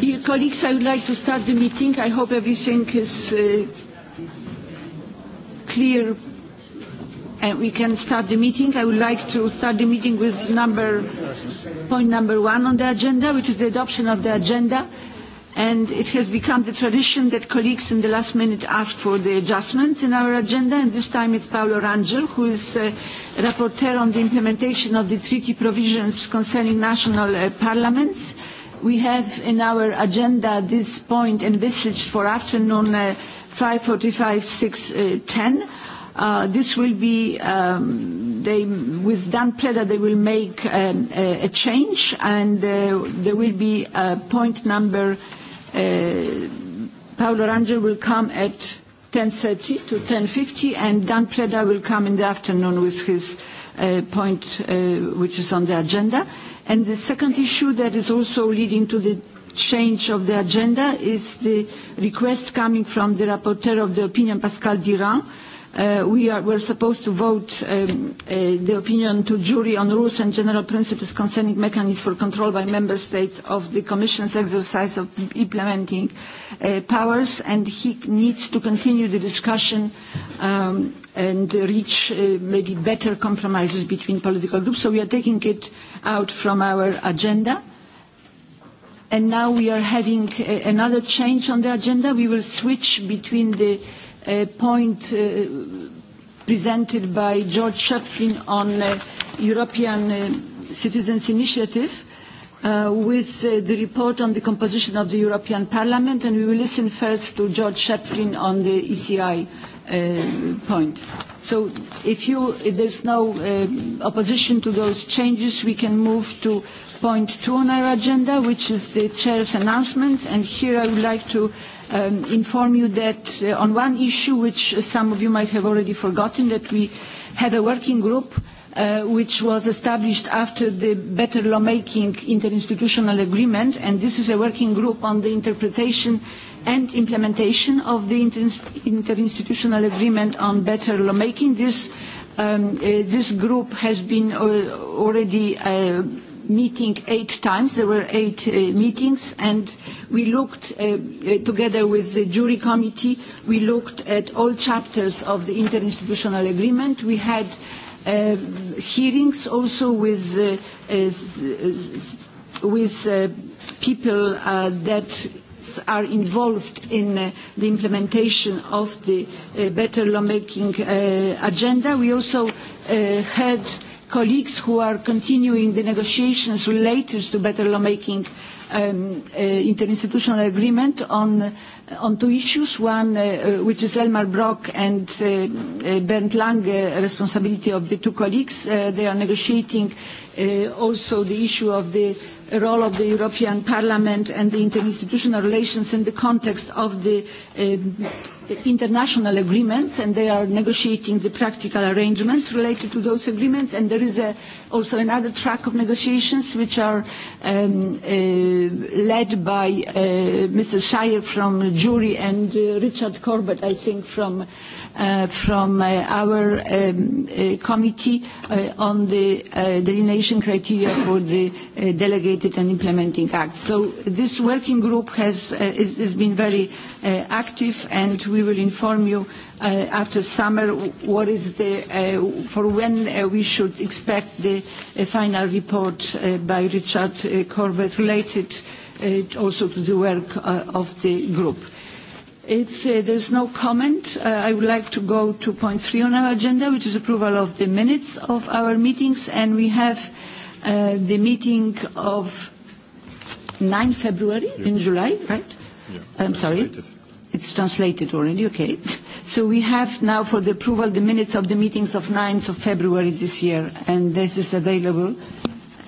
Dear colleagues, I would like to start the meeting. I hope everything is uh, clear and we can start the meeting. I would like to start the meeting with number, point number one on the agenda, which is the adoption of the agenda and it has become the tradition that colleagues in the last minute ask for the adjustments in our agenda, and this time it's Paolo Rangel, who is uh, rapporteur on the implementation of the treaty provisions concerning national uh, parliaments. We have in our agenda this point envisaged for afternoon uh, 5.45, 6.10. uh, Uh, this will be um, they with Dan Preda they will make um, a, a change and uh, there will be uh, point number Uh, Paolo Rangel will come at 10.30 to 10.50 and Dan Preda will come in the afternoon with his uh, point uh, which is on the agenda. And the second issue that is also leading to the change of the agenda is the request coming from the rapporteur of the opinion, Pascal Durand, uh, we are, were supposed to vote um, uh, the opinion to jury on rules and general principles concerning mechanisms for control by member states of the Commission's exercise of implementing uh, powers, and he needs to continue the discussion um, and reach uh, maybe better compromises between political groups. So we are taking it out from our agenda. And now we are having uh, another change on the agenda. We will switch between the a point uh, presented by George Shefflin on uh, European uh, Citizens Initiative uh, with uh, the report on the composition of the European Parliament and we will listen first to George Shefflin on the ECI uh, point. So if, you, if there's no uh, opposition to those changes, we can move to point two on our agenda, which is the chair's announcement, And here I would like to um, inform you that uh, on one issue, which some of you might have already forgotten, that we had a working group uh, which was established after the Better Lawmaking Interinstitutional Agreement, and this is a working group on the interpretation and implementation of the Interinstitutional Agreement on Better Lawmaking. This, um, uh, this group has been uh, already uh, meeting eight times. There were eight uh, meetings, and we looked, uh, uh, together with the jury committee, we looked at all chapters of the interinstitutional agreement. We had uh, hearings also with, uh, uh, with uh, people uh, that are involved in uh, the implementation of the uh, better lawmaking uh, agenda. We also uh, had colleagues who are continuing the negotiations related to better lawmaking um, uh, interinstitutional agreement on, uh, on two issues, one uh, uh, which is Elmar Brock and uh, uh Bernd Lange, responsibility of the two colleagues. Uh, they are negotiating uh, also the issue of the role of the European Parliament and the interinstitutional relations in the context of the uh, international agreements and they are negotiating the practical arrangements related to those agreements and there is a, also another track of negotiations which are um, uh, led by uh, Mr. Shire from Jury and uh, Richard Corbett I think from Uh, from uh, our um, uh, committee uh, on the uh, delineation criteria for the uh, delegated and implementing acts. So this working group has, uh, is, has been very uh, active and we will inform you uh, after summer what is the, uh, for when uh, we should expect the uh, final report uh, by Richard uh, Corbett related uh, also to the work uh, of the group. If uh, there's no comment, uh, I would like to go to point three on our agenda, which is approval of the minutes of our meetings, and we have uh, the meeting of 9 February in July, right? Yeah, I'm sorry. Translated. It's translated already, okay. So we have now for the approval the minutes of the meetings of 9th of February this year, and this is available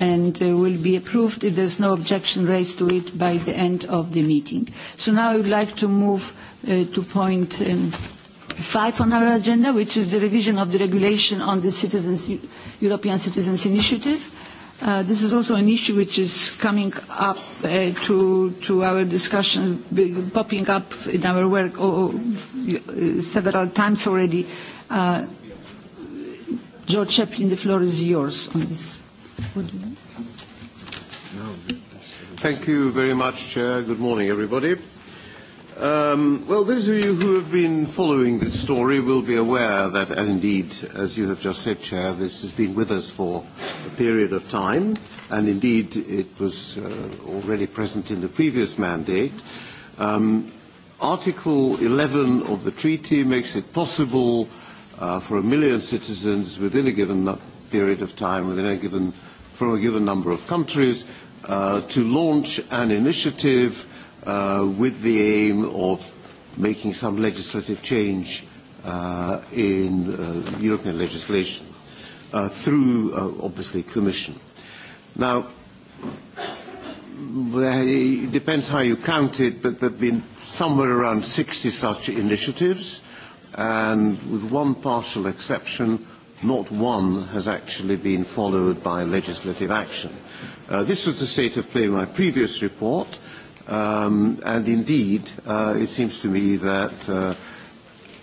and uh, will be approved if there's no objection raised to it by the end of the meeting. So now I would like to move uh, to point um, five on our agenda, which is the revision of the regulation on the citizens, European Citizens Initiative. Uh, this is also an issue which is coming up uh, to, to our discussion, popping up in our work oh, oh, uh, several times already. Uh, George Chaplin, the floor is yours on this. Thank you very much, Chair. Good morning, everybody. Um, well, those of you who have been following this story will be aware that, as indeed, as you have just said, Chair, this has been with us for a period of time, and indeed it was uh, already present in the previous mandate. Um, Article 11 of the treaty makes it possible uh, for a million citizens within a given period of time, within a given from a given number of countries uh, to launch an initiative uh, with the aim of making some legislative change uh, in uh, European legislation uh, through, uh, obviously, Commission. Now, it depends how you count it, but there have been somewhere around 60 such initiatives, and with one partial exception, not one has actually been followed by legislative action. Uh, this was the state of play in my previous report, um, and indeed uh, it seems to me that uh,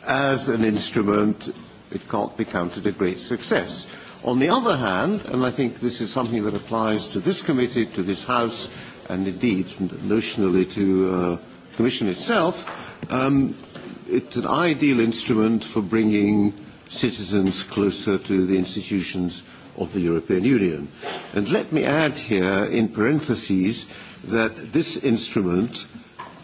as an instrument it can't be counted a great success. On the other hand, and I think this is something that applies to this committee, to this House, and indeed notionally to uh, the Commission itself, um, it's an ideal instrument for bringing citizens closer to the institutions of the European Union. And let me add here, in parentheses, that this instrument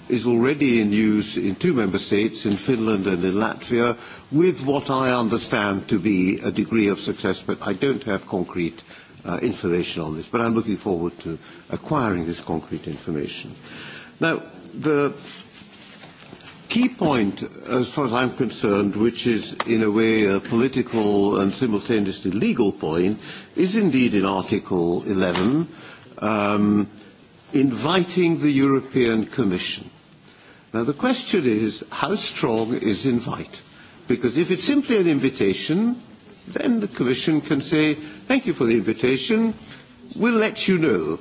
is already in use in two member states, in Finland and in Latvia, with what I understand to be a degree of success, but I don't have concrete uh, information on this, but I'm looking forward to acquiring this concrete information. Now, the key point, as far as I'm concerned, which is in a way a political and simultaneously legal point, is indeed in Article 11, um, inviting the European Commission. Now the question is, how strong is invite? Because if it's simply an invitation, then the Commission can say, thank you for the invitation, we'll let you know.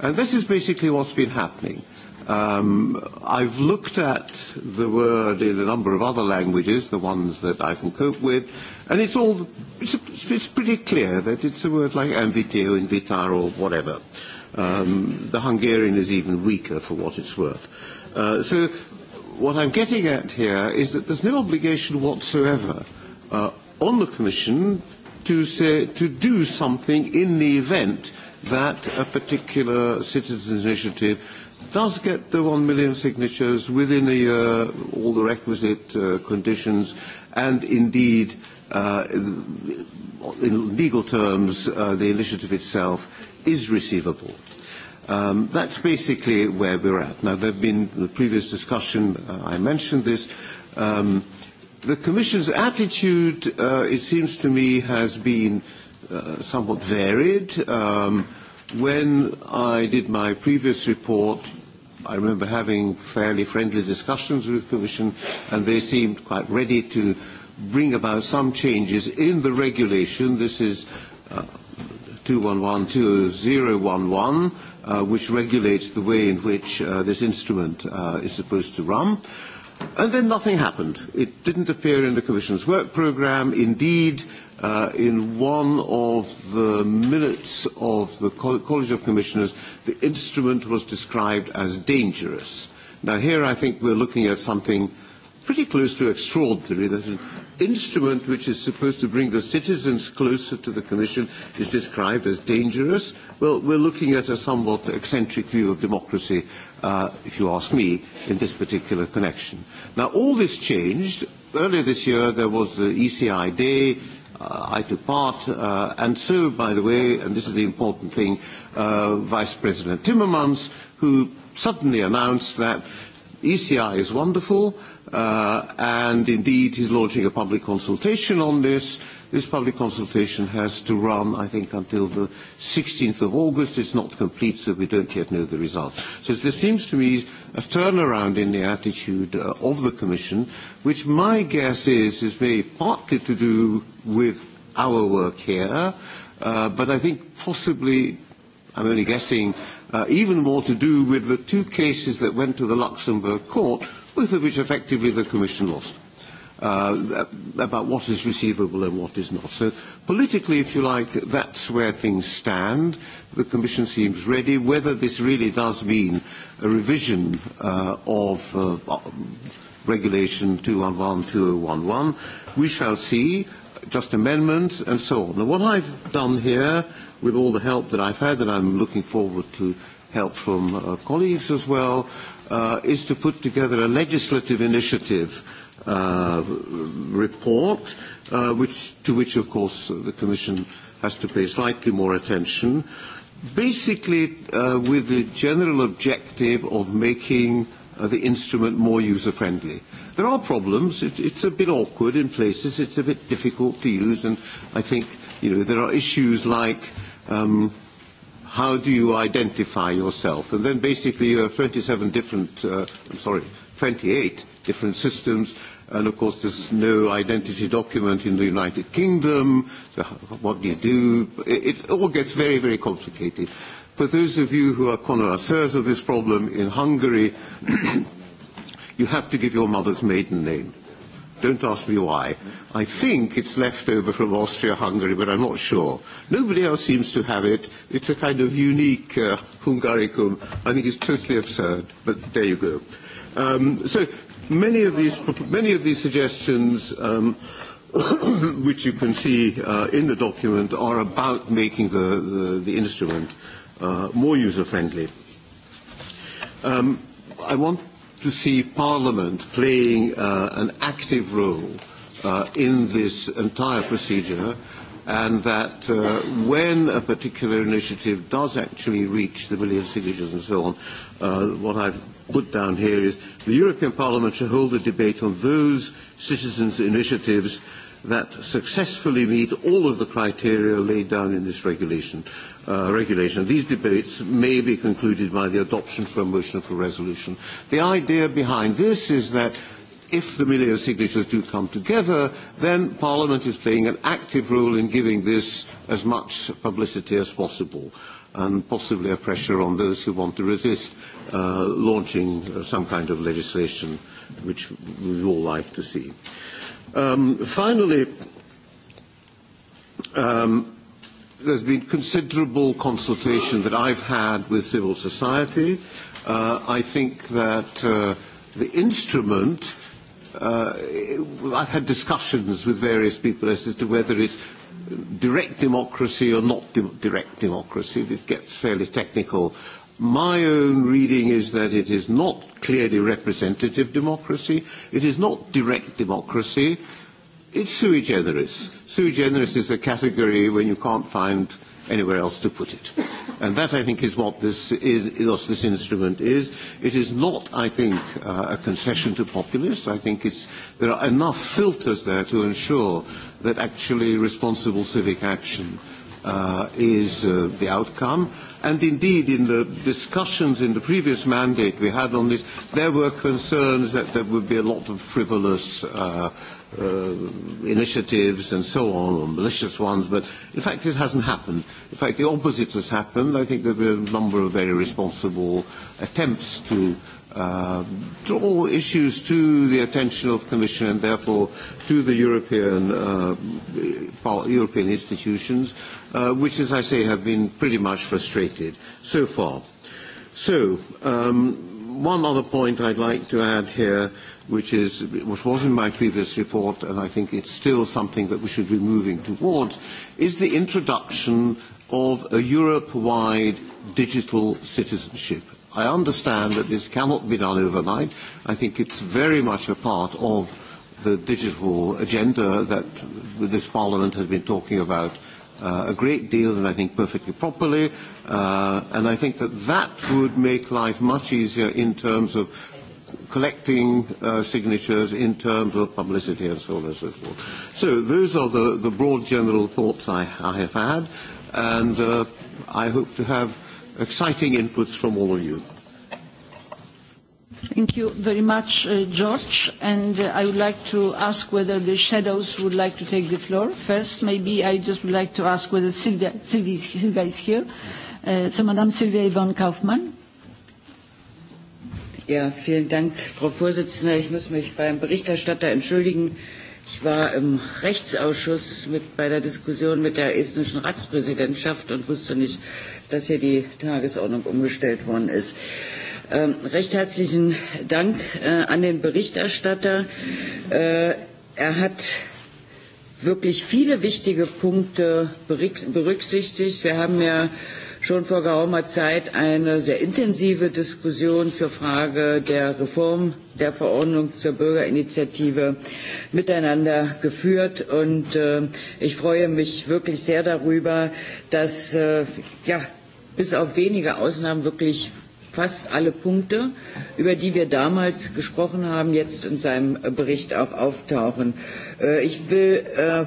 And this is basically what's been happening. Um, I've looked at the word in a number of other languages, the ones that I can cope with, and it's all it's, it's pretty clear that it's a word like inviteo, invitar, or whatever. Um, the Hungarian is even weaker for what it's worth. Uh, so what I'm getting at here is that there's no obligation whatsoever uh, on the Commission to, say, to do something in the event that a particular citizens' initiative does get the one million signatures within a year, uh, all the requisite uh, conditions, and indeed, uh, in legal terms, uh, the initiative itself is receivable. Um, that's basically where we're at. Now, there have been the previous discussion, uh, I mentioned this. Um, the Commission's attitude, uh, it seems to me, has been uh, somewhat varied. Um, when I did my previous report, I remember having fairly friendly discussions with the Commission, and they seemed quite ready to bring about some changes in the regulation. This is uh, 211-2011, uh, which regulates the way in which uh, this instrument uh, is supposed to run. And then nothing happened. It didn't appear in the Commission's work programme. Indeed, uh, in one of the minutes of the College of Commissioners, the instrument was described as dangerous. Now here I think we're looking at something pretty close to extraordinary, that an instrument which is supposed to bring the citizens closer to the Commission is described as dangerous. Well, we're looking at a somewhat eccentric view of democracy, uh, if you ask me, in this particular connection. Now all this changed. Earlier this year there was the ECI Day, uh, I took part, uh, and so, by the way, and this is the important thing, uh, Vice President Timmermans, who suddenly announced that ECI is wonderful, uh, and indeed he's launching a public consultation on this, This public consultation has to run, I think, until the 16th of August. It's not complete, so we don't yet know the results. So there seems to me a turnaround in the attitude uh, of the Commission, which my guess is is maybe partly to do with our work here, uh, but I think possibly, I'm only guessing, uh, even more to do with the two cases that went to the Luxembourg court, both of which effectively the Commission lost uh, about what is receivable and what is not. So politically, if you like, that's where things stand. The Commission seems ready. Whether this really does mean a revision uh, of uh, Regulation 211-2011, we shall see, just amendments and so on. And what I've done here, with all the help that I've had, and I'm looking forward to help from uh, colleagues as well, uh, is to put together a legislative initiative uh, report, uh, which, to which, of course, uh, the Commission has to pay slightly more attention, basically uh, with the general objective of making uh, the instrument more user-friendly. There are problems. It, it's a bit awkward in places. It's a bit difficult to use, and I think you know, there are issues like um, how do you identify yourself? And then basically you have 27 different, uh, I'm sorry, 28 different systems. And of course, there's no identity document in the United Kingdom. So what do you do? It, it all gets very, very complicated. For those of you who are connoisseurs of this problem in Hungary, you have to give your mother's maiden name. Don't ask me why. I think it's left over from Austria-Hungary, but I'm not sure. Nobody else seems to have it. It's a kind of unique uh, Hungaricum. I think it's totally absurd, but there you go. Um, so many of these, many of these suggestions um, which you can see uh, in the document are about making the, the, the instrument uh, more user-friendly. Um, I want to see Parliament playing uh, an active role uh, in this entire procedure and that uh, when a particular initiative does actually reach the million signatures and so on, uh, what I've put down here is the European Parliament should hold a debate on those citizens' initiatives that successfully meet all of the criteria laid down in this regulation. Uh, regulation. These debates may be concluded by the adoption for a motion for resolution. The idea behind this is that if the million signatures do come together, then Parliament is playing an active role in giving this as much publicity as possible and possibly a pressure on those who want to resist uh, launching uh, some kind of legislation which we all like to see. Um, finally, um, there's been considerable consultation that I've had with civil society. Uh, I think that uh, the instrument uh, I've had discussions with various people as to whether it's direct democracy or not de direct democracy. This gets fairly technical. My own reading is that it is not clearly representative democracy. It is not direct democracy. It's sui generis. Sui generis is a category when you can't find anywhere else to put it. And that, I think, is what this, is, what this instrument is. It is not, I think, uh, a concession to populists. I think it's, there are enough filters there to ensure that actually responsible civic action uh, is uh, the outcome. And indeed, in the discussions in the previous mandate we had on this, there were concerns that there would be a lot of frivolous uh, uh, initiatives and so on, or malicious ones, but in fact it hasn't happened. In fact, the opposite has happened. I think there have been a number of very responsible attempts to uh, draw issues to the attention of the Commission and therefore to the European, uh, European institutions, uh, which, as I say, have been pretty much frustrated so far. So, um, one other point I'd like to add here, which, is, which was in my previous report, and I think it's still something that we should be moving towards, is the introduction of a Europe-wide digital citizenship I understand that this cannot be done overnight. I think it's very much a part of the digital agenda that this Parliament has been talking about uh, a great deal and I think perfectly properly. Uh, and I think that that would make life much easier in terms of collecting uh, signatures in terms of publicity and so on and so forth. So those are the, the broad general thoughts I, I have had and uh, I hope to have exciting inputs from all of you. Thank you very much, uh, George. And uh, I would like to ask whether the shadows would like to take the floor first. Maybe I just would like to ask whether Sylvia, Sylvia, is, Sylvia is here. Uh, so, Madame Sylvia Yvonne Kaufmann. Ja, vielen Dank, Frau Vorsitzende. Ich muss mich beim Berichterstatter entschuldigen Ich war im Rechtsausschuss mit, bei der Diskussion mit der estnischen Ratspräsidentschaft und wusste nicht, dass hier die Tagesordnung umgestellt worden ist. Ähm, recht herzlichen Dank äh, an den Berichterstatter. Äh, er hat wirklich viele wichtige Punkte berücksichtigt. Wir haben ja schon vor geraumer Zeit eine sehr intensive Diskussion zur Frage der Reform der Verordnung zur Bürgerinitiative miteinander geführt. Und äh, ich freue mich wirklich sehr darüber, dass äh, ja, bis auf wenige Ausnahmen wirklich fast alle Punkte, über die wir damals gesprochen haben, jetzt in seinem Bericht auch auftauchen. Äh, ich will äh,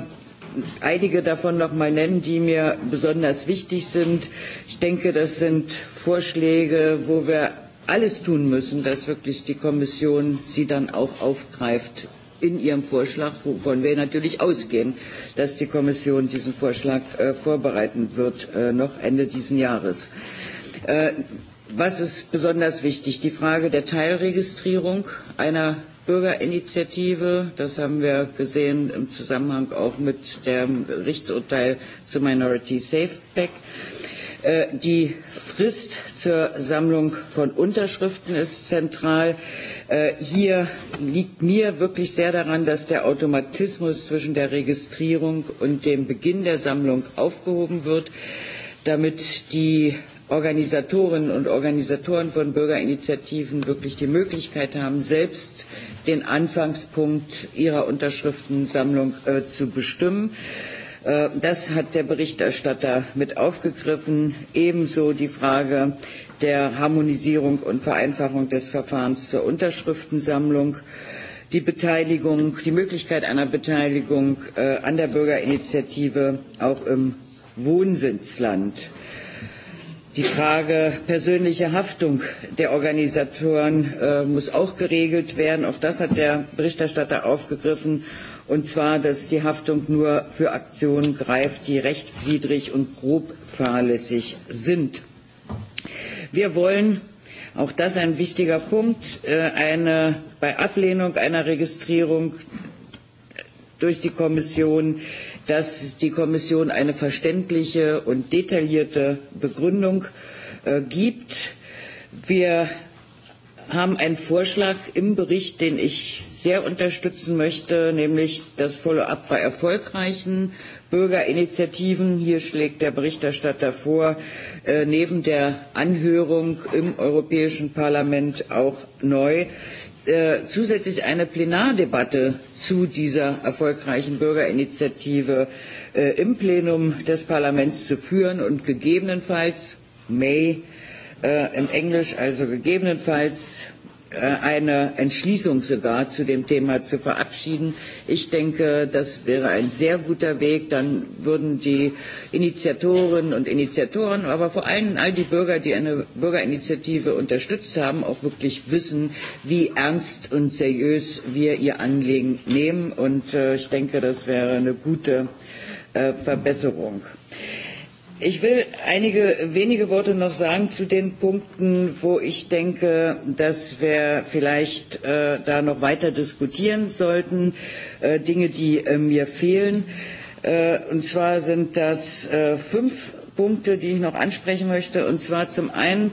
einige davon noch mal nennen, die mir besonders wichtig sind. Ich denke, das sind Vorschläge, wo wir alles tun müssen, dass wirklich die Kommission sie dann auch aufgreift in ihrem Vorschlag, wovon wir natürlich ausgehen, dass die Kommission diesen Vorschlag äh, vorbereiten wird, äh, noch Ende dieses Jahres. Äh, was ist besonders wichtig? Die Frage der Teilregistrierung einer Bürgerinitiative. Das haben wir gesehen im Zusammenhang auch mit dem Gerichtsurteil zu Minority Safe Pack. Äh, die Frist zur Sammlung von Unterschriften ist zentral. Äh, hier liegt mir wirklich sehr daran, dass der Automatismus zwischen der Registrierung und dem Beginn der Sammlung aufgehoben wird, damit die Organisatorinnen und Organisatoren von Bürgerinitiativen wirklich die Möglichkeit haben, selbst den Anfangspunkt ihrer Unterschriftensammlung äh, zu bestimmen. Äh, das hat der Berichterstatter mit aufgegriffen. Ebenso die Frage der Harmonisierung und Vereinfachung des Verfahrens zur Unterschriftensammlung die Beteiligung, die Möglichkeit einer Beteiligung äh, an der Bürgerinitiative auch im Wohnsitzland. Die Frage persönlicher Haftung der Organisatoren äh, muss auch geregelt werden. Auch das hat der Berichterstatter aufgegriffen. Und zwar, dass die Haftung nur für Aktionen greift, die rechtswidrig und grob fahrlässig sind. Wir wollen, auch das ein wichtiger Punkt, äh, eine, bei Ablehnung einer Registrierung durch die Kommission äh, dass die Kommission eine verständliche und detaillierte Begründung äh, gibt. Wir haben einen Vorschlag im Bericht, den ich sehr unterstützen möchte, nämlich das Follow-up bei erfolgreichen Bürgerinitiativen. Hier schlägt der Berichterstatter vor, äh, neben der Anhörung im Europäischen Parlament auch neu Äh, zusätzlich eine Plenardebatte zu dieser erfolgreichen Bürgerinitiative äh, im Plenum des Parlaments zu führen und gegebenenfalls May äh, im Englisch, also gegebenenfalls Äh, eine Entschließung sogar zu dem Thema zu verabschieden. Ich denke, das wäre ein sehr guter Weg. Dann würden die Initiatorinnen und Initiatoren, aber vor allem all die Bürger, die eine Bürgerinitiative unterstützt haben, auch wirklich wissen, wie ernst und seriös wir ihr Anliegen nehmen. Und äh, ich denke, das wäre eine gute äh, Verbesserung. Mhm. Ich will einige wenige Worte noch sagen zu den Punkten, wo ich denke, dass wir vielleicht äh, da noch weiter diskutieren sollten, äh, Dinge, die äh, mir fehlen. Äh, und zwar sind das äh, fünf Punkte, die ich noch ansprechen möchte. Und zwar zum einen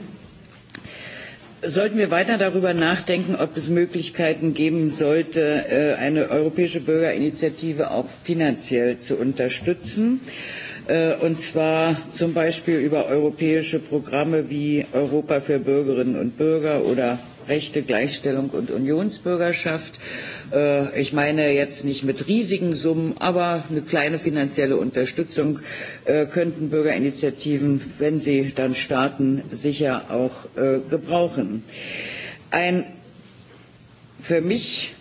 sollten wir weiter darüber nachdenken, ob es Möglichkeiten geben sollte, äh, eine europäische Bürgerinitiative auch finanziell zu unterstützen. Äh, Äh, und zwar zum Beispiel über europäische Programme wie Europa für Bürgerinnen und Bürger oder Rechte, Gleichstellung und Unionsbürgerschaft. Äh, ich meine jetzt nicht mit riesigen Summen, aber eine kleine finanzielle Unterstützung äh, könnten Bürgerinitiativen, wenn sie dann starten, sicher auch gebrauchen. Ein für mich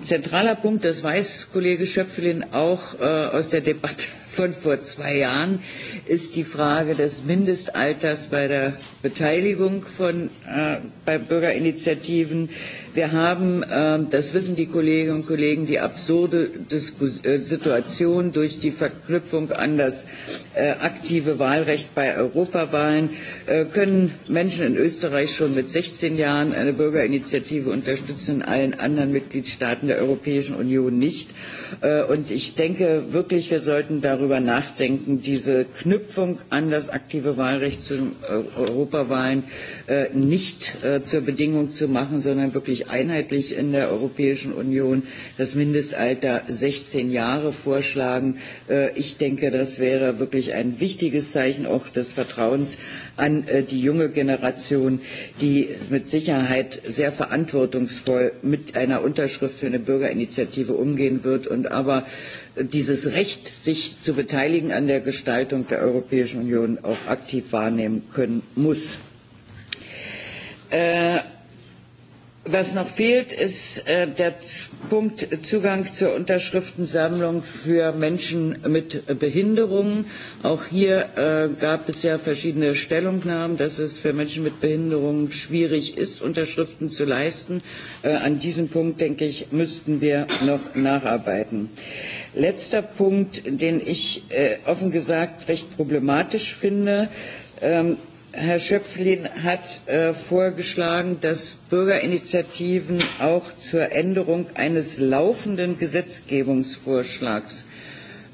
zentraler Punkt, das weiß Kollege Schöpflin auch aus der Debatte von vor zwei Jahren ist die Frage des Mindestalters bei der Beteiligung von, äh, bei Bürgerinitiativen. Wir haben, äh, das wissen die Kolleginnen und Kollegen, die absurde Disku äh, Situation durch die Verknüpfung an das äh, aktive Wahlrecht bei Europawahlen. Äh, können Menschen in Österreich schon mit 16 Jahren eine Bürgerinitiative unterstützen, in allen anderen Mitgliedstaaten der Europäischen Union nicht? Äh, und ich denke wirklich, wir sollten darüber darüber nachdenken, diese Knüpfung an das aktive Wahlrecht zu äh, Europawahlen äh, nicht äh, zur Bedingung zu machen, sondern wirklich einheitlich in der Europäischen Union das Mindestalter 16 Jahre vorschlagen. ich denke, das wäre wirklich ein wichtiges Zeichen auch des Vertrauens an äh, die junge Generation, die mit Sicherheit sehr verantwortungsvoll mit einer Unterschrift für eine Bürgerinitiative umgehen wird und aber dieses Recht, sich zu beteiligen an der Gestaltung der Europäischen Union auch aktiv wahrnehmen können muss. Äh, Was noch fehlt, ist äh, der Punkt Zugang zur Unterschriftensammlung für Menschen mit Behinderungen. Auch hier äh, gab es ja verschiedene Stellungnahmen, dass es für Menschen mit Behinderungen schwierig ist, Unterschriften zu leisten. Äh, an diesem Punkt, denke ich, müssten wir noch nacharbeiten. Letzter Punkt, den ich äh, offen gesagt recht problematisch finde, ähm, Herr Schöpflin hat äh, vorgeschlagen, dass Bürgerinitiativen auch zur Änderung eines laufenden Gesetzgebungsvorschlags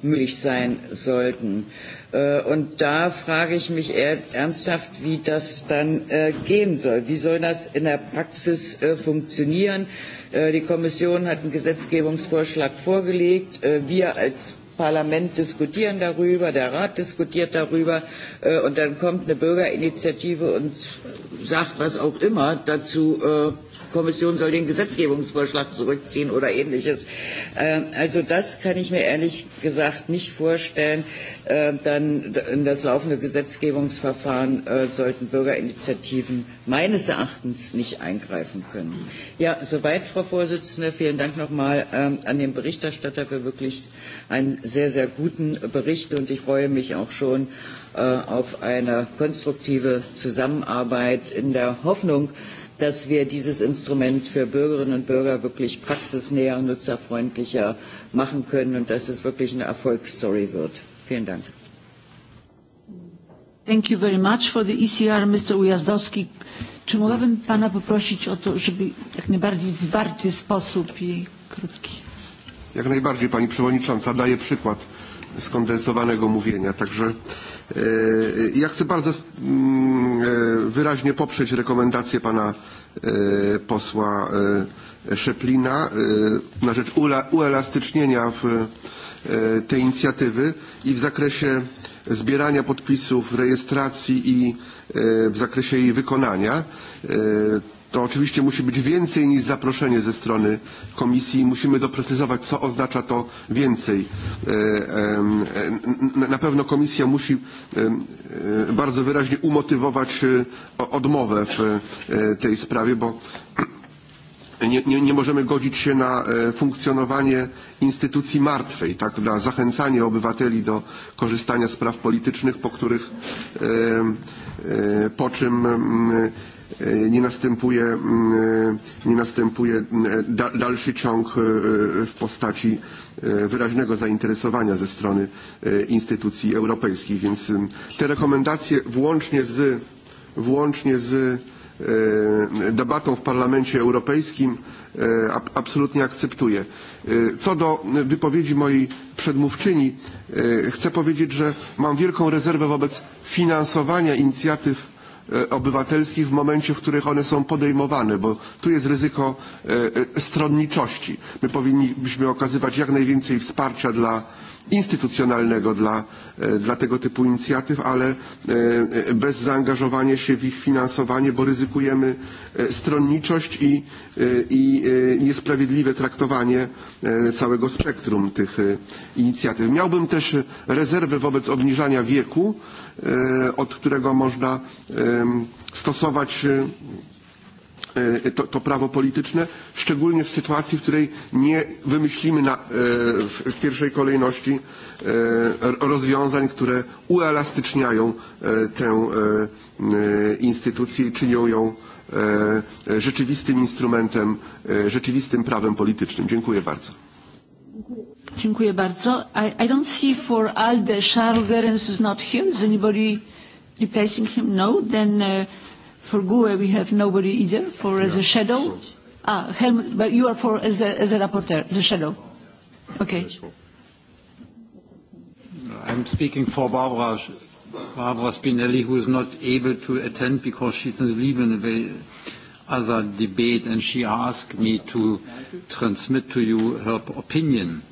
möglich sein sollten. Äh, und da frage ich mich eher ernsthaft, wie das dann äh, gehen soll. Wie soll das in der Praxis äh, funktionieren? Äh, die Kommission hat einen Gesetzgebungsvorschlag vorgelegt. Äh, wir als Parlament diskutieren darüber, der Rat diskutiert darüber äh, und dann kommt eine Bürgerinitiative und sagt was auch immer dazu. Äh, Kommission soll den Gesetzgebungsvorschlag zurückziehen oder ähnliches. Ähm, also das kann ich mir ehrlich gesagt nicht vorstellen. Ähm, dann in das laufende Gesetzgebungsverfahren äh, sollten Bürgerinitiativen meines Erachtens nicht eingreifen können. Ja, soweit, Frau Vorsitzende. Vielen Dank nochmal ähm, an den Berichterstatter für wirklich einen sehr, sehr guten Bericht und ich freue mich auch schon äh, auf eine konstruktive Zusammenarbeit in der Hoffnung, dass wir dieses Instrument für Bürgerinnen und Bürger wirklich praxisnäher und nutzerfreundlicher machen können und dass es wirklich eine Erfolgsstory wird. Vielen Dank. Thank you very much for the ECR, Mr. Ujazdowski. Czy mogłabym Pana poprosić o to, żeby jak najbardziej zwarty sposób i krótki? Jak najbardziej Pani Przewodnicząca daję przykład skondensowanego mówienia. Także e, ja chcę bardzo mm, e, wyraźnie poprzeć rekomendację pana e, posła Szeplina na rzecz uelastycznienia w tej inicjatywy i w zakresie zbierania podpisów, rejestracji i w zakresie jej wykonania. To oczywiście musi być więcej niż zaproszenie ze strony komisji. Musimy doprecyzować, co oznacza to więcej. E, e, na pewno komisja musi e, bardzo wyraźnie umotywować odmowę w tej sprawie, bo nie, nie, nie możemy godzić się na funkcjonowanie instytucji martwej, tak, na zachęcanie obywateli do korzystania z praw politycznych, po których po czym mm, E, nie następuje, mm, e, nie następuje mm, e, da, dalszy ciąg w postaci wyraźnego zainteresowania ze strony instytucji europejskich. Więc mm, te rekomendacje włącznie z, włącznie z debatą w Parlamencie Europejskim absolutnie akceptuję. Co do wypowiedzi mojej przedmówczyni, chcę powiedzieć, że mam wielką rezerwę wobec finansowania inicjatyw E, obywatelskich w momencie, w których one są podejmowane, bo tu jest ryzyko e, e, stronniczości. My powinniśmy okazywać jak najwięcej wsparcia dla instytucjonalnego dla, dla tego typu inicjatyw, ale bez zaangażowania się w ich finansowanie, bo ryzykujemy stronniczość i, i niesprawiedliwe traktowanie całego spektrum tych inicjatyw. Miałbym też rezerwę wobec obniżania wieku E, od którego można stosować e, e, to, to prawo polityczne, szczególnie w sytuacji, w której nie wymyślimy na, w, w pierwszej kolejności rozwiązań, które uelastyczniają tę instytucję i czynią ją rzeczywistym instrumentem, rzeczywistym prawem politycznym. Dziękuję bardzo. Dziękuję bardzo. I, I don't see for Alde Charles Gerens is not here. Is anybody replacing him? No. Then uh, for GUE we have nobody either. For as a shadow. Ah, Helmut, but you are for as a, as a rapporteur, the shadow. Okay. I'm speaking for Barbara, Barbara Spinelli, who is not able to attend because she's in a Very, other debate and she asked me to transmit to you her opinion.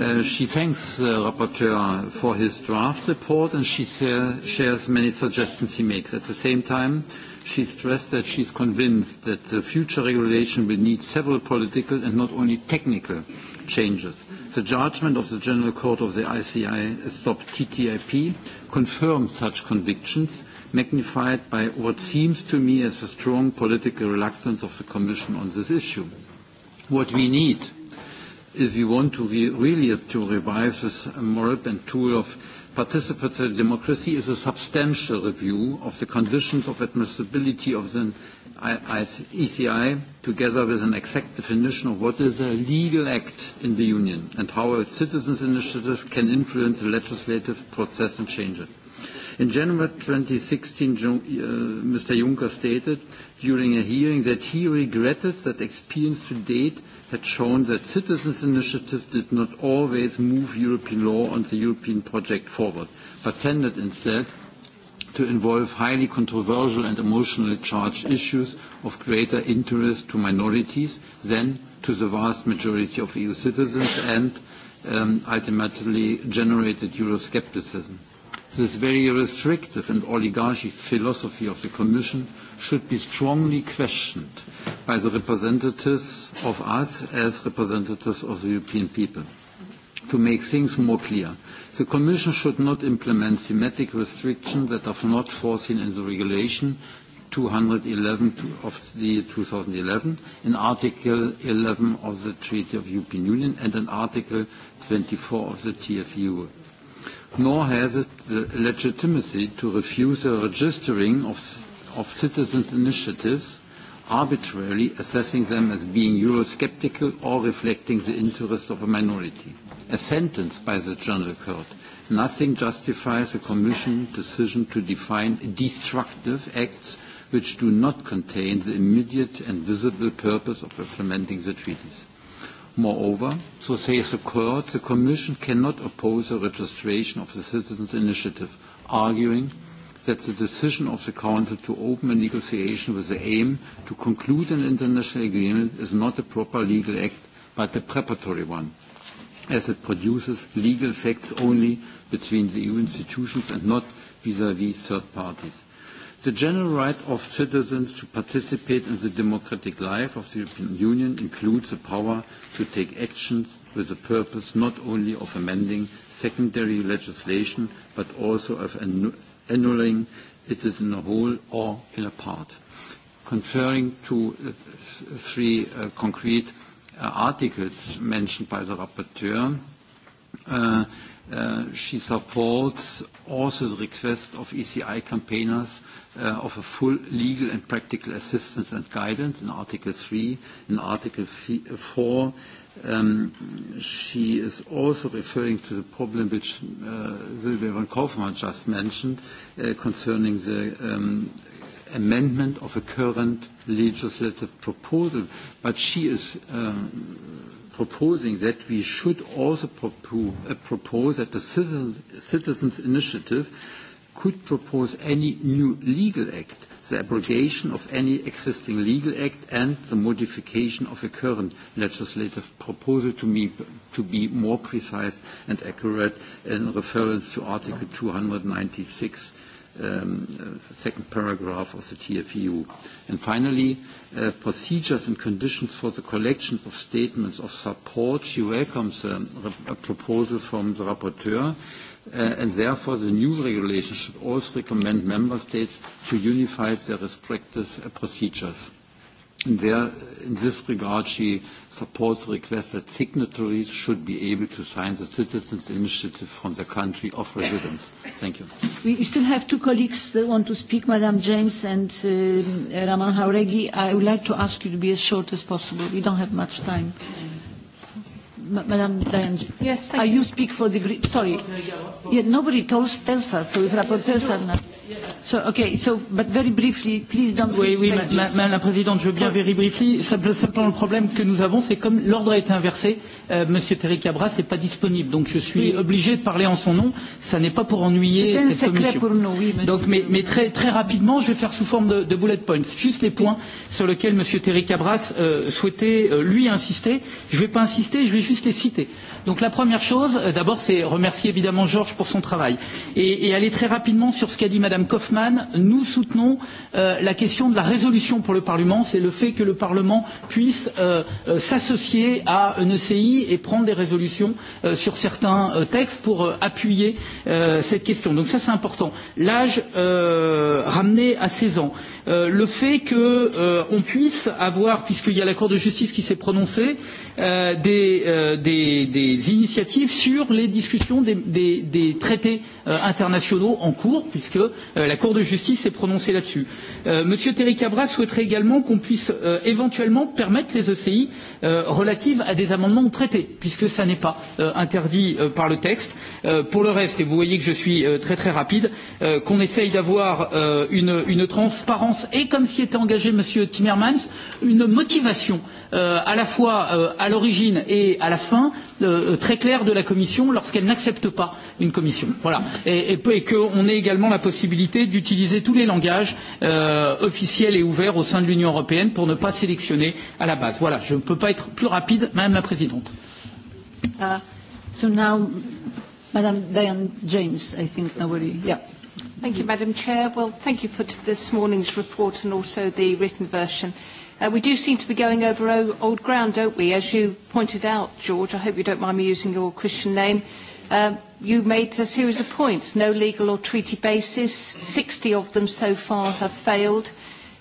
Uh, she thanks the uh, rapporteur for his draft report and she shares many suggestions he makes. At the same time, she stressed that she is convinced that the future regulation will need several political and not only technical changes. The judgment of the General Court of the ICI Stop TTIP confirmed such convictions, magnified by what seems to me as a strong political reluctance of the Commission on this issue. What we need if you want to re really to revive this moral and tool of participatory democracy is a substantial review of the conditions of admissibility of the ECI e together with an exact definition of what is a legal act in the Union and how a citizens' initiative can influence the legislative process and change it. In January 2016, uh, Mr. Juncker stated during a hearing that he regretted that experience to date had shown that citizens' initiatives did not always move European law and the European project forward, but tended instead to involve highly controversial and emotionally charged issues of greater interest to minorities than to the vast majority of EU citizens and um, ultimately generated Euroscepticism. This very restrictive and oligarchic philosophy of the Commission should be strongly questioned by the representatives of us as representatives of the European people. To make things more clear, the Commission should not implement thematic restrictions that are not foreseen in the regulation 211 of the 2011, in Article 11 of the Treaty of European Union and in Article 24 of the TFU. Nor has it the legitimacy to refuse the registering of, of citizens' initiatives arbitrarily assessing them as being Eurosceptical or reflecting the interest of a minority. A sentence by the General Court, nothing justifies a Commission decision to define destructive acts which do not contain the immediate and visible purpose of implementing the treaties. Moreover, so says the Court, the Commission cannot oppose the registration of the Citizens' Initiative, arguing that the decision of the Council to open a negotiation with the aim to conclude an international agreement is not a proper legal act, but a preparatory one, as it produces legal facts only between the EU institutions and not vis-à-vis -vis third parties. The general right of citizens to participate in the democratic life of the European Union includes the power to take actions with the purpose not only of amending secondary legislation but also of annulling it is in a whole or in a part. Conferring to uh, three uh, concrete uh, articles mentioned by the rapporteur, uh, uh, she supports also the request of ECI campaigners uh, of a full legal and practical assistance and guidance in Article 3, in Article 4, Um, she is also referring to the problem which uh, Silvia von Kaufmann just mentioned uh, concerning the um, amendment of a current legislative proposal. But she is um, proposing that we should also propo uh, propose that the citizens, citizens' initiative could propose any new legal act the abrogation of any existing legal act and the modification of a current legislative proposal to, me, to be more precise and accurate in reference to Article 296 um, uh, second paragraph of the TFEU. And finally, uh, procedures and conditions for the collection of statements of support. She welcomes um, a, a proposal from the rapporteur uh, and therefore the new regulation should also recommend member states to unify their respective uh, procedures. In, their, in this regard, she supports the request that signatories should be able to sign the citizens' initiative from the country of residence. Thank you. We, we still have two colleagues that want to speak, Madam James and uh, Raman Hauregi. I would like to ask you to be as short as possible. We don't have much time. Mm -hmm. Madam Diane, yes, thank are you, you speak for the Sorry, oh, yeah, nobody tells, tells us, so if rapporteurs are not... Yes. So, okay, so, but very briefly, please don't... Oui, oui, Madame ma, ma, la Présidente, je veux bien very briefly. Simplement, le problème que nous avons, c'est comme l'ordre a été inversé, euh, Monsieur Terry Cabras n'est pas disponible, donc je suis oui. obligé de parler en son nom. Ça n'est pas pour ennuyer cette commission. C'est un secret pour nous, oui, Donc, mais, mais très, très rapidement, je vais faire sous forme de, de bullet points, juste les points oui. sur lesquels Monsieur Terry Cabras euh, souhaitait, euh, lui, insister. Je ne vais pas insister, je vais juste les citer. Donc la première chose, euh, d'abord, c'est remercier évidemment Georges pour son travail et, et aller très rapidement sur ce qu'a dit Madame Kaufmann Dorfmann, nous soutenons euh, la question de la résolution pour le Parlement, c'est le fait que le Parlement puisse euh, euh, s'associer à une ECI et prendre des résolutions euh, sur certains euh, textes pour euh, appuyer euh, cette question. Donc ça c'est important. L'âge euh, ramené à 16 ans. Euh, le fait qu'on euh, on puisse avoir, puisqu'il y a la Cour de justice qui s'est prononcée, euh, des, euh, des, des initiatives sur les discussions des, des, des traités euh, internationaux en cours, puisque euh, la Cour de justice s'est prononcée là-dessus. Euh, Monsieur Terry Cabra souhaiterait également qu'on puisse euh, éventuellement permettre les ECI euh, relatives à des amendements au traité, puisque ça n'est pas euh, interdit euh, par le texte. Euh, pour le reste, et vous voyez que je suis euh, très très rapide, euh, qu'on essaye d'avoir euh, une, une transparence et, comme s'y était engagé Monsieur Timmermans, une motivation euh, à la fois euh, à l'origine et à la fin Euh, euh, très claire de la Commission lorsqu'elle n'accepte pas une commission. Voilà. Et, et, et qu'on ait également la possibilité d'utiliser tous les langages euh, officiels et ouverts au sein de l'Union européenne pour ne pas sélectionner à la base. Voilà, je ne peux pas être plus rapide, Madame la Présidente. Uh, so now, Madame Diane James, I think nobody. Yeah. Thank you, Madam Chair. Well, thank you for this morning's report and also the written version. Uh, we do seem to be going over old ground, don't we? As you pointed out, George, I hope you don't mind me using your Christian name, uh, you made a series of points, no legal or treaty basis, 60 of them so far have failed,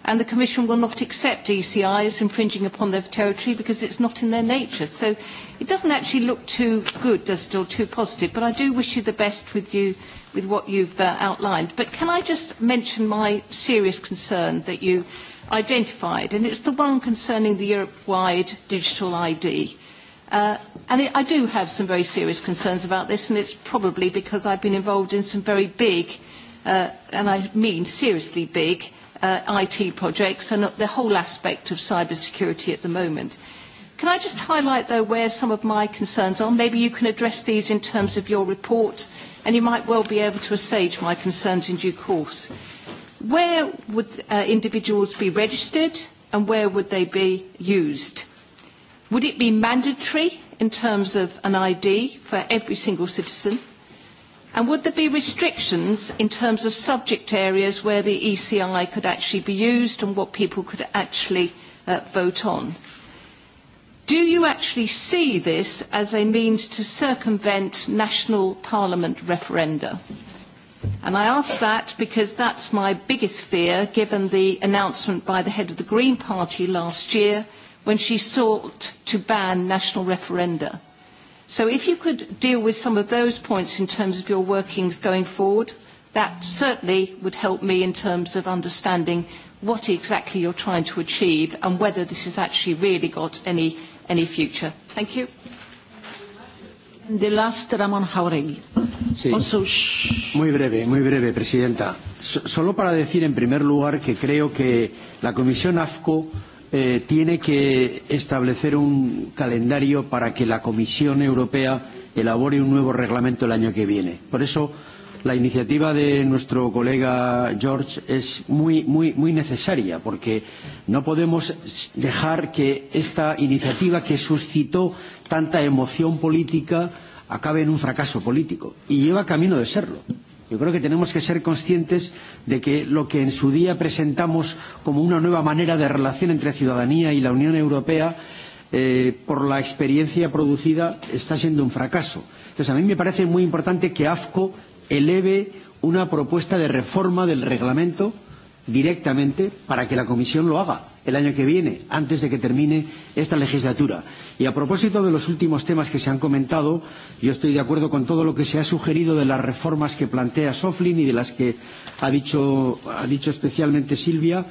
and the Commission will not accept ECIs infringing upon their territory because it's not in their nature. So it doesn't actually look too good, does it, or too positive, but I do wish you the best with you with what you've uh, outlined. But can I just mention my serious concern that you identified, and it's the one concerning the Europe-wide digital ID. Uh, and it, I do have some very serious concerns about this, and it's probably because I've been involved in some very big, uh, and I mean seriously big, uh, IT projects and the whole aspect of cybersecurity at the moment. Can I just highlight, though, where some of my concerns are? Maybe you can address these in terms of your report, and you might well be able to assuage my concerns in due course. Where would uh, individuals be registered and where would they be used? Would it be mandatory in terms of an ID for every single citizen? And would there be restrictions in terms of subject areas where the ECI could actually be used and what people could actually uh, vote on? Do you actually see this as a means to circumvent national parliament referenda? And I ask that because that's my biggest fear, given the announcement by the head of the Green Party last year when she sought to ban national referenda. So if you could deal with some of those points in terms of your workings going forward, that certainly would help me in terms of understanding what exactly you're trying to achieve and whether this has actually really got any, any future. Thank you. The last Jauregui. Sí. muy breve, muy breve, Presidenta. So solo para decir, en primer lugar, que creo que la Comisión AFCO eh, tiene que establecer un calendario para que la Comisión Europea elabore un nuevo reglamento el año que viene. Por eso la iniciativa de nuestro colega George es muy, muy, muy necesaria porque no podemos dejar que esta iniciativa que suscitó tanta emoción política acabe en un fracaso político y lleva camino de serlo. Yo creo que tenemos que ser conscientes de que lo que en su día presentamos como una nueva manera de relación entre ciudadanía y la Unión Europea, eh, por la experiencia producida, está siendo un fracaso. Entonces, a mí me parece muy importante que AFCO eleve una propuesta de reforma del reglamento directamente para que la Comisión lo haga el año que viene, antes de que termine esta legislatura. Y a propósito de los últimos temas que se han comentado, yo estoy de acuerdo con todo lo que se ha sugerido de las reformas que plantea Soflin y de las que ha dicho, ha dicho especialmente Silvia,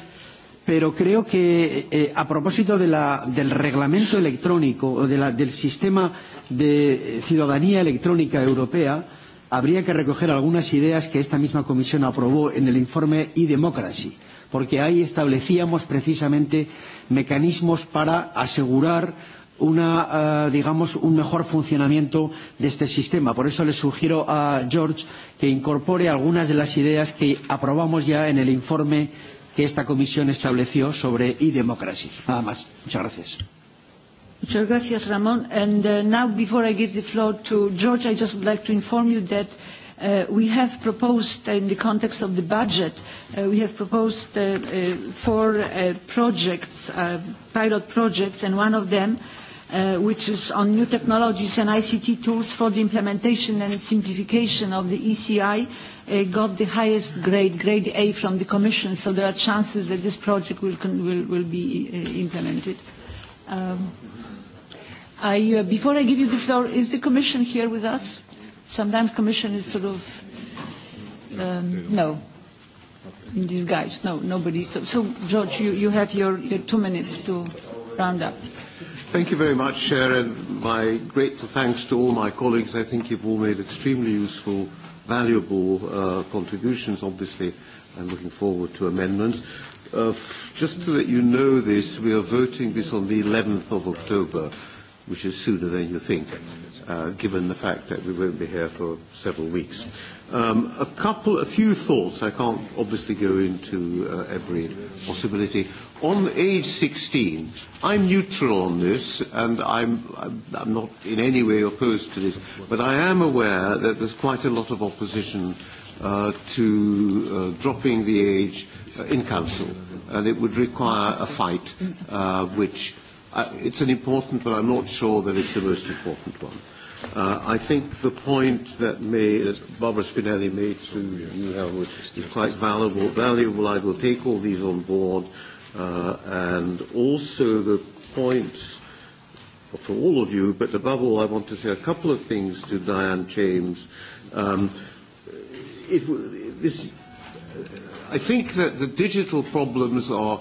pero creo que eh, a propósito de la, del reglamento electrónico o de la, del sistema de ciudadanía electrónica europea, habría que recoger algunas ideas que esta misma comisión aprobó en el informe e-democracy, porque ahí establecíamos precisamente mecanismos para asegurar una, uh, digamos, un mejor funcionamiento de este sistema. Por eso le sugiero a George que incorpore algunas de las ideas que aprobamos ya en el informe que esta comisión estableció sobre e-democracy. Nada más. Muchas gracias. Muchas gracias, Ramon. And uh, now, before I give the floor to George, I just would like to inform you that uh, we have proposed, in the context of the budget, uh, we have proposed uh, uh, four uh, projects, uh, pilot projects, and one of them, uh, which is on new technologies and ICT tools for the implementation and simplification of the ECI, uh, got the highest grade, grade A from the Commission, so there are chances that this project will, will, will be uh, implemented. Um, I, uh, before I give you the floor, is the Commission here with us? Sometimes Commission is sort of, um, no, in disguise. No, nobody. So, so George, you, you have your, your two minutes to round up. Thank you very much, Chair, and my grateful thanks to all my colleagues. I think you've all made extremely useful, valuable uh, contributions, obviously. I'm looking forward to amendments. Uh, just to let you know this, we are voting this on the 11th of October which is sooner than you think, uh, given the fact that we won't be here for several weeks. Um, a couple, a few thoughts. I can't obviously go into uh, every possibility. On age 16, I'm neutral on this, and I'm, I'm, I'm not in any way opposed to this, but I am aware that there's quite a lot of opposition uh, to uh, dropping the age uh, in council, and it would require a fight, uh, which uh, it's an important, but I'm not sure that it's the most important one. Uh, I think the point that, May, that Barbara Spinelli made to you, Helmut, is quite valuable. valuable. I will take all these on board. Uh, and also the points for all of you, but above all, I want to say a couple of things to Diane James. Um, it, this, I think that the digital problems are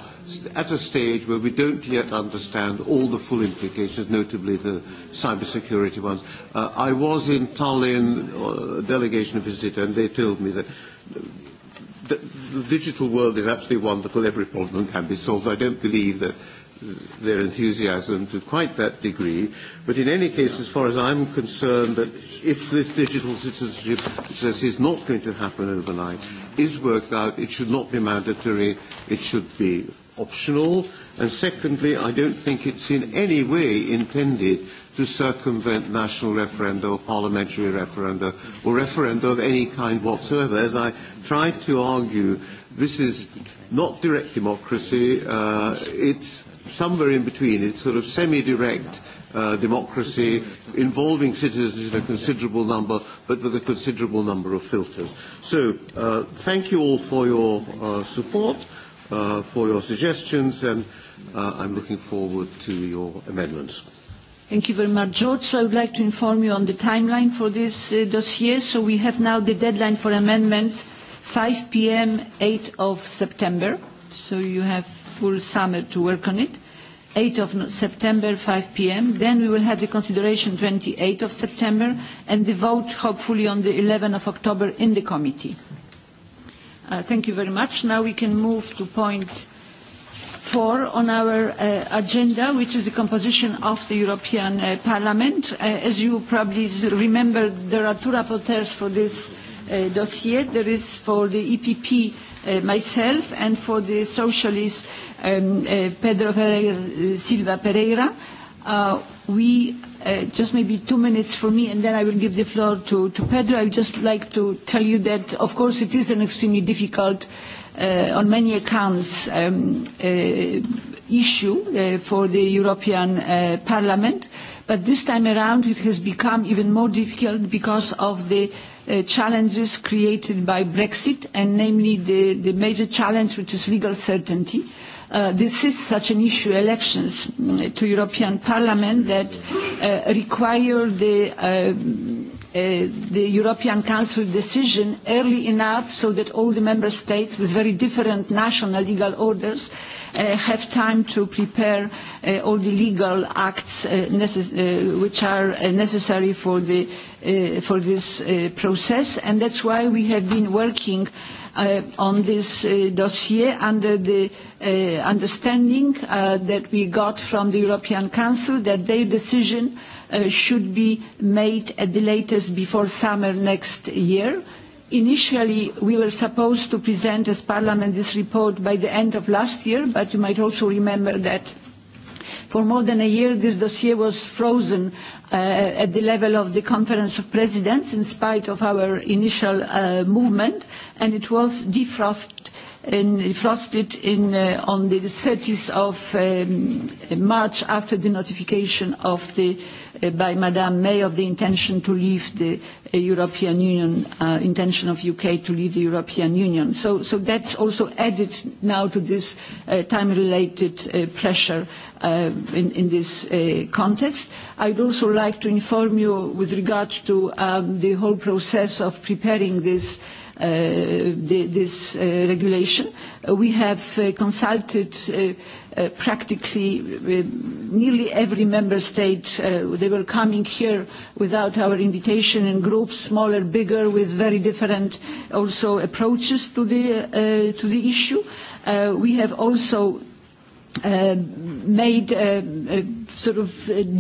at a stage where we don't yet understand all the full implications, notably the cybersecurity ones. Uh, I was in Tallinn, uh, a delegation visitor, and they told me that the, the digital world is absolutely wonderful, every problem can be solved. I don't believe that their enthusiasm to quite that degree. But in any case, as far as I'm concerned, that if this digital citizenship process is not going to happen overnight, is worked out. It should not be mandatory. It should be optional. And secondly, I don't think it's in any way intended to circumvent national referenda or parliamentary referenda or referenda of any kind whatsoever. As I tried to argue, this is not direct democracy. Uh, it's somewhere in between. It's sort of semi-direct Uh, democracy, involving citizens in a considerable number, but with a considerable number of filters. So uh, thank you all for your uh, support, uh, for your suggestions, and uh, I'm looking forward to your amendments. Thank you very much, George. So I would like to inform you on the timeline for this uh, dossier. So we have now the deadline for amendments, 5 p.m., 8 of September. So you have full summer to work on it. 8th of September, 5 p.m. Then we will have the consideration 28th of September and the vote hopefully on the 11th of October in the committee. Uh, thank you very much. Now we can move to point four on our uh, agenda, which is the composition of the European uh, Parliament. Uh, as you probably remember, there are two rapporteurs for this uh, dossier. There is for the EPP uh, myself and for the socialist um, uh, Pedro Ferreira, uh, Silva Pereira. Uh, we uh, just maybe two minutes for me and then I will give the floor to, to Pedro. I would just like to tell you that of course it is an extremely difficult uh, on many accounts um, uh, issue uh, for the European uh, Parliament. Uh, But this time around it has become even more difficult because of the uh, challenges created by Brexit and namely the, the major challenge which is legal certainty. Uh, this is such an issue, elections mm, to European Parliament that uh, require the, uh, uh, the European Council decision early enough so that all the member states with very different national legal orders uh, have time to prepare uh, all the legal acts uh, necess uh, which are uh, necessary for, the, uh, for this uh, process. And that's why we have been working uh, on this uh, dossier under the uh, understanding uh, that we got from the European Council that their decision uh, should be made at the latest before summer next year. Initially, we were supposed to present as Parliament this report by the end of last year, but you might also remember that for more than a year this dossier was frozen uh, at the level of the Conference of Presidents in spite of our initial uh, movement, and it was defrost in, frosted in, uh, on the 30th of um, March after the notification of the, uh, by Madame May of the intention to leave the uh, European Union, uh, intention of UK to leave the European Union. So, so that's also added now to this uh, time-related uh, pressure uh, in, in this uh, context. I'd also like to inform you with regard to um, the whole process of preparing this uh, uh this uh, regulation. Uh, we have uh, consulted Uh, practically uh, nearly every member state uh, they were coming here without our invitation in groups smaller bigger with very different also approaches to the uh, to the issue uh, we have also uh, made a, a sort of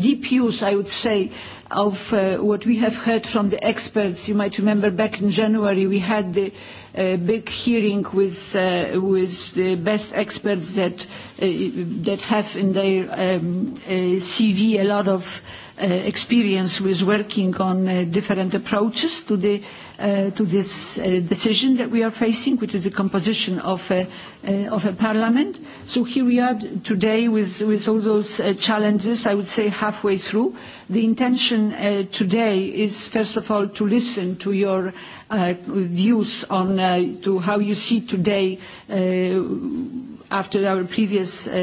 deep use, I would say, of uh, what we have heard from the experts. You might remember back in January we had the uh, big hearing with, uh, with the best experts that, uh, that have in their um, uh, CV a lot of uh, experience with working on uh, different approaches to the uh, uh, to this uh, decision that we are facing, which is the composition of a, uh, of a parliament. So here we are today with, with all those uh, challenges, I would say halfway through. The intention uh, today is, first of all, to listen to your uh, views on uh, to how you see today uh, after our previous uh, uh,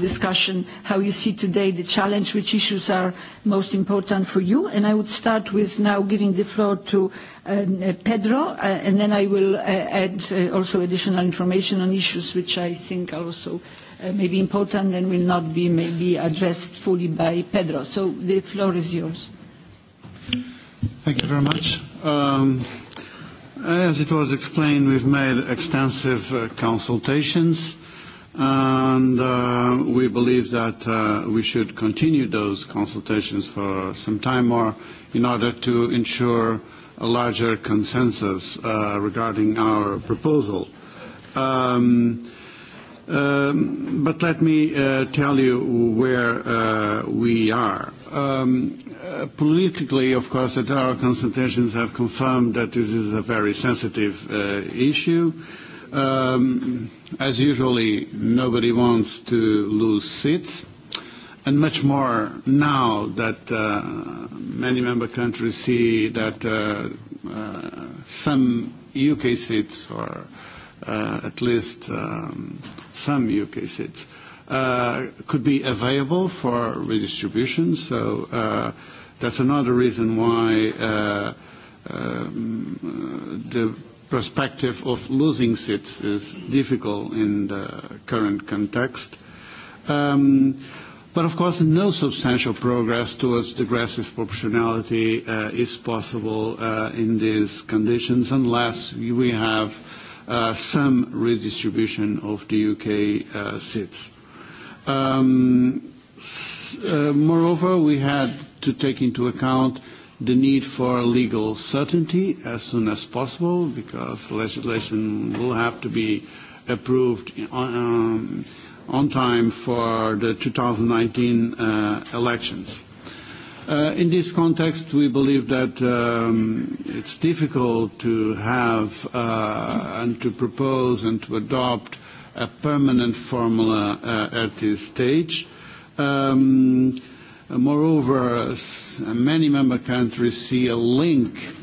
discussion how you see today the challenge, which issues are most important for you. And I would start with now giving the floor to um, Pedro, uh, and then I will uh, add uh, also additional information on issues which I think are also uh, maybe important and will not be maybe addressed fully by Pedro. So the floor is yours. Thank you very much. Um, As it was explained, we've made extensive uh, consultations and uh, we believe that uh, we should continue those consultations for some time more in order to ensure a larger consensus uh, regarding our proposal. Um, Um, but let me uh, tell you where uh, we are. Um, uh, politically, of course, that our consultations have confirmed that this is a very sensitive uh, issue. Um, as usually, nobody wants to lose seats, and much more now that uh, many member countries see that uh, uh, some UK seats, or uh, at least um, some UK seats, uh, could be available for redistribution. So uh, that's another reason why uh, um, the perspective of losing seats is difficult in the current context. Um, But of course, no substantial progress towards digressive proportionality uh, is possible uh, in these conditions unless we have uh, some redistribution of the UK uh, seats. Um, uh, moreover, we had to take into account the need for legal certainty as soon as possible because legislation will have to be approved on, um, on time for the 2019 uh, elections. Uh, in this context, we believe that um, it's difficult to have uh, and to propose and to adopt a permanent formula uh, at this stage. Um, moreover, many member countries see a link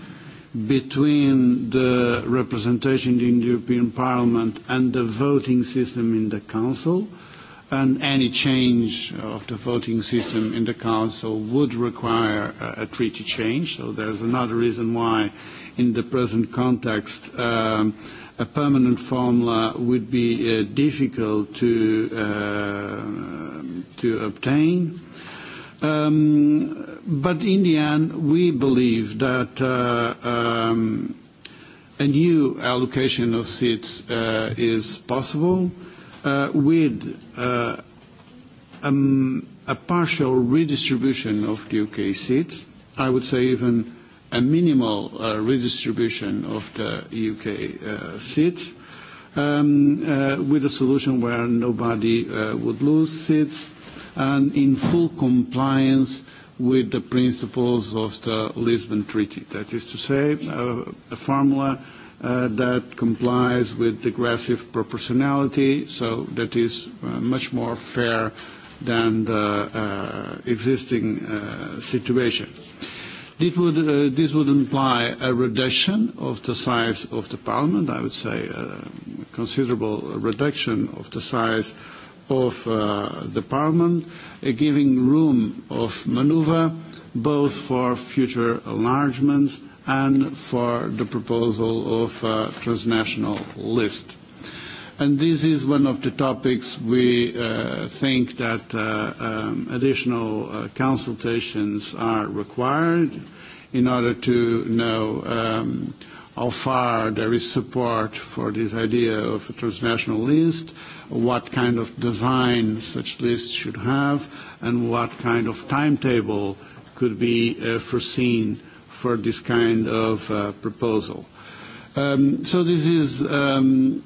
between the representation in the European Parliament and the voting system in the Council. Uh, and any change of the voting system in the Council would require a, a treaty change. So there's another reason why, in the present context, um, a permanent formula would be uh, difficult to, uh, to obtain. Um, but in the end, we believe that uh, um, a new allocation of seats uh, is possible uh, with uh, um, a partial redistribution of the UK seats, I would say even a minimal uh, redistribution of the UK uh, seats, um, uh, with a solution where nobody uh, would lose seats, and in full compliance with the principles of the Lisbon Treaty. That is to say, uh, a formula uh, that complies with digressive proportionality, so that is uh, much more fair than the uh, existing uh, situation. This would, uh, this would imply a reduction of the size of the parliament, I would say a uh, considerable reduction of the size of uh, the parliament, uh, giving room of maneuver both for future enlargements and for the proposal of a transnational list. And this is one of the topics we uh, think that uh, um, additional uh, consultations are required in order to know um, how far there is support for this idea of a transnational list, what kind of design such lists should have, and what kind of timetable could be uh, foreseen for this kind of uh, proposal. Um, so this is um,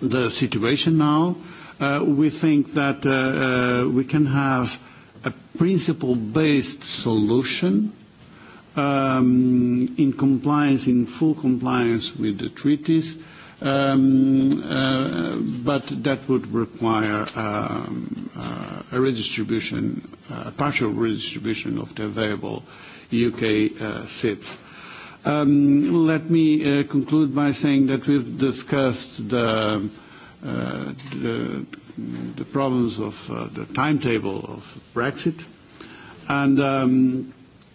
the situation now. Uh, we think that uh, uh, we can have a principle-based solution um, in compliance, in full compliance with the treaties, um, uh, but that would require um, uh, a redistribution, a partial redistribution of the available uh, UK uh, sits. Um, let me uh, conclude by saying that we've discussed the, uh, the, the problems of uh, the timetable of Brexit and um,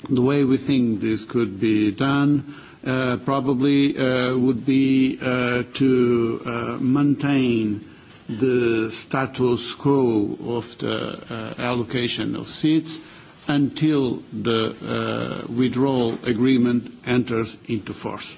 the way we think this could be done uh, probably uh, would be uh, to uh, maintain the status quo of the uh, allocation of seats until the uh, withdrawal agreement enters into force.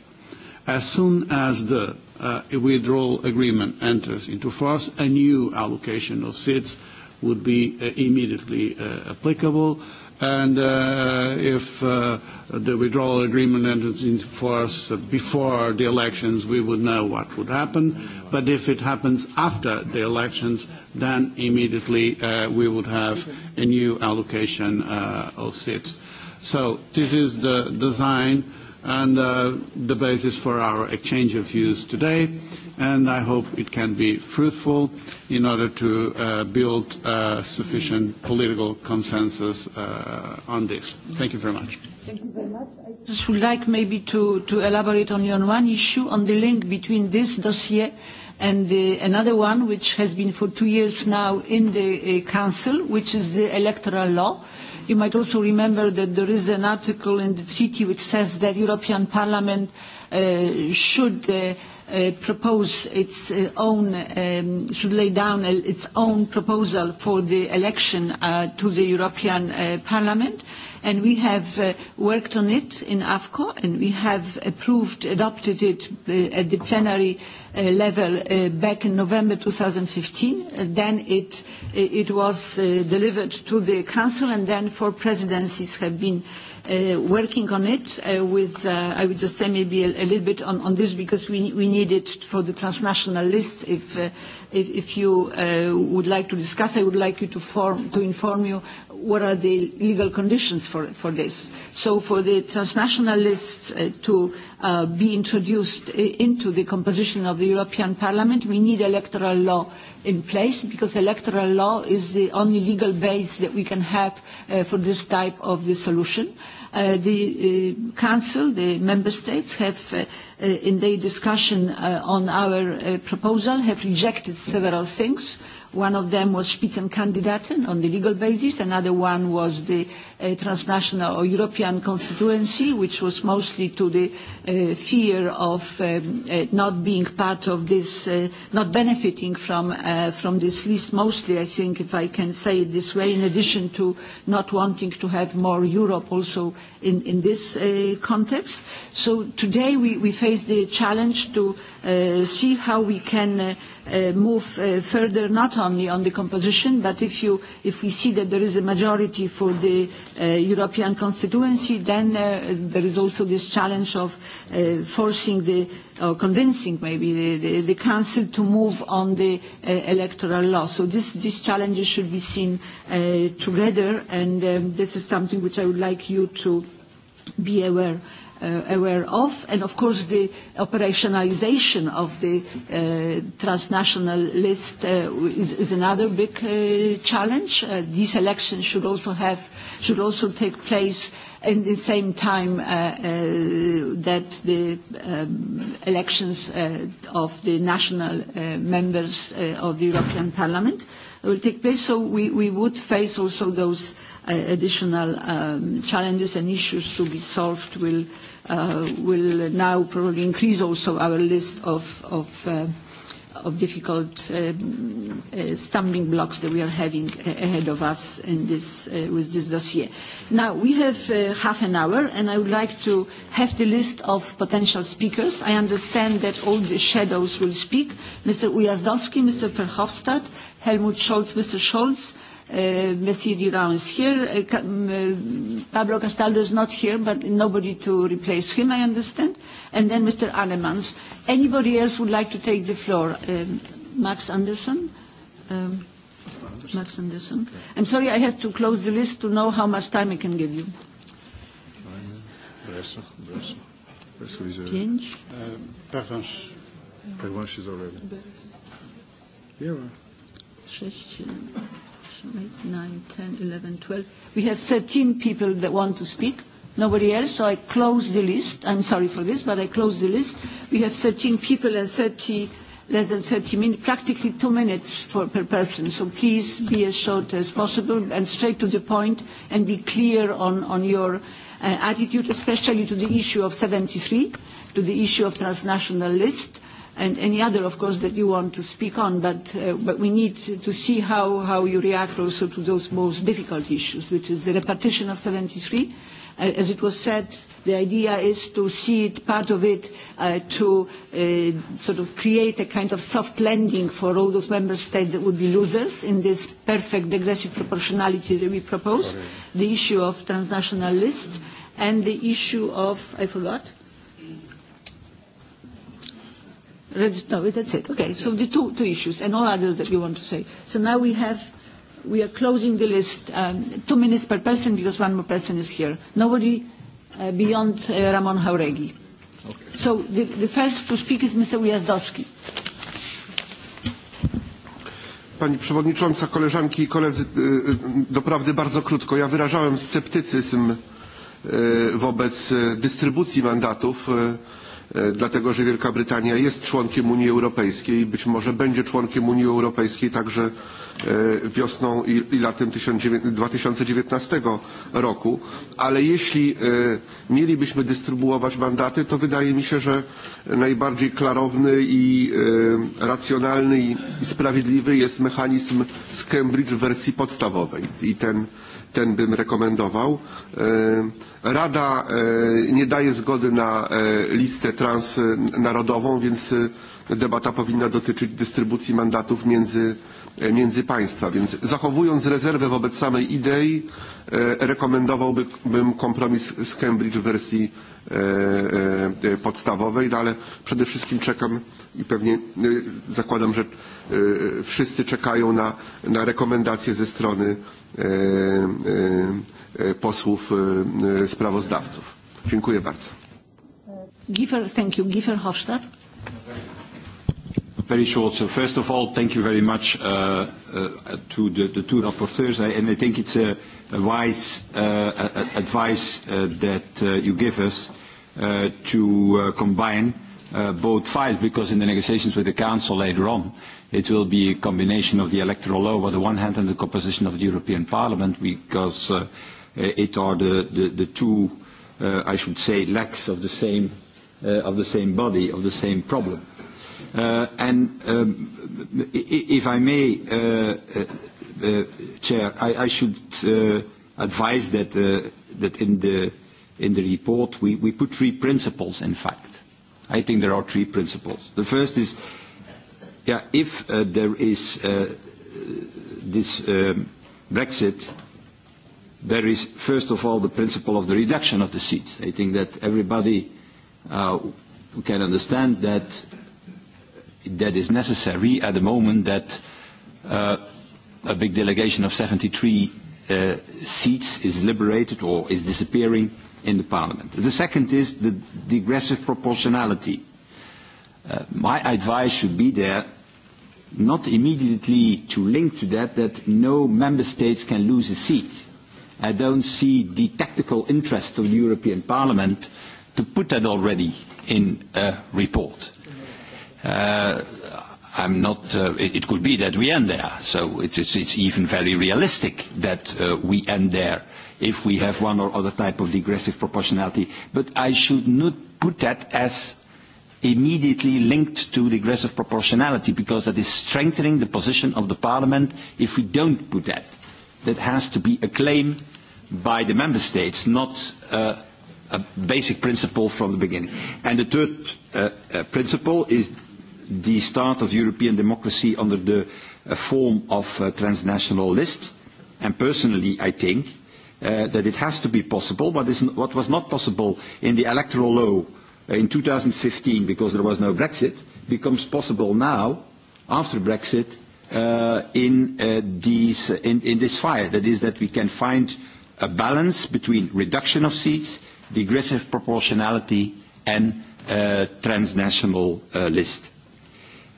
As soon as the uh, withdrawal agreement enters into force, a new allocation of seats would be uh, immediately uh, applicable and uh, if uh, the withdrawal agreement enters into force before the elections, we would know what would happen. But if it happens after the elections, then immediately uh, we would have a new allocation uh, of seats. So this is the design and uh, the basis for our exchange of views today. And I hope it can be fruitful in order to uh, build uh, sufficient political consensus uh, on this. Thank you very much. Thank you very much. I would like maybe to, to elaborate only on one issue on the link between this dossier and the, another one which has been for two years now in the uh, Council, which is the electoral law You might also remember that there is an article in the treaty which says that European Parliament uh, should uh, uh, propose its uh, own, um, should lay down uh, its own proposal for the election uh, to the European uh, Parliament. Uh, and we have uh, worked on it in AFCO, and we have approved, adopted it uh, at the plenary uh, level uh, back in November 2015. Uh, then it, uh, it was uh, delivered to the Council, and then four presidencies have been uh, working on it uh, with, uh, I would just say maybe a, a little bit on, on this because we, we need it for the transnational list. If, uh, if, if you uh, would like to discuss, I would like you to, form, to inform you what are the legal conditions for, for this. So for the transnational uh, to uh, be introduced into the composition of the European Parliament, we need electoral law in place because electoral law is the only legal base that we can have uh, for this type of the solution. Uh, the uh, Council, the Member States have, uh, uh, in their discussion uh, on our uh, proposal, have rejected several things. One of them was Spitzenkandidaten on the legal basis. Another one was the uh, transnational or European constituency, which was mostly to the uh, fear of um, uh, not being part of this, uh, not benefiting from, uh, from this list, mostly, I think, if I can say it this way, in addition to not wanting to have more Europe also in, in this uh, context. So today we, we face the challenge to uh, see how we can uh, uh, move uh, further not only on the composition but if, you, if we see that there is a majority for the uh, European constituency then uh, there is also this challenge of uh, forcing the or convincing maybe the, the, the council to move on the uh, electoral law. So this, these challenges should be seen uh, together and um, this is something which I would like you to be aware uh, aware of, and of course the operationalization of the uh, transnational list uh, is, is another big uh, challenge. Uh, these elections should also have should also take place in the same time uh, uh, that the um, elections uh, of the national uh, members uh, of the European Parliament will take place. So we, we would face also those uh, additional um, challenges and issues to be solved will, uh, will now probably increase also our list of, of, uh, of difficult um, uh, stumbling blocks that we are having ahead of us in this, uh, with this dossier. Now, we have uh, half an hour, and I would like to have the list of potential speakers. I understand that all the shadows will speak. Mr. Ujazdowski, Mr. Verhofstadt, Helmut Scholz, Mr. Scholz, Eh, Messidi Brown is here. Uh, Pablo Castaldo is not here, but nobody to replace him, I understand. And then Mr. Alemans. Anybody else would like to take the floor? Um, Max Anderson? Um, Max Anderson. Okay. I'm sorry, I have to close the list to know how much time I can give you. is Uh, uh already. Yeah eight, nine, ten, eleven, twelve. We have 13 people that want to speak. Nobody else, so I close the list. I'm sorry for this, but I close the list. We have 13 people and 30, less than 30 minutes, practically two minutes for, per person. So please be as short as possible and straight to the point and be clear on, on your uh, attitude, especially to the issue of 73, to the issue of transnational list and any other, of course, that you want to speak on, but, uh, but we need to see how, how you react also to those most difficult issues, which is the repartition of 73. Uh, as it was said, the idea is to see it, part of it, uh, to uh, sort of create a kind of soft landing for all those member states that would be losers in this perfect digressive proportionality that we propose, Sorry. the issue of transnational lists, and the issue of, I forgot, No, that's it. Okay, so the two, two issues and all others that you want to say. So now we have, we are closing the list, um, two minutes per person because one more person is here. Nobody uh, beyond uh, Ramon Jauregui. Okay. So the, the first to speak is Mr. Wiazdowski. Pani Przewodnicząca, koleżanki i koledzy, doprawdy bardzo krótko. Ja wyrażałem sceptycyzm wobec dystrybucji mandatów E, dlatego że Wielka Brytania jest członkiem Unii Europejskiej i być może będzie członkiem Unii Europejskiej także e, wiosną i latem 2019 roku, ale jeśli e, mielibyśmy dystrybuować mandaty, to wydaje mi się, że najbardziej klarowny i racjonalny i sprawiedliwy jest mechanizm z Cambridge w wersji podstawowej i ten ten bym rekomendował. E, Rada e, nie daje zgody na e, listę transnarodową, więc debata powinna dotyczyć dystrybucji mandatów między, e, między państwa. Więc zachowując rezerwę wobec samej idei, e, rekomendowałbym kompromis z Cambridge w wersji e, podstawowej, no ale przede wszystkim czekam i pewnie zakładam, że wszyscy czekają na, na rekomendacje ze strony posłów sprawozdawców. Dziękuję bardzo. Giefer, thank you. Giefer Hofstadt. Very short. So first of all, thank you very much uh, uh, to the, the two rapporteurs. I, and I think it's a, a wise uh, a, advice uh, that uh, you give us uh, to uh, combine uh, both files because in the negotiations with the Council later on, it will be a combination of the electoral law on the one hand and the composition of the European Parliament because uh, it are the, the, the two, uh, I should say, legs of the same, uh, of the same body, of the same problem. Uh, and um, if I may, uh, uh, Chair, I, I should uh, advise that, uh, that in, the, in the report we, we put three principles, in fact. I think there are three principles. The first is, yeah, if uh, there is uh, this um, Brexit, there is, first of all, the principle of the reduction of the seats. I think that everybody uh, can understand that that is necessary at the moment that uh, a big delegation of 73 uh, seats is liberated or is disappearing in the parliament. The second is the digressive proportionality. Uh, my advice should be there not immediately to link to that that no member states can lose a seat. I don't see the tactical interest of the European Parliament to put that already in a report uh, I'm not, uh, it, it could be that we end there. So it, it's, it's even very realistic that uh, we end there if we have one or other type of digressive proportionality. But I should not put that as immediately linked to regressive proportionality because that is strengthening the position of the parliament if we don't put that. That has to be a claim by the member states, not uh, a basic principle from the beginning. And the third uh, uh, principle is the start of European democracy under the uh, form of a uh, transnational list. And personally, I think uh, that it has to be possible, but is, what was not possible in the electoral law uh, in 2015 because there was no Brexit becomes possible now after Brexit uh, in, uh, these, in, in this fire. That is that we can find a balance between reduction of seats, digressive proportionality and uh, transnational uh, list.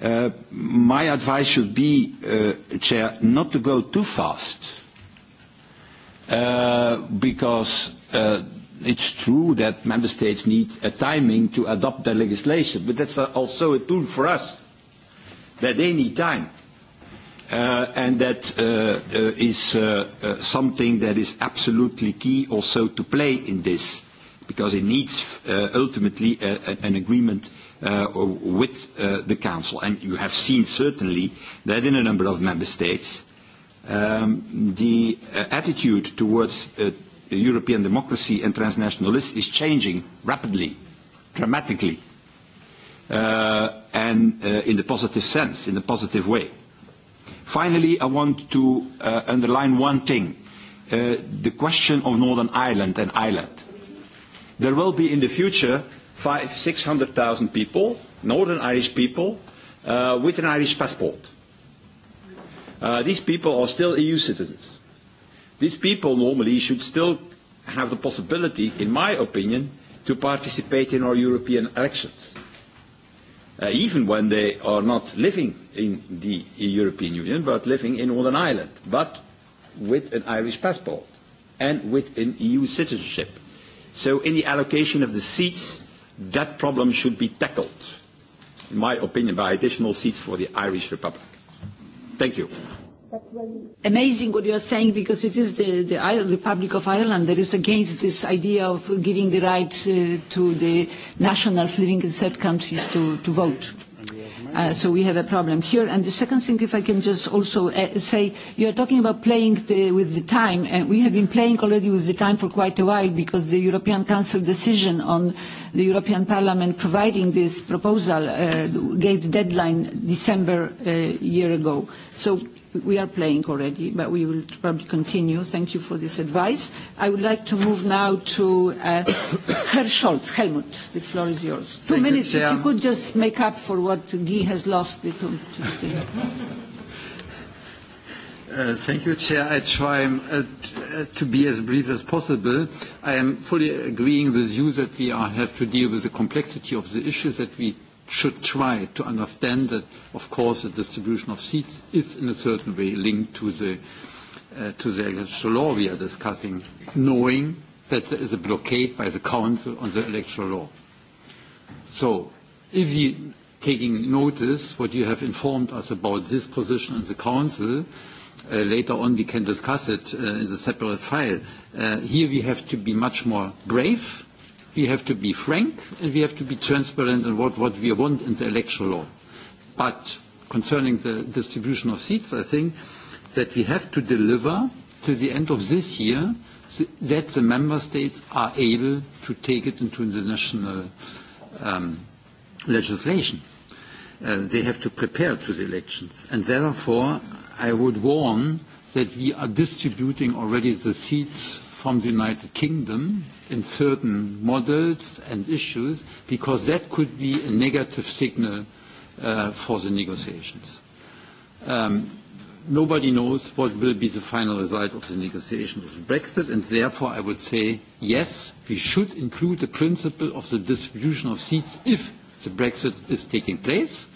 Uh, my advice should be, uh, Chair, not to go too fast, uh, because uh, it's true that member states need a timing to adopt their legislation, but that's a, also a tool for us, that they need time. Uh, and that uh, uh, is uh, uh, something that is absolutely key also to play in this, because it needs uh, ultimately a, a, an agreement uh, with uh, the Council. And you have seen certainly that in a number of Member States, um, the uh, attitude towards uh, European democracy and transnationalists is changing rapidly, dramatically, uh, and uh, in the positive sense, in a positive way. Finally, I want to uh, underline one thing, uh, the question of Northern Ireland and Ireland. There will be in the future five, six hundred thousand people, Northern Irish people, uh, with an Irish passport. Uh, these people are still EU citizens. These people normally should still have the possibility, in my opinion, to participate in our European elections, uh, even when they are not living in the European Union, but living in Northern Ireland, but with an Irish passport and with an EU citizenship. So in the allocation of the seats, that problem should be tackled, in my opinion, by additional seats for the Irish Republic. Thank you. Amazing what you are saying because it is the, the Republic of Ireland that is against this idea of giving the right uh, to the nationals living in third countries to, to vote. Uh, so we have a problem here. And the second thing, if I can just also uh, say, you are talking about playing the, with the time, and uh, we have been playing already with the time for quite a while because the European Council decision on the European Parliament providing this proposal uh, gave the deadline December a uh, year ago. So we are playing already, but we will probably continue. Thank you for this advice. I would like to move now to uh, Herr Scholz. Helmut, the floor is yours. Two Thank minutes, you, if you could just make up for what Guy has lost. The two, Uh, thank you, Chair. I try uh, uh, to be as brief as possible. I am fully agreeing with you that we are, have to deal with the complexity of the issues that we should try to understand that, of course, the distribution of seats is in a certain way linked to the, uh, to the electoral law we are discussing, knowing that there is a blockade by the Council on the electoral law. So, if we, taking notice what you have informed us about this position in the Council, uh, later on we can discuss it uh, in the separate file. Uh, here we have to be much more brave we have to be frank and we have to be transparent in what, what we want in the electoral law. But concerning the distribution of seats, I think that we have to deliver to the end of this year that the member states are able to take it into the national um, legislation. Uh, they have to prepare to the elections. And therefore, I would warn that we are distributing already the seats from the United Kingdom in certain models and issues because that could be a negative signal uh, for the negotiations. Um, nobody knows what will be the final result of the negotiations of Brexit, and therefore I would say, yes, we should include the principle of the distribution of seats if the Brexit is taking place.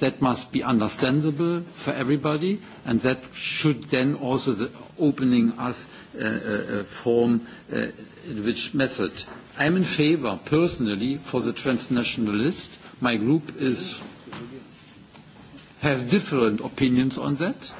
That must be understandable for everybody, and that should then also the, opening us a, a form uh, in which method. I'm in favor personally for the transnational list. My group is have different opinions on that.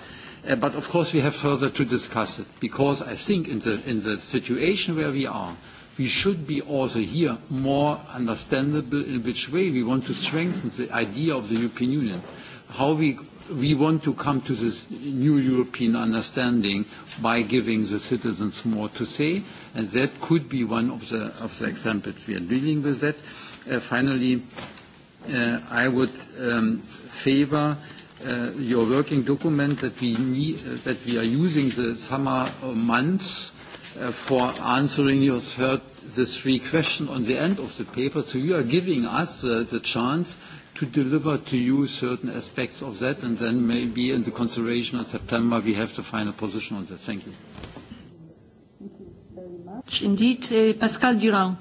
Uh, but of course we have further to discuss it because I think in the, in the situation where we are, we should be also here more understandable in which way we want to strengthen the idea of the European Union, how we we want to come to this new European understanding by giving the citizens more to say, and that could be one of the, of the examples we are dealing with that. Uh, finally, uh, I would um, favor uh, your working document that we, need, uh, that we are using the summer months uh, for answering your third, the three questions on the end of the paper. So you are giving us uh, the chance to deliver to you certain aspects of that, and then maybe in the consideration of September, we have the final position on that. Thank you. Thank you very much. Indeed, uh, Pascal Durand.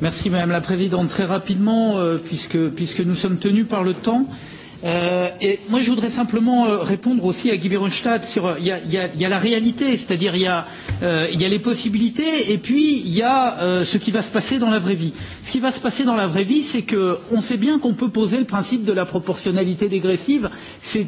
Merci Madame la Présidente. Très rapidement, euh, puisque, puisque nous sommes tenus par le temps, euh, Euh, et moi, je voudrais simplement euh, répondre aussi à Guy Verhofstadt sur euh, il y a, y, a, y a la réalité, c'est-à-dire il y, a, euh, y a les possibilités et puis il y a euh, ce qui va se passer dans la vraie vie. Ce qui va se passer dans la vraie vie, c'est qu'on sait bien qu'on peut poser le principe de la proportionnalité dégressive. C'est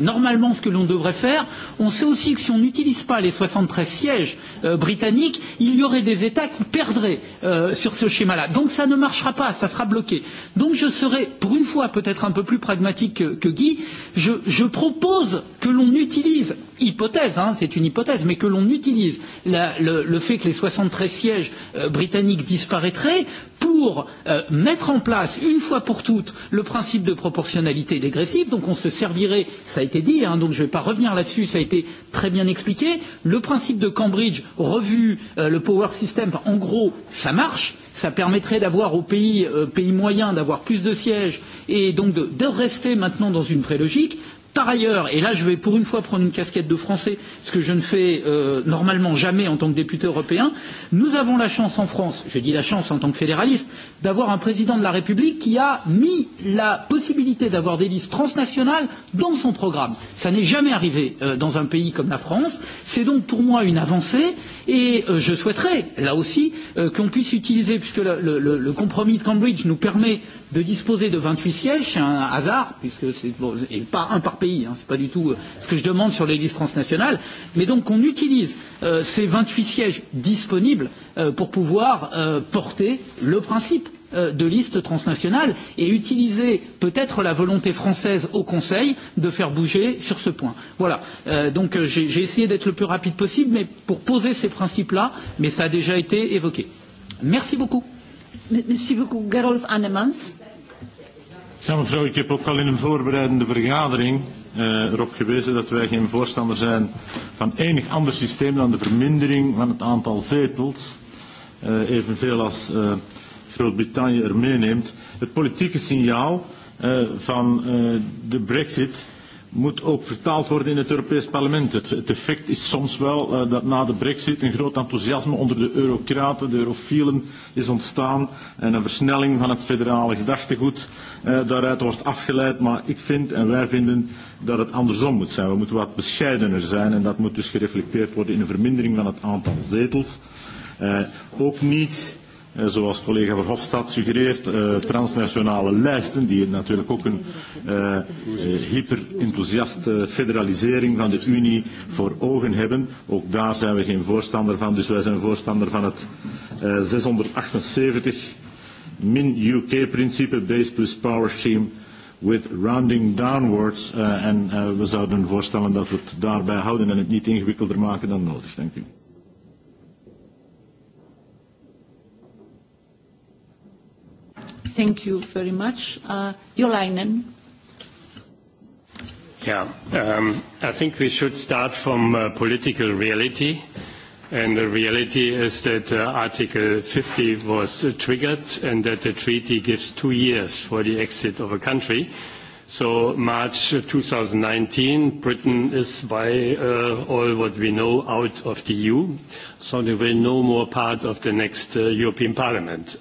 normalement ce que l'on devrait faire. On sait aussi que si on n'utilise pas les 73 sièges euh, britanniques, il y aurait des États qui perdraient euh, sur ce schéma-là. Donc ça ne marchera pas, ça sera bloqué. Donc je serai, pour une fois, peut-être un peu plus pragmatique problématique que Guy, je, je propose que l'on utilise, hypothèse, hein, c'est une hypothèse, mais que l'on utilise la, le, le fait que les 73 sièges euh, britanniques disparaîtraient pour euh, mettre en place une fois pour toutes le principe de proportionnalité dégressive. Donc on se servirait, ça a été dit, hein, donc je ne vais pas revenir là-dessus, ça a été très bien expliqué. Le principe de Cambridge, revu, euh, le power system, en gros, ça marche. Ça permettrait d'avoir aux pays, euh, pays moyens d'avoir plus de sièges et donc de, de rester maintenant dans une vraie logique. Par ailleurs, et là je vais pour une fois prendre une casquette de français, ce que je ne fais euh, normalement jamais en tant que député européen, nous avons la chance en France, je dis la chance en tant que fédéraliste, d'avoir un président de la République qui a mis la possibilité d'avoir des listes transnationales dans son programme. Ça n'est jamais arrivé euh, dans un pays comme la France, c'est donc pour moi une avancée et euh, je souhaiterais, là aussi, euh, qu'on puisse utiliser, puisque le, le, le compromis de Cambridge nous permet de disposer de 28 sièges, c'est un hasard, puisque c'est bon, pas un par pays, hein, n'est pas du tout euh, ce que je demande sur les listes transnationales, mais donc qu'on utilise euh, ces 28 sièges disponibles euh, pour pouvoir euh, porter le principe euh, de listes transnationales et utiliser peut-être la volonté française au Conseil de faire bouger sur ce point. Voilà. Euh, donc euh, j'ai essayé d'être le plus rapide possible, mais pour poser ces principes-là, mais ça a déjà été évoqué. Merci beaucoup. Merci beaucoup, Gerolf Annemans. Ja, mevrouw, ik heb ook al in een voorbereidende vergadering uh, erop gewezen dat wij geen voorstander zijn van enig ander systeem dan de vermindering van het aantal zetels, uh, evenveel als uh, Groot-Brittannië er meeneemt. Het politieke signaal uh, van uh, de brexit moet ook vertaald worden in het Europees Parlement. Het, het effect is soms wel uh, dat na de brexit een groot enthousiasme onder de eurocraten, de eurofielen, is ontstaan en een versnelling van het federale gedachtegoed uh, daaruit wordt afgeleid. Maar ik vind en wij vinden dat het andersom moet zijn. We moeten wat bescheidener zijn en dat moet dus gereflecteerd worden in een vermindering van het aantal zetels. Uh, ook niet Eh, zoals collega Verhofstadt suggereert, uh, transnationale lijsten, die natuurlijk ook een uh, hyper-enthousiaste federalisering van de Unie voor ogen hebben. Ook daar zijn we geen voorstander van, dus wij zijn voorstander van het uh, 678 min UK principe base plus power scheme with rounding downwards. Uh, en uh, we zouden voorstellen dat we het daarbij houden en het niet ingewikkelder maken dan nodig. Dank u. Thank you very much. Uh, Jolainen. Yeah, um, I think we should start from uh, political reality. And the reality is that uh, Article 50 was uh, triggered and that the treaty gives two years for the exit of a country. So March 2019, Britain is by uh, all what we know out of the EU, so they will no more part of the next uh, European Parliament.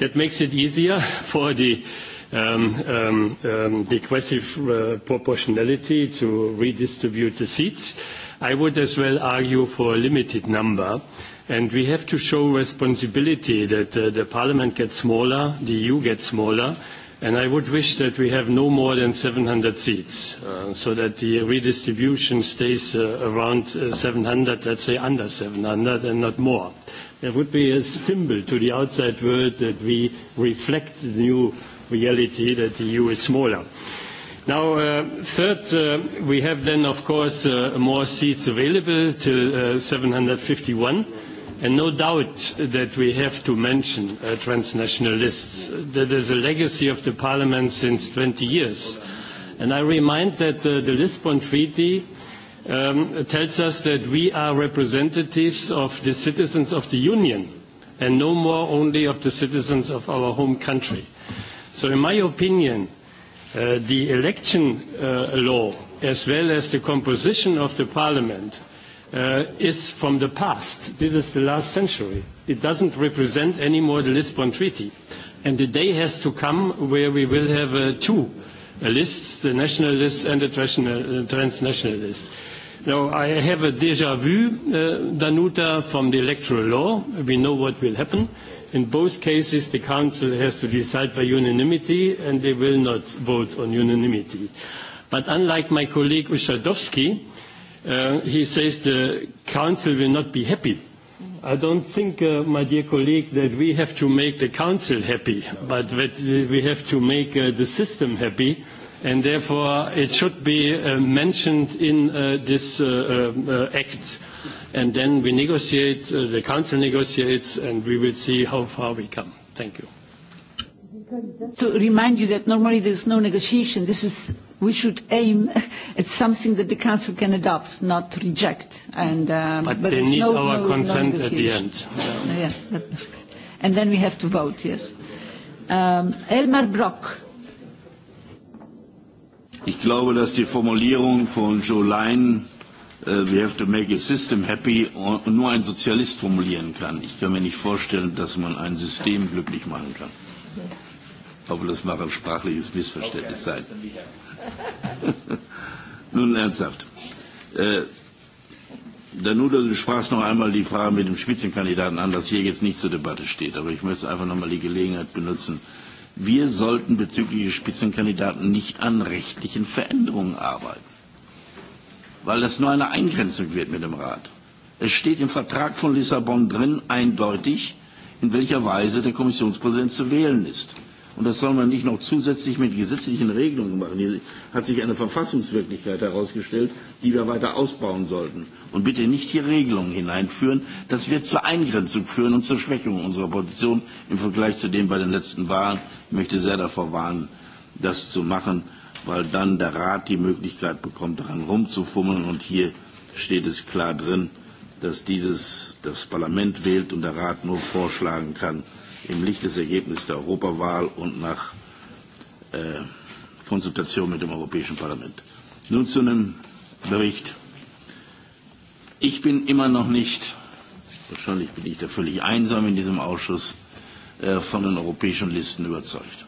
That makes it easier for the um, um, um, degressive uh, proportionality to redistribute the seats. I would as well argue for a limited number. And we have to show responsibility that uh, the parliament gets smaller, the EU gets smaller, And I would wish that we have no more than 700 seats, uh, so that the redistribution stays uh, around uh, 700, let's say under 700 and not more. There would be a symbol to the outside world that we reflect the new reality that the EU is smaller. Now, uh, third, uh, we have then, of course, uh, more seats available till uh, 751. And no doubt that we have to mention uh, transnational lists. That is a legacy of the Parliament since 20 years. And I remind that uh, the Lisbon Treaty um, tells us that we are representatives of the citizens of the Union and no more only of the citizens of our home country. So in my opinion, uh, the election uh, law as well as the composition of the Parliament – uh, is from the past. This is the last century. It doesn't represent anymore the Lisbon Treaty. And the day has to come where we will have uh, two uh, lists, the national list and the uh, transnational list. Now, I have a deja vu, uh, Danuta, from the electoral law. We know what will happen. In both cases, the Council has to decide by unanimity, and they will not vote on unanimity. But unlike my colleague Ushadovsky, uh, uh, he says the council will not be happy. I don't think, uh, my dear colleague, that we have to make the council happy, but that we have to make uh, the system happy, and therefore it should be uh, mentioned in uh, this uh, uh, uh act. And then we negotiate, uh, the council negotiates, and we will see how far we come. Thank you. To remind you that normally there's no negotiation. This is we should aim at something that the Council can adopt, not reject. And, um, but, but they need no, our no, consent at the end. Yeah. yeah, but, and then we have to vote, yes. Um, Elmar Brock. Ich glaube, dass die Formulierung von Joe Lein, uh, äh, we have to make a system happy uh, nur ein Sozialist formulieren kann. Ich kann mir nicht vorstellen, dass man ein System glücklich machen kann. Ich hoffe, das mag ein sprachliches Missverständnis okay, sein. Okay. Nun ernsthaft. Äh, Danuda, du sprachst noch einmal die Frage mit dem Spitzenkandidaten an, das hier jetzt nicht zur Debatte steht. Aber ich möchte einfach nochmal die Gelegenheit benutzen. Wir sollten bezüglich des Spitzenkandidaten nicht an rechtlichen Veränderungen arbeiten, weil das nur eine Eingrenzung wird mit dem Rat. Es steht im Vertrag von Lissabon drin eindeutig, in welcher Weise der Kommissionspräsident zu wählen ist. Und das soll man nicht noch zusätzlich mit gesetzlichen Regelungen machen. Hier hat sich eine Verfassungswirklichkeit herausgestellt, die wir weiter ausbauen sollten. Und bitte nicht hier Regelungen hineinführen. Das wird zur Eingrenzung führen und zur Schwächung unserer Position im Vergleich zu dem bei den letzten Wahlen. Ich möchte sehr davor warnen, das zu machen, weil dann der Rat die Möglichkeit bekommt, daran rumzufummeln. Und hier steht es klar drin, dass dieses das Parlament wählt und der Rat nur vorschlagen kann im Licht des Ergebnisses der Europawahl und nach äh, Konsultation mit dem Europäischen Parlament. Nun zu einem Bericht. Ich bin immer noch nicht, wahrscheinlich bin ich da völlig einsam in diesem Ausschuss, äh, von den europäischen Listen überzeugt.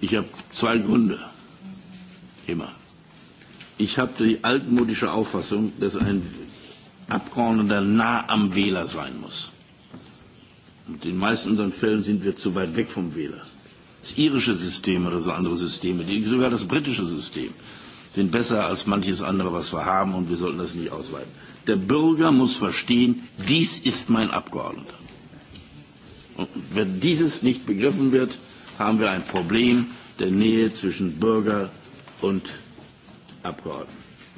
Ich habe zwei Gründe. Immer. Ich habe die altmodische Auffassung, dass ein Abgeordneter nah am Wähler sein muss. In den meisten unseren Fällen sind wir zu weit weg vom Wähler. Das irische System oder so andere Systeme, die, sogar das britische System, sind besser als manches andere, was wir haben, und wir sollten das nicht ausweiten. Der Bürger muss verstehen, dies ist mein Abgeordneter. Und wenn dieses nicht begriffen wird, haben wir ein Problem der Nähe zwischen Bürger und Abgeordneten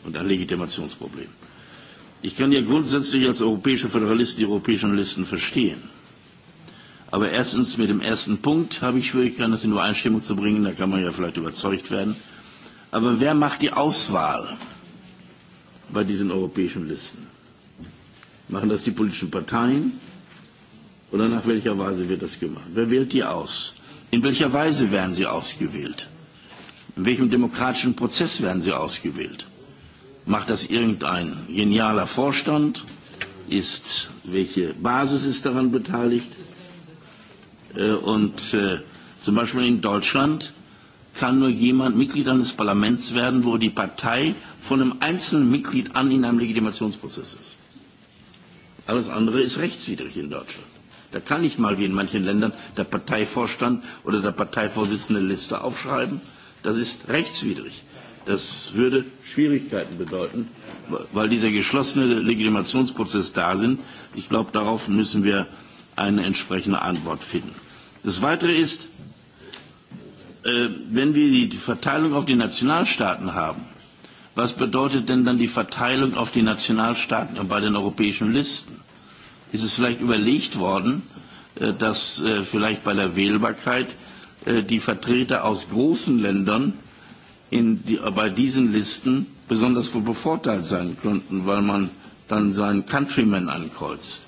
und ein Legitimationsproblem. Ich kann ja grundsätzlich als europäische Föderalist die europäischen Listen verstehen. Aber erstens mit dem ersten Punkt habe ich Schwierigkeiten, das in Übereinstimmung zu bringen. Da kann man ja vielleicht überzeugt werden. Aber wer macht die Auswahl bei diesen europäischen Listen? Machen das die politischen Parteien? Oder nach welcher Weise wird das gemacht? Wer wählt die aus? In welcher Weise werden sie ausgewählt? In welchem demokratischen Prozess werden sie ausgewählt? Macht das irgendein genialer Vorstand? Ist, welche Basis ist daran beteiligt? Äh, und äh, zum Beispiel in Deutschland kann nur jemand Mitglied eines Parlaments werden, wo die Partei von einem einzelnen Mitglied an in einem Legitimationsprozess ist. Alles andere ist rechtswidrig in Deutschland. Da kann ich mal wie in manchen Ländern der Parteivorstand oder der Parteivorsitzende Liste aufschreiben. Das ist rechtswidrig. Das würde Schwierigkeiten bedeuten, weil dieser geschlossene Legitimationsprozess da sind. Ich glaube, darauf müssen wir eine entsprechende Antwort finden. Das Weitere ist, äh, wenn wir die Verteilung auf die Nationalstaaten haben, was bedeutet denn dann die Verteilung auf die Nationalstaaten und bei den europäischen Listen? Ist es vielleicht überlegt worden, äh, dass äh, vielleicht bei der Wählbarkeit äh, die Vertreter aus großen Ländern in die, bei diesen Listen besonders bevorteilt sein könnten, weil man dann seinen Countryman ankreuzt?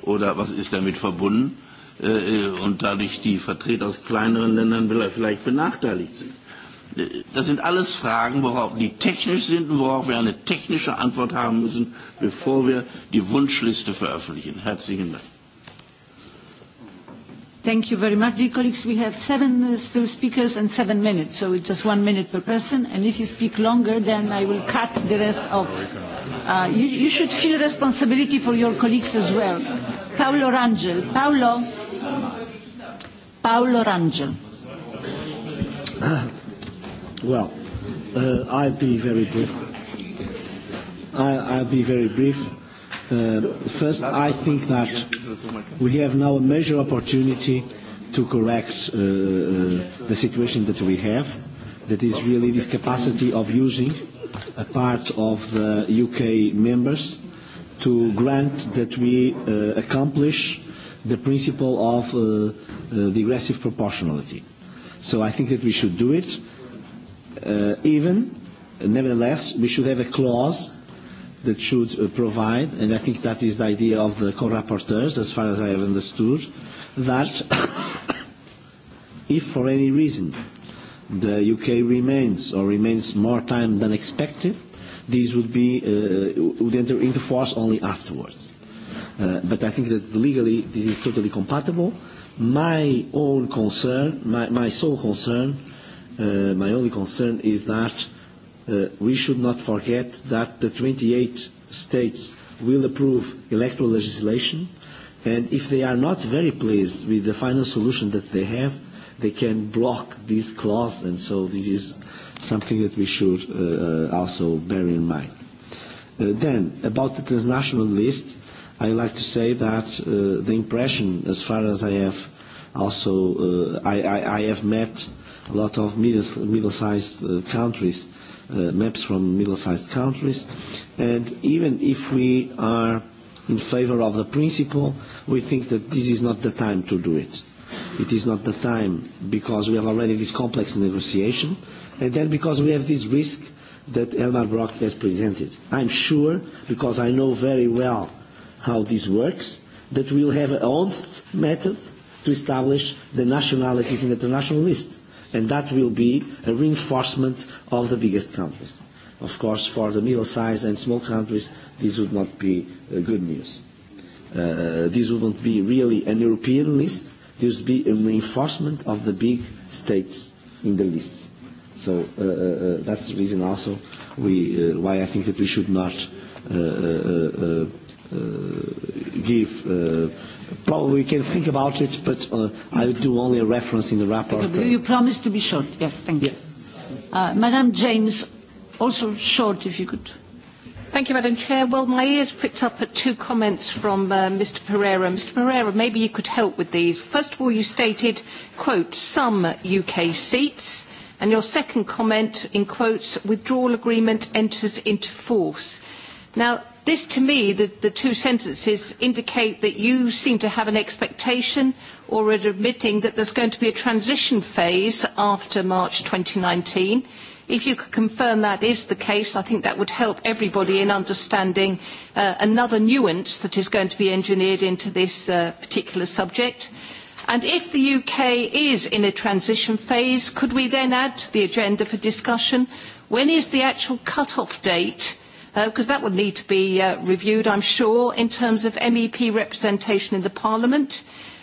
Oder was ist damit verbunden? Äh, äh, und dadurch die Vertreter aus kleineren Ländern vielleicht benachteiligt sind. Äh, das sind alles Fragen, worauf, die technisch sind und worauf wir eine technische Antwort haben müssen, bevor wir die Wunschliste veröffentlichen. Herzlichen Dank. Thank you very much. Dear colleagues, we have seven uh, still speakers and seven minutes, so it's just one minute per person. And if you speak longer, then I will cut the rest of... Uh, you, you should feel responsibility for your colleagues as well. Paolo Rangel. Paolo... Paolo Rangel. Ah, well, uh, I'll be very brief. I, I'll be very brief. Uh, first, I think that we have now a major opportunity to correct uh, uh the situation that we have, that is really this capacity of using a part of the UK members to grant that we uh, accomplish the principle of uh, uh, digressive proportionality. So I think that we should do it. Uh, even, nevertheless, we should have a clause that should uh, provide, and I think that is the idea of the co-rapporteurs, as far as I have understood, that if for any reason the UK remains or remains more time than expected, these would, be, uh, would enter into force only afterwards. Uh, but I think that legally this is totally compatible. My own concern, my, my sole concern, uh, my only concern is that uh, we should not forget that the 28 states will approve electoral legislation and if they are not very pleased with the final solution that they have, they can block this clause and so this is something that we should uh, uh also bear in mind. Uh, then, about the transnational list, I like to say that uh, the impression, as far as I have also, uh, I, I, I have met a lot of middle-sized middle uh, countries, uh, maps from middle-sized countries, and even if we are in favor of the principle, we think that this is not the time to do it. It is not the time because we have already this complex negotiation, and then because we have this risk that Elmar Brock has presented. I'm sure, because I know very well how this works, that we will have our own method to establish the nationalities in the international list. And that will be a reinforcement of the biggest countries. Of course, for the middle-sized and small countries, this would not be uh, good news. Uh, this wouldn't be really an European list. This would be a reinforcement of the big states in the list. So uh, uh, uh that's the reason also we, uh, why I think that we should not uh, uh, uh, uh Uh, give. Uh, probably we can think about it, but uh, I do only a reference in the report. You promised to be short. Yes, thank you. Uh, Madam James, also short, if you could. Thank you, Madam Chair. Well, my ears pricked up at two comments from uh, Mr. Pereira. Mr. Pereira, maybe you could help with these. First of all, you stated, quote, some UK seats, and your second comment, in quotes, withdrawal agreement enters into force. Now, this to me, the, the two sentences indicate that you seem to have an expectation or are admitting that there's going to be a transition phase after March 2019. If you could confirm that is the case, I think that would help everybody in understanding uh, another nuance that is going to be engineered into this uh, particular subject. And if the UK is in a transition phase, could we then add to the agenda for discussion when is the actual cut-off date because uh, that would need to be uh, reviewed, I'm sure, in terms of MEP representation in the Parliament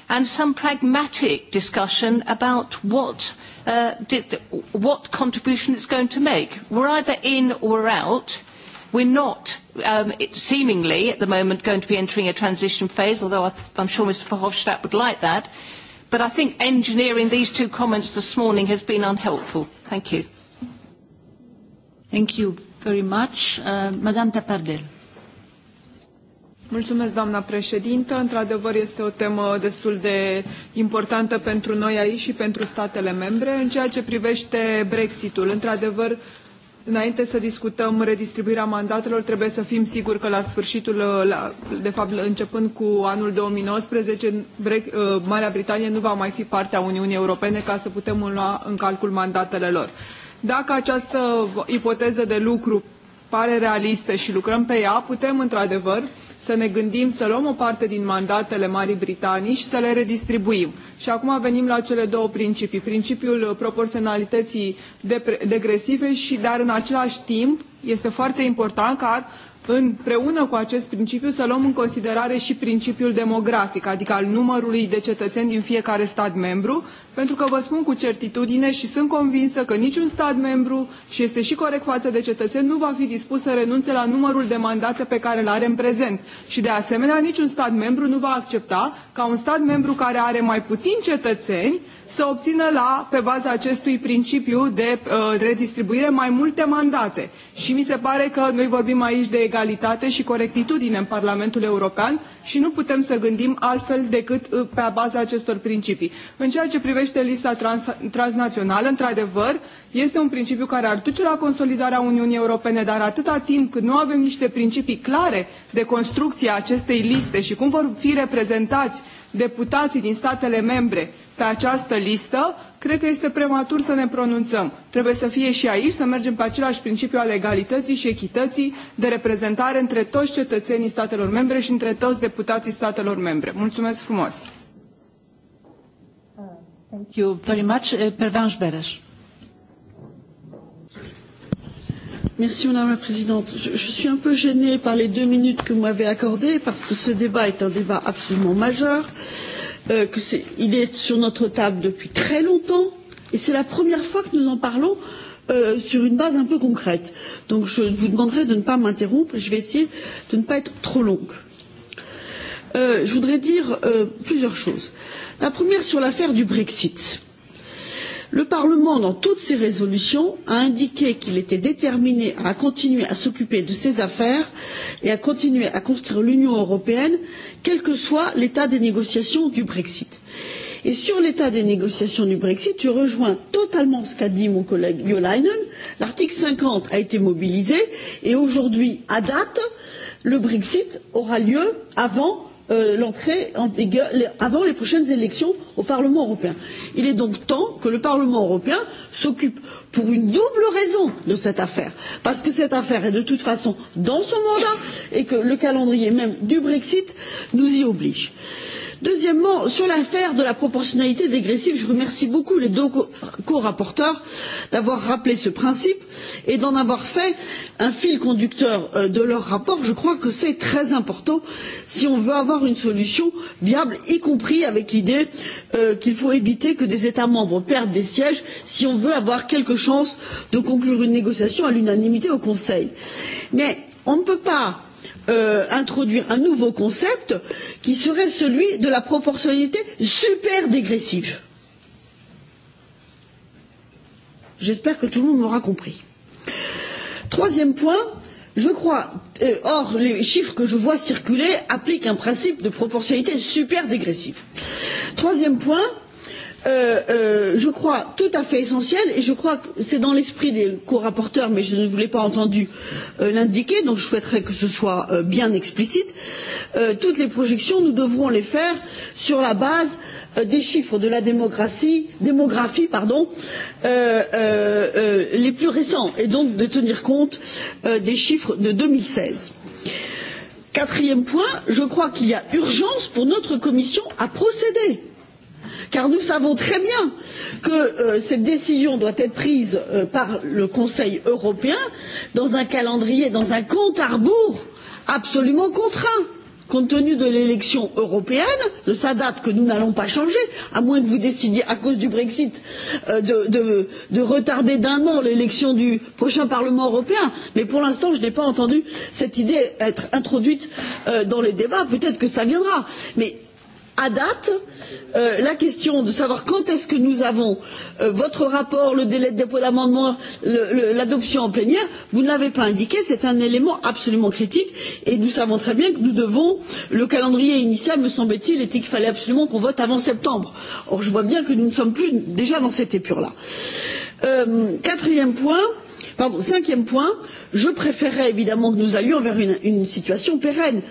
and some pragmatic discussion about what, uh, did, what contribution it's going to make. We're either in or out. We're not um, it seemingly at the moment going to be entering a transition phase, although I I'm sure Mr Verhofstadt would like that. But I think engineering these two comments this morning has been unhelpful. Thank you. Thank you very much. Uh, Madame Tapardel. Mulțumesc, doamna președintă. Într-adevăr, este o temă destul de importantă pentru noi aici și pentru statele membre. În ceea ce privește Brexitul, într-adevăr, Înainte să discutăm redistribuirea mandatelor, trebuie să fim siguri că la sfârșitul, la, de fapt începând cu anul 2019, Bre uh, Marea Britanie nu va mai fi partea Uniunii Europene ca să putem lua în calcul mandatele lor. Dacă această ipoteză de lucru pare realistă și lucrăm pe ea, putem într-adevăr să ne gândim să luăm o parte din mandatele Marii Britanii și să le redistribuim. Și acum venim la cele două principii, principiul proporționalității degresive și, dar în același timp, este foarte important ca împreună cu acest principiu să luăm în considerare și principiul demografic, adică al numărului de cetățeni din fiecare stat membru, pentru că vă spun cu certitudine și sunt convinsă că niciun stat membru, și este și corect față de cetățeni, nu va fi dispus să renunțe la numărul de mandate pe care îl are în prezent. Și de asemenea, niciun stat membru nu va accepta ca un stat membru care are mai puțin cetățeni să obțină la, pe baza acestui principiu de uh, redistribuire mai multe mandate. Și mi se pare că noi vorbim aici de egalitate și corectitudine în Parlamentul European și nu putem să gândim altfel decât uh, pe baza acestor principii. În ceea ce privește privește lista trans, transnațională, într-adevăr, este un principiu care ar duce la consolidarea Uniunii Europene, dar atâta timp cât nu avem niște principii clare de construcție a acestei liste și cum vor fi reprezentați deputații din statele membre pe această listă, cred că este prematur să ne pronunțăm. Trebuie să fie și aici, să mergem pe același principiu al egalității și echității de reprezentare între toți cetățenii statelor membre și între toți deputații statelor membre. Mulțumesc frumos! Thank you very much. Uh, Pervenche Beres. Merci Madame la Présidente. Je, je suis un peu gênée par les deux minutes que vous m'avez accordées parce que ce débat est un débat absolument majeur, euh, que est, il est sur notre table depuis très longtemps et c'est la première fois que nous en parlons euh, sur une base un peu concrète. Donc je vous demanderai de ne pas m'interrompre et je vais essayer de ne pas être trop longue. Euh, je voudrais dire euh, plusieurs choses. La première sur l'affaire du Brexit. Le Parlement, dans toutes ses résolutions, a indiqué qu'il était déterminé à continuer à s'occuper de ces affaires et à continuer à construire l'Union européenne, quel que soit l'état des négociations du Brexit. Et sur l'état des négociations du Brexit, je rejoins totalement ce qu'a dit mon collègue Jo Leinen. L'article 50 a été mobilisé et aujourd'hui, à date, le Brexit aura lieu avant euh, l'entrée en vigueur les, avant les prochaines élections au Parlement européen. Il est donc temps que le Parlement européen s'occupe pour une double raison de cette affaire parce que cette affaire est de toute façon dans son mandat et que le calendrier même du Brexit nous y oblige. Deuxièmement, sur l'affaire de la proportionnalité dégressive, je remercie beaucoup les deux co-rapporteurs d'avoir rappelé ce principe et d'en avoir fait un fil conducteur euh, de leur rapport. Je crois que c'est très important si on veut avoir une solution viable, y compris avec l'idée euh, qu'il faut éviter que des États membres perdent des sièges si on veut avoir quelque chance de conclure une négociation à l'unanimité au Conseil. Mais on ne peut pas euh, introduire un nouveau concept qui serait celui de la proportionnalité super dégressive. J'espère que tout le monde m'aura compris. Troisième point, je crois, euh, or les chiffres que je vois circuler appliquent un principe de proportionnalité super dégressive. Troisième point, euh, euh, euh, je crois, tout à fait essentiel, et je crois que c'est dans l'esprit des co-rapporteurs, mais je ne vous l'ai pas entendu euh, l'indiquer, donc je souhaiterais que ce soit euh, bien explicite. Euh, toutes les projections, nous devrons les faire sur la base euh, des chiffres de la démocratie, démographie pardon, euh, euh, euh, les plus récents, et donc de tenir compte euh, des chiffres de 2016. Quatrième point, je crois qu'il y a urgence pour notre commission à procéder car nous savons très bien que euh, cette décision doit être prise euh, par le Conseil européen dans un calendrier, dans un compte à rebours absolument contraint compte tenu de l'élection européenne, de sa date que nous n'allons pas changer, à moins que vous décidiez à cause du Brexit euh, de, de, de retarder d'un an l'élection du prochain Parlement européen. Mais pour l'instant, je n'ai pas entendu cette idée être introduite euh, dans les débats. Peut-être que ça viendra. Mais à date, euh, la question de savoir quand est-ce que nous avons euh, votre rapport, le délai de dépôt d'amendement, l'adoption en plénière, vous ne l'avez pas indiqué, c'est un élément absolument critique et nous savons très bien que nous devons, le calendrier initial me semble-t-il était qu'il fallait absolument qu'on vote avant septembre. Or je vois bien que nous ne sommes plus déjà dans cette épure-là. Euh, quatrième point, euh, Pardon, cinquième point, je préférerais évidemment que nous allions vers une, une situation pérenne.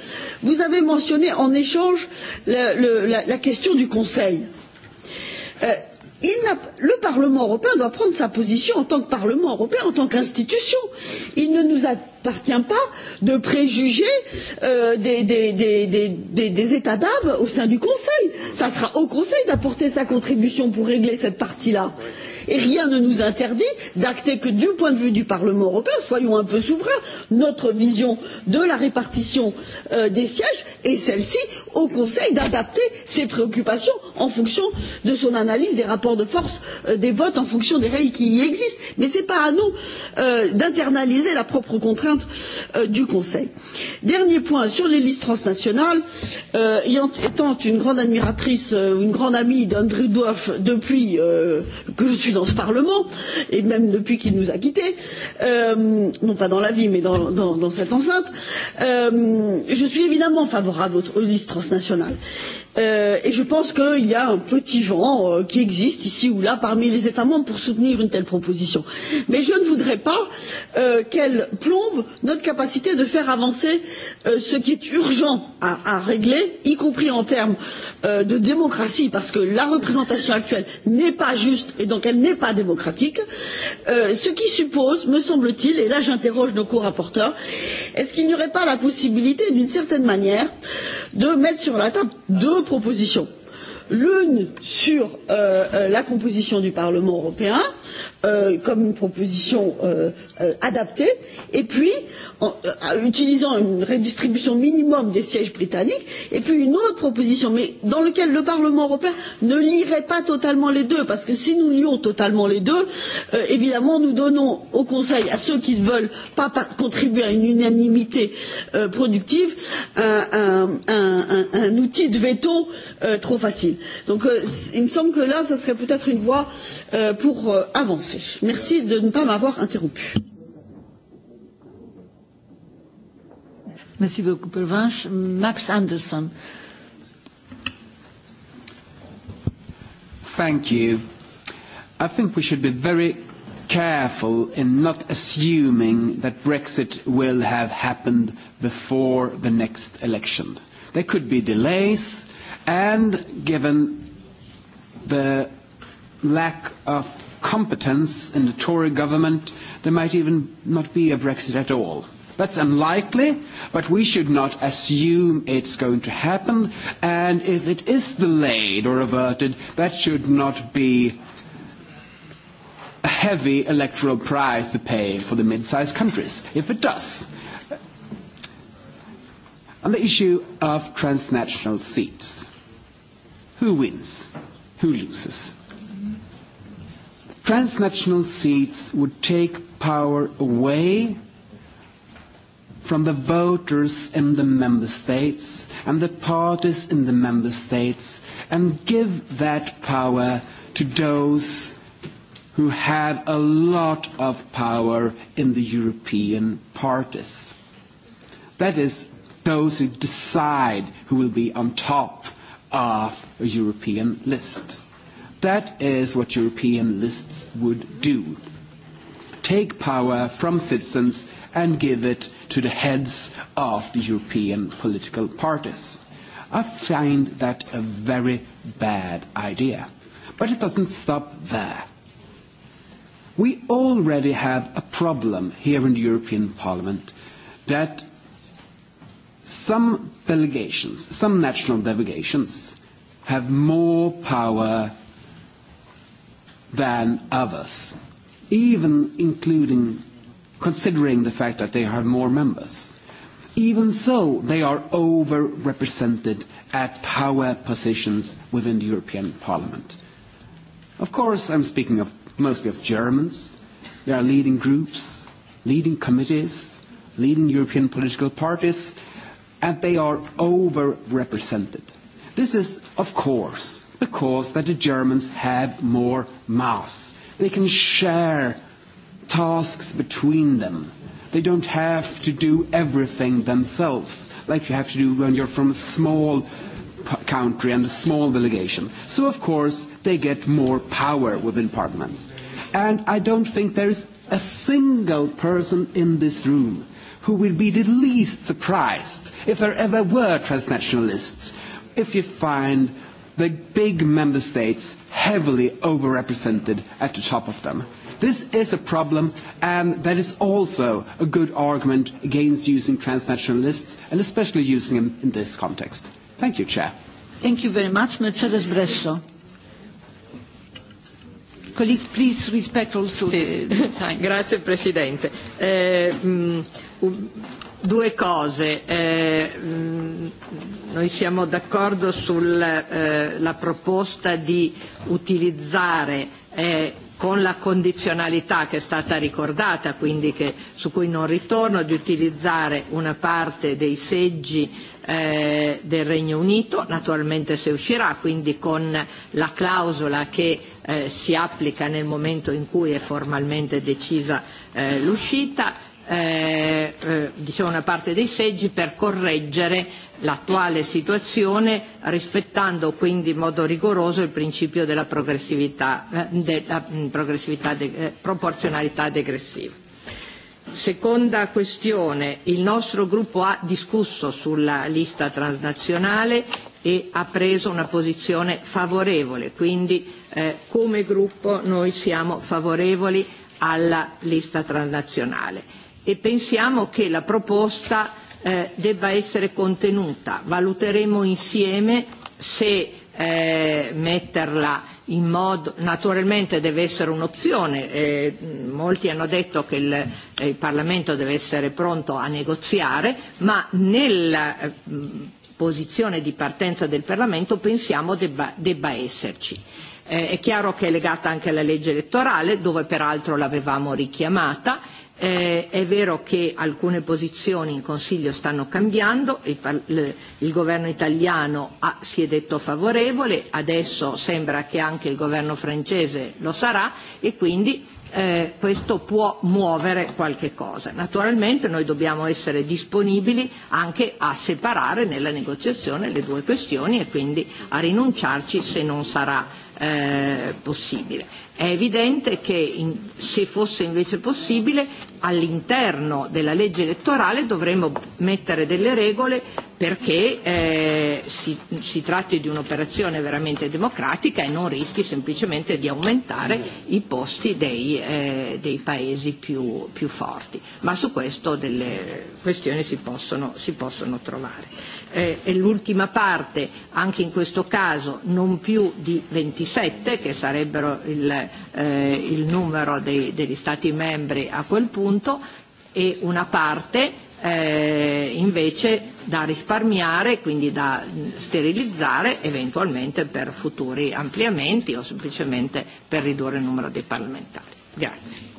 Vous avez mentionné en échange la, le, la, la question du Conseil. Euh, il le Parlement européen doit prendre sa position en tant que Parlement européen, en tant qu'institution. Il ne nous a n'appartient pas de préjuger euh, des, des, des, des, des, des états d'âme au sein du Conseil. Ça sera au Conseil d'apporter sa contribution pour régler cette partie-là. Et rien ne nous interdit d'acter que du point de vue du Parlement européen, soyons un peu souverains, notre vision de la répartition euh, des sièges et celle-ci au Conseil d'adapter ses préoccupations en fonction de son analyse des rapports de force euh, des votes, en fonction des règles qui y existent. Mais ce n'est pas à nous euh, d'internaliser la propre contrainte contraintes euh, du Conseil. Dernier point sur les listes transnationales, euh, ayant, étant une grande admiratrice, euh, une grande amie d'André Doif depuis euh, que je suis dans ce Parlement, et même depuis qu'il nous a quittés, euh, non pas dans la vie mais dans, dans, dans cette enceinte, euh, je suis évidemment favorable aux, aux listes transnationales. Euh, et je pense qu'il y a un petit vent euh, qui existe ici ou là parmi les États membres pour soutenir une telle proposition. Mais je ne voudrais pas euh, qu'elle plombe notre capacité de faire avancer euh, ce qui est urgent à, à régler, y compris en termes euh, de démocratie, parce que la représentation actuelle n'est pas juste et donc elle n'est pas démocratique. Euh, ce qui suppose, me semble-t-il, et là j'interroge nos co-rapporteurs, est-ce qu'il n'y aurait pas la possibilité, d'une certaine manière, de mettre sur la table deux propositions l'une sur euh, euh, la composition du Parlement européen, euh, comme une proposition euh, euh, adaptée, et puis en euh, utilisant une redistribution minimum des sièges britanniques, et puis une autre proposition, mais dans laquelle le Parlement européen ne lirait pas totalement les deux, parce que si nous lions totalement les deux, euh, évidemment nous donnons au Conseil, à ceux qui ne veulent pas, pas contribuer à une unanimité euh, productive, un, un, un, un outil de veto euh, trop facile. Donc euh, il me semble que là, ce serait peut-être une voie euh, pour euh, avancer. Merci. Merci de ne pas m'avoir interrompu. Merci beaucoup, Pervenche. Max Anderson. Thank you. I think we should be very careful in not assuming that Brexit will have happened before the next election. There could be delays, and given the lack of competence in the Tory government, there might even not be a Brexit at all. That's unlikely, but we should not assume it's going to happen. And if it is delayed or averted, that should not be a heavy electoral price to pay for the mid-sized countries, if it does. On the issue of transnational seats, who wins? Who loses? transnational seats would take power away from the voters in the member states and the parties in the member states and give that power to those who have a lot of power in the European parties. That is, those who decide who will be on top of a European list. That is what European lists would do. Take power from citizens and give it to the heads of the European political parties. I find that a very bad idea. But it doesn't stop there. We already have a problem here in the European Parliament that some delegations, some national delegations, have more power than others, even including considering the fact that they have more members. Even so, they are overrepresented at power positions within the European Parliament. Of course, I'm speaking of mostly of Germans. There are leading groups, leading committees, leading European political parties, and they are overrepresented. This is, of course, because that the Germans have more mass. They can share tasks between them. They don't have to do everything themselves, like you have to do when you're from a small country and a small delegation. So, of course, they get more power within Parliament. And I don't think there is a single person in this room who will be the least surprised if there ever were transnationalists, if you find the big member states heavily overrepresented at the top of them. This is a problem, and that is also a good argument against using transnational lists, and especially using them in this context. Thank you, Chair. Thank you very much, Mercedes Bresso. Colleagues, please respect also sì. the time. Grazie, Presidente. Eh, mh, mm, due cose. Eh, mh, mm, Noi siamo d'accordo sulla eh, proposta di utilizzare eh, con la condizionalità che è stata ricordata, quindi che, su cui non ritorno, di utilizzare una parte dei seggi eh, del Regno Unito, naturalmente se uscirà, quindi con la clausola che eh, si applica nel momento in cui è formalmente decisa eh, l'uscita eh, eh, diciamo una parte dei seggi per correggere l'attuale situazione rispettando quindi in modo rigoroso il principio della progressività, eh, della mm, progressività de, eh, proporzionalità degressiva. Seconda questione, il nostro gruppo ha discusso sulla lista transnazionale e ha preso una posizione favorevole, quindi eh, come gruppo noi siamo favorevoli alla lista transnazionale e pensiamo che la proposta eh, debba essere contenuta. Valuteremo insieme se eh, metterla in modo, naturalmente deve essere un'opzione, eh, molti hanno detto che il, eh, il Parlamento deve essere pronto a negoziare, ma nella eh, posizione di partenza del Parlamento pensiamo debba, debba esserci. Eh, è chiaro che è legata anche alla legge elettorale, dove peraltro l'avevamo richiamata, Eh, è vero che alcune posizioni in Consiglio stanno cambiando, il, il, il governo italiano ha, si è detto favorevole, adesso sembra che anche il governo francese lo sarà e quindi eh, questo può muovere qualche cosa. Naturalmente noi dobbiamo essere disponibili anche a separare nella negoziazione le due questioni e quindi a rinunciarci se non sarà eh, possibile. È evidente che in, se fosse invece possibile all'interno della legge elettorale dovremmo mettere delle regole perché eh, si, si tratti di un'operazione veramente democratica e non rischi semplicemente di aumentare i posti dei, eh, dei paesi più, più forti. Ma su questo delle questioni si possono, si possono trovare. Eh, e l'ultima parte, anche in questo caso non più di 27, che sarebbero il, eh, il numero dei, degli Stati membri a quel punto e una parte eh, invece da risparmiare, quindi da sterilizzare eventualmente per futuri ampliamenti o semplicemente per ridurre il numero dei parlamentari. Grazie.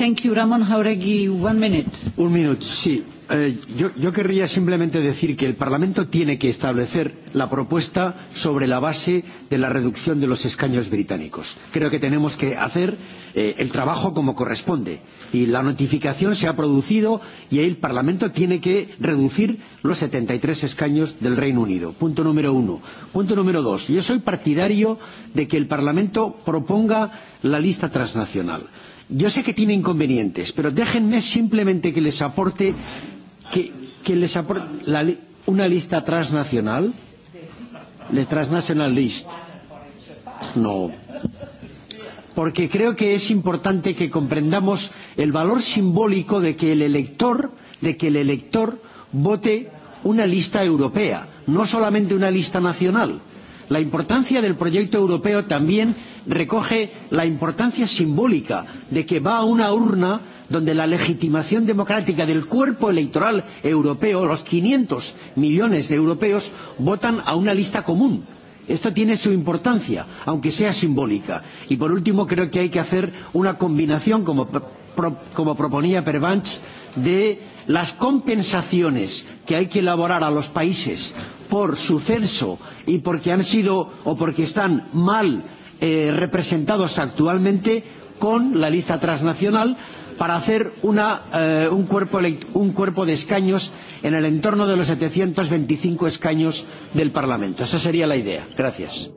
Thank you, Ramón Jauregui. One minute. Un minuto, sí. Eh, yo, yo querría simplemente decir que el Parlamento tiene que establecer la propuesta sobre la base de la reducción de los escaños británicos. Creo que tenemos que hacer eh, el trabajo como corresponde. Y la notificación se ha producido y el Parlamento tiene que reducir los 73 escaños del Reino Unido. Punto número uno. Punto número dos. Yo soy partidario de que el Parlamento proponga la lista transnacional. Yo sé que tiene inconvenientes, pero déjenme simplemente que les aporte, que, que les aporte la, una lista transnacional, de transnational list. No. Porque creo que es importante que comprendamos el valor simbólico de que el elector, de que el elector vote una lista europea, no solamente una lista nacional. La importancia del proyecto europeo también recoge la importancia simbólica de que va a una urna donde la legitimación democrática del cuerpo electoral europeo, los 500 millones de europeos, votan a una lista común. Esto tiene su importancia, aunque sea simbólica. Y por último, creo que hay que hacer una combinación, como, pro, como proponía Pervanch, de las compensaciones que hay que elaborar a los países por su censo y porque han sido o porque están mal eh, representados actualmente con la lista transnacional para hacer una, eh, un, cuerpo, un cuerpo de escaños en el entorno de los 725 escaños del Parlamento. Esa sería la idea. Gracias.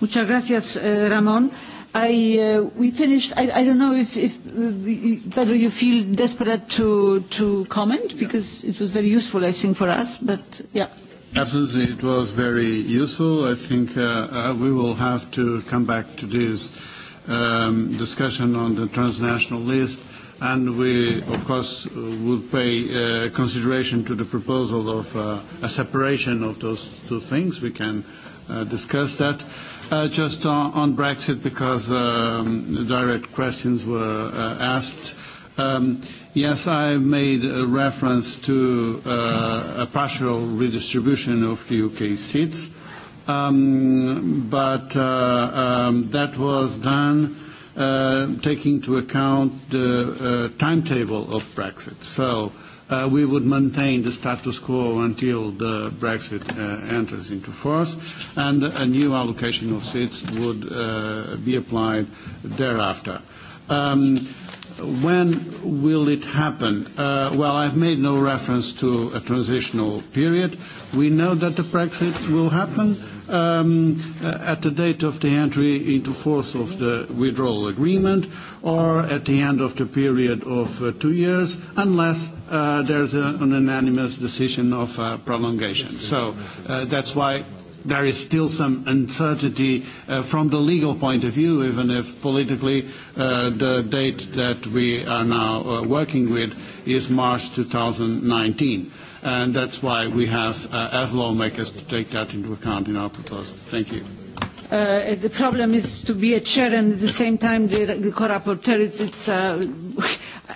Muchas gracias, eh, Ramón. I, uh, we finished. I, I don't know if, if uh, whether you feel desperate to, to comment because it was very useful, I think, for us. But yeah. Absolutely, it was very useful. I think uh, uh, we will have to come back to this um, discussion on the transnational list, and we, of course, would pay uh, consideration to the proposal of uh, a separation of those two things. We can uh, discuss that. Uh, just on, on Brexit, because um, direct questions were uh, asked. Um, Yes, I made a reference to uh, a partial redistribution of the UK seats, um, but uh, um, that was done uh, taking into account the uh, timetable of Brexit. So uh, we would maintain the status quo until the Brexit uh, enters into force, and a new allocation of seats would uh, be applied thereafter. Um, when will it happen? Uh, well, I've made no reference to a transitional period. We know that the Brexit will happen um, uh, at the date of the entry into force of the withdrawal agreement or at the end of the period of uh, two years, unless uh, there's a, an unanimous decision of uh, prolongation. So uh, that's why there is still some uncertainty uh, from the legal point of view, even if politically uh, the date that we are now uh, working with is March 2019. And that's why we have, uh, as lawmakers, to take that into account in our proposal. Thank you. Uh, the problem is to be a chair and at the same time the, the co-rapporteur, it's, it's uh,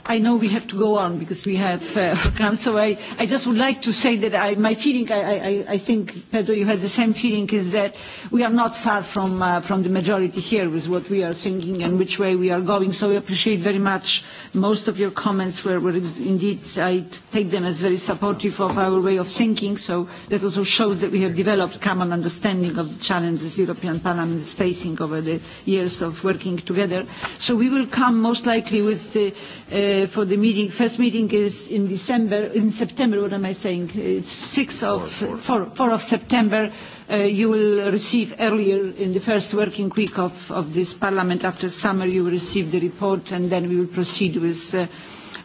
I know we have to go on because we have uh, so I, I just would like to say that I, my feeling, I, I, I think, Pedro, you had the same feeling, is that we are not far from, uh, from the majority here with what we are thinking and which way we are going, so we appreciate very much most of your comments where, where indeed I take them as very supportive of our way of thinking, so that also shows that we have developed common understanding of the challenges European Parliament is facing over the years of working together. So we will come most likely with the uh, Uh, for the meeting. First meeting is in December, in September, what am I saying? It's 6th of, four, 4, of September. Uh, you will receive earlier in the first working week of, of this Parliament after summer, you will receive the report and then we will proceed with uh,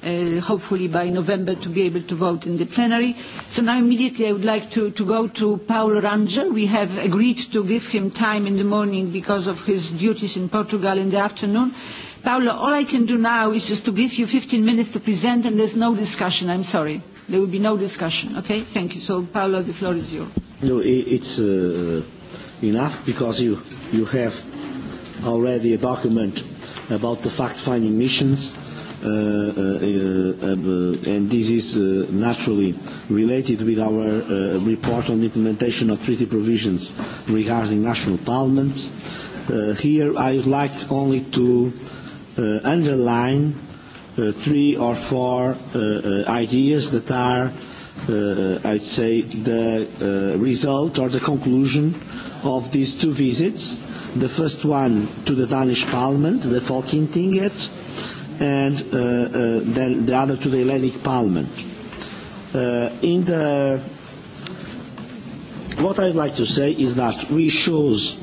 uh, hopefully by November to be able to vote in the plenary. So now immediately I would like to, to go to Paul Ranja. We have agreed to give him time in the morning because of his duties in Portugal in the afternoon. Paolo, all I can do now is just to give you 15 minutes to present and there's no discussion, I'm sorry. There will be no discussion, okay? Thank you. So, Paolo, the floor is yours. No, it's uh, enough because you, you have already a document about the fact-finding missions uh, uh, uh, uh and this is uh, naturally related with our uh, report on the implementation of treaty provisions regarding national parliaments. Uh, here I would like only to uh, uh, underline uh, three or four uh, uh, ideas that are, uh, I'd say, the uh, result or the conclusion of these two visits. The first one to the Danish Parliament, the Falkintinget, and uh, uh, then the other to the Hellenic Parliament. Uh, in the what I'd like to say is that we chose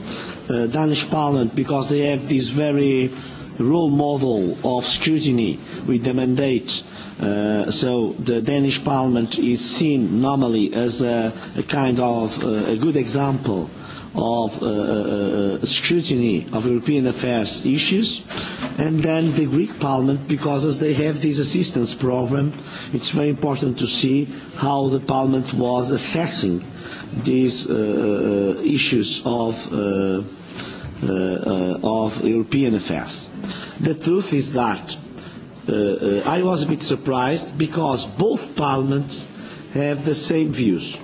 uh, Danish Parliament because they have this very role model of scrutiny with the mandate. Uh, so the Danish parliament is seen normally as a, a kind of uh, a good example of uh, uh, uh, scrutiny of European affairs issues, and then the Greek Parliament, because as they have this assistance program, it's very important to see how the Parliament was assessing these uh, uh issues of uh, Uh, uh, of European affairs. The truth is that uh, uh, I was a bit surprised because both parliaments have the same views.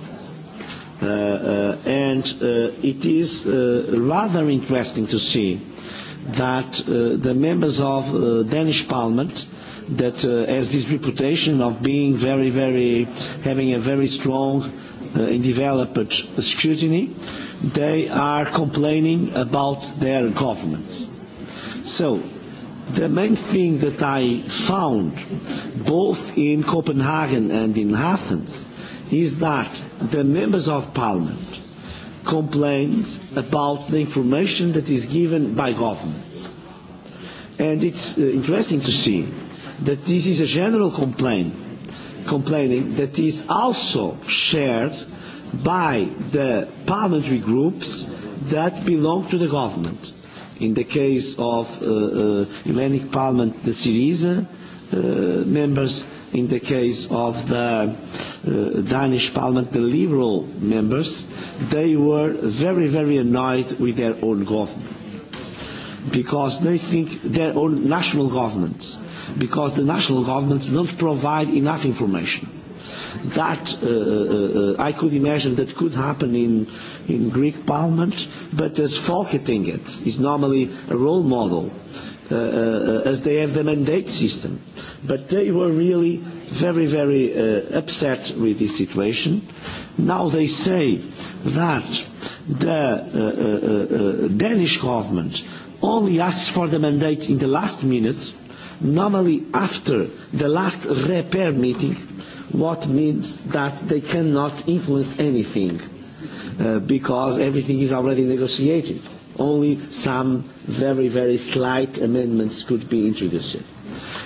Uh, uh, and uh, it is uh, rather interesting to see that uh, the members of uh, Danish parliament that uh, has this reputation of being very, very, having a very strong uh, in developed scrutiny, they are complaining about their governments. So, the main thing that I found, both in Copenhagen and in Athens, is that the members of parliament complains about the information that is given by governments. And it's uh, interesting to see that this is a general complaint complaining that is also shared by the parliamentary groups that belong to the government. In the case of uh, uh, Hellenic Parliament, the Syriza uh, members, in the case of the uh, Danish Parliament, the Liberal members, they were very, very annoyed with their own government because they think their own national governments because the national governments don't provide enough information. That uh, uh, uh, I could imagine that could happen in, in Greek parliament, but as it is normally a role model, uh, uh, as they have the mandate system. But they were really very, very uh, upset with this situation. Now they say that the uh, uh, uh, uh Danish government only asks for the mandate in the last minute normally after the last repair meeting, what means that they cannot influence anything uh, because everything is already negotiated. Only some very, very slight amendments could be introduced.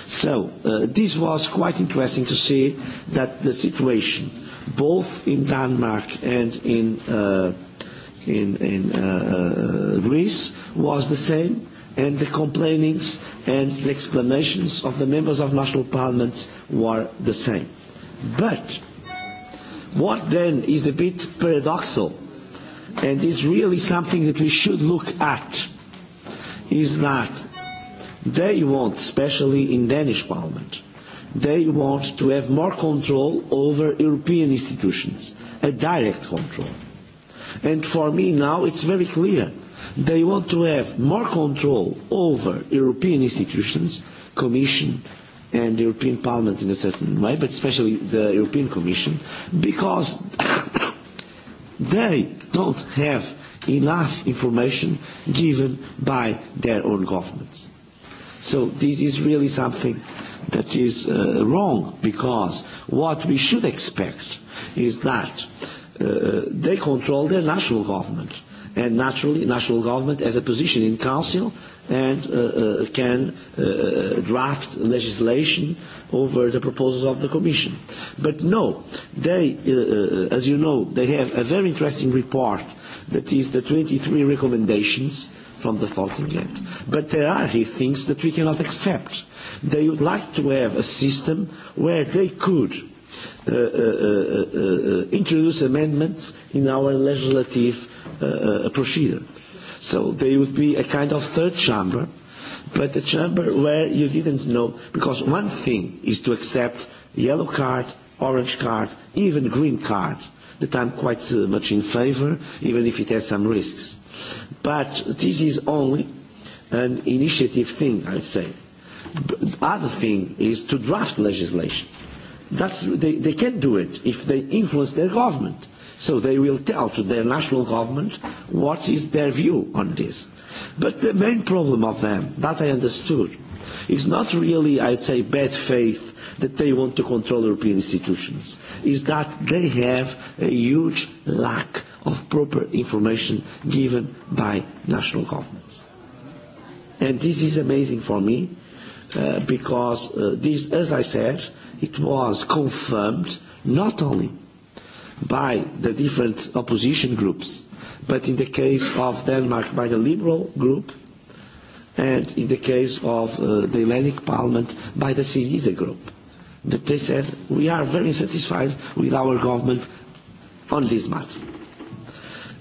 So uh, this was quite interesting to see that the situation, both in Denmark and in, uh, in, in uh, uh, Greece, was the same and the complainings and the explanations of the members of national parliaments were the same. But what then is a bit paradoxical and is really something that we should look at is that they want, especially in Danish parliament, they want to have more control over European institutions, a direct control. And for me now it's very clear They want to have more control over European institutions, Commission and the European Parliament in a certain way, but especially the European Commission, because they don't have enough information given by their own governments. So this is really something that is uh, wrong because what we should expect is that uh, they control their national government and naturally national government has a position in council and uh, uh, can uh, uh, draft legislation over the proposals of the commission. But no, they, uh, uh as you know, they have a very interesting report that is the 23 recommendations from the faulting end. But there are he things that we cannot accept. They would like to have a system where they could uh, uh, uh, uh, uh introduce amendments in our legislative uh, uh procedure. So there would be a kind of third chamber, but a chamber where you didn't know, because one thing is to accept yellow card, orange card, even green card, that I'm quite uh, much in favor, even if it has some risks. But this is only an initiative thing, I'd say. The other thing is to draft legislation. That, they, they can do it if they influence their government So they will tell to their national government what is their view on this. But the main problem of them, that I understood, is not really, I'd say, bad faith that they want to control European institutions, is that they have a huge lack of proper information given by national governments. And this is amazing for me uh, because uh, this, as I said, it was confirmed not only by the different opposition groups, but in the case of Denmark by the Liberal group, and in the case of uh, the Hellenic Parliament by the Syriza group. But they said, we are very satisfied with our government on this matter.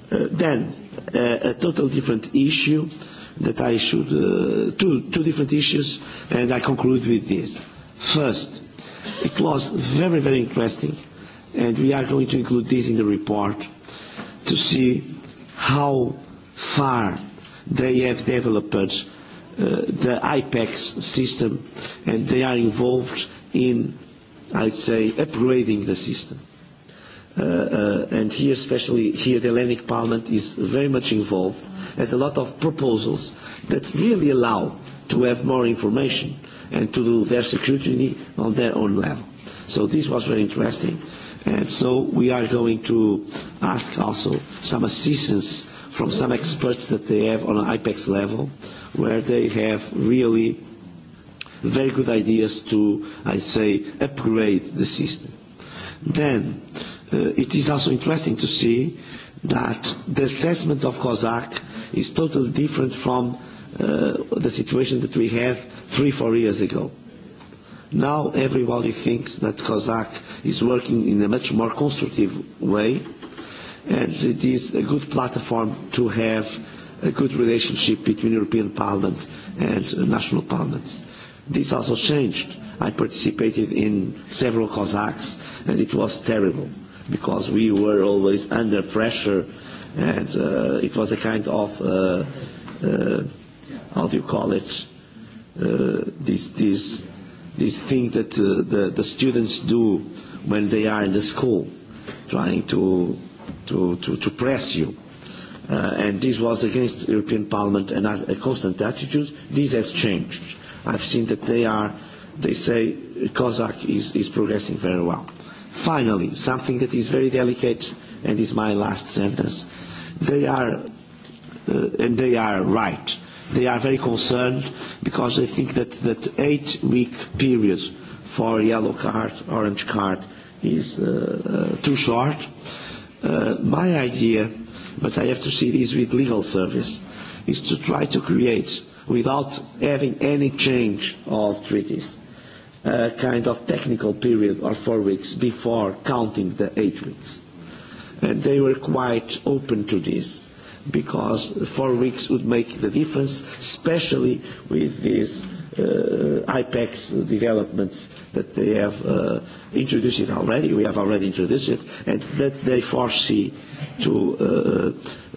Uh, then, uh, a total different issue that I should, uh, two, two different issues, and I conclude with this. First, it was very, very interesting and we are going to include this in the report to see how far they have developed uh, the IPEX system and they are involved in, I'd say, upgrading the system. Uh, uh, and here, especially here, the Hellenic Parliament is very much involved. has a lot of proposals that really allow to have more information and to do their security on their own level. So this was very interesting. And so we are going to ask also some assistance from some experts that they have on an IPEX level, where they have really very good ideas to, I say, upgrade the system. Then, uh, it is also interesting to see that the assessment of COSAC is totally different from uh, the situation that we have three, four years ago. Now everybody thinks that Kozak is working in a much more constructive way, and it is a good platform to have a good relationship between European Parliament and national parliaments. This also changed. I participated in several Cossacks, and it was terrible because we were always under pressure, and uh, it was a kind of uh, uh, how do you call it? Uh, this this these things that uh, the, the students do when they are in the school, trying to, to, to, to press you. Uh, and this was against European Parliament and a constant attitude. This has changed. I've seen that they are, they say COSAC is, is progressing very well. Finally, something that is very delicate, and is my last sentence. They are, uh, and they are right They are very concerned because they think that that eight-week period for yellow card, orange card is uh, uh, too short. Uh, my idea, but I have to see this with legal service, is to try to create, without having any change of treaties, a kind of technical period or four weeks before counting the eight weeks. And they were quite open to this because four weeks would make the difference, especially with these uh, IPEX developments that they have uh, introduced it already, we have already introduced it, and that they foresee to uh,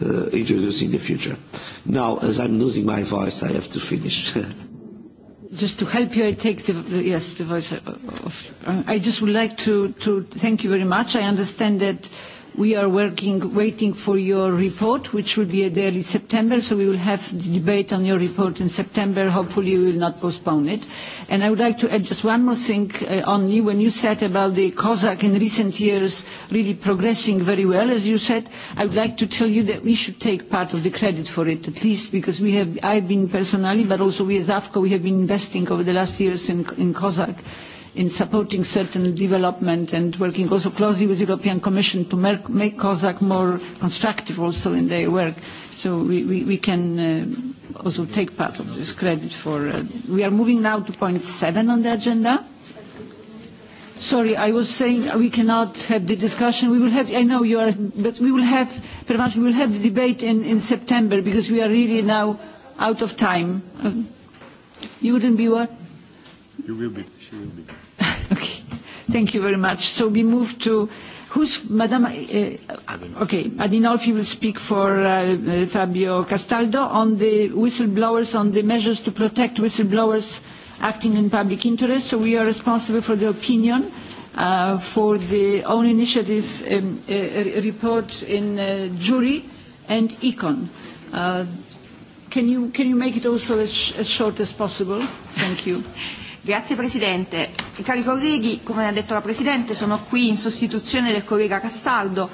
uh, introduce in the future. Now, as I'm losing my voice, I have to finish. just to help you, I take the, the yes, the voice of, I just would like to, to thank you very much. I understand that We are working, waiting for your report, which will be at early September, so we will have the debate on your report in September. Hopefully, we will not postpone it. And I would like to add just one more thing uh, only. When you said about the COSAC in recent years really progressing very well, as you said, I would like to tell you that we should take part of the credit for it, at least because we have, I've been personally, but also we as AFCO, we have been investing over the last years in, in COSAC in supporting certain development and working also closely with the European Commission to make COSAC more constructive also in their work. So we, we, we can uh, also take part of this credit for... Uh, we are moving now to point seven on the agenda. Sorry, I was saying we cannot have the discussion. We will have, I know you are, but we will have, pretty much we will have the debate in, in September because we are really now out of time. Uh, you wouldn't be what? You will be, she will be. okay. Thank you very much. So we move to who's Madame? Uh, okay, Adinolfi will speak for uh, uh, Fabio Castaldo on the whistleblowers, on the measures to protect whistleblowers acting in public interest. So we are responsible for the opinion. Uh, for the own initiative um, uh, report in uh, jury and econ. Uh, can you can you make it also as, sh as short as possible? Thank you. Grazie Presidente. Cari colleghi, come ha detto la Presidente, sono qui in sostituzione del collega Castaldo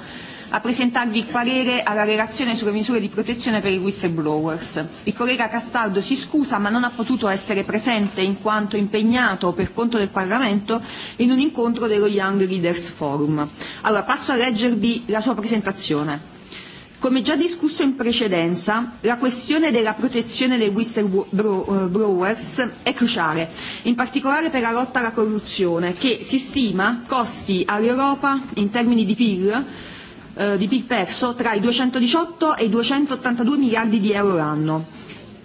a presentarvi il parere alla relazione sulle misure di protezione per i whistleblowers. Il collega Castaldo si scusa ma non ha potuto essere presente in quanto impegnato per conto del Parlamento in un incontro dello Young Leaders Forum. Allora passo a leggervi la sua presentazione. Come già discusso in precedenza, la questione della protezione dei whistleblowers è cruciale, in particolare per la lotta alla corruzione, che si stima costi all'Europa in termini di PIL eh, di PIL perso tra i 218 e i 282 miliardi di euro l'anno.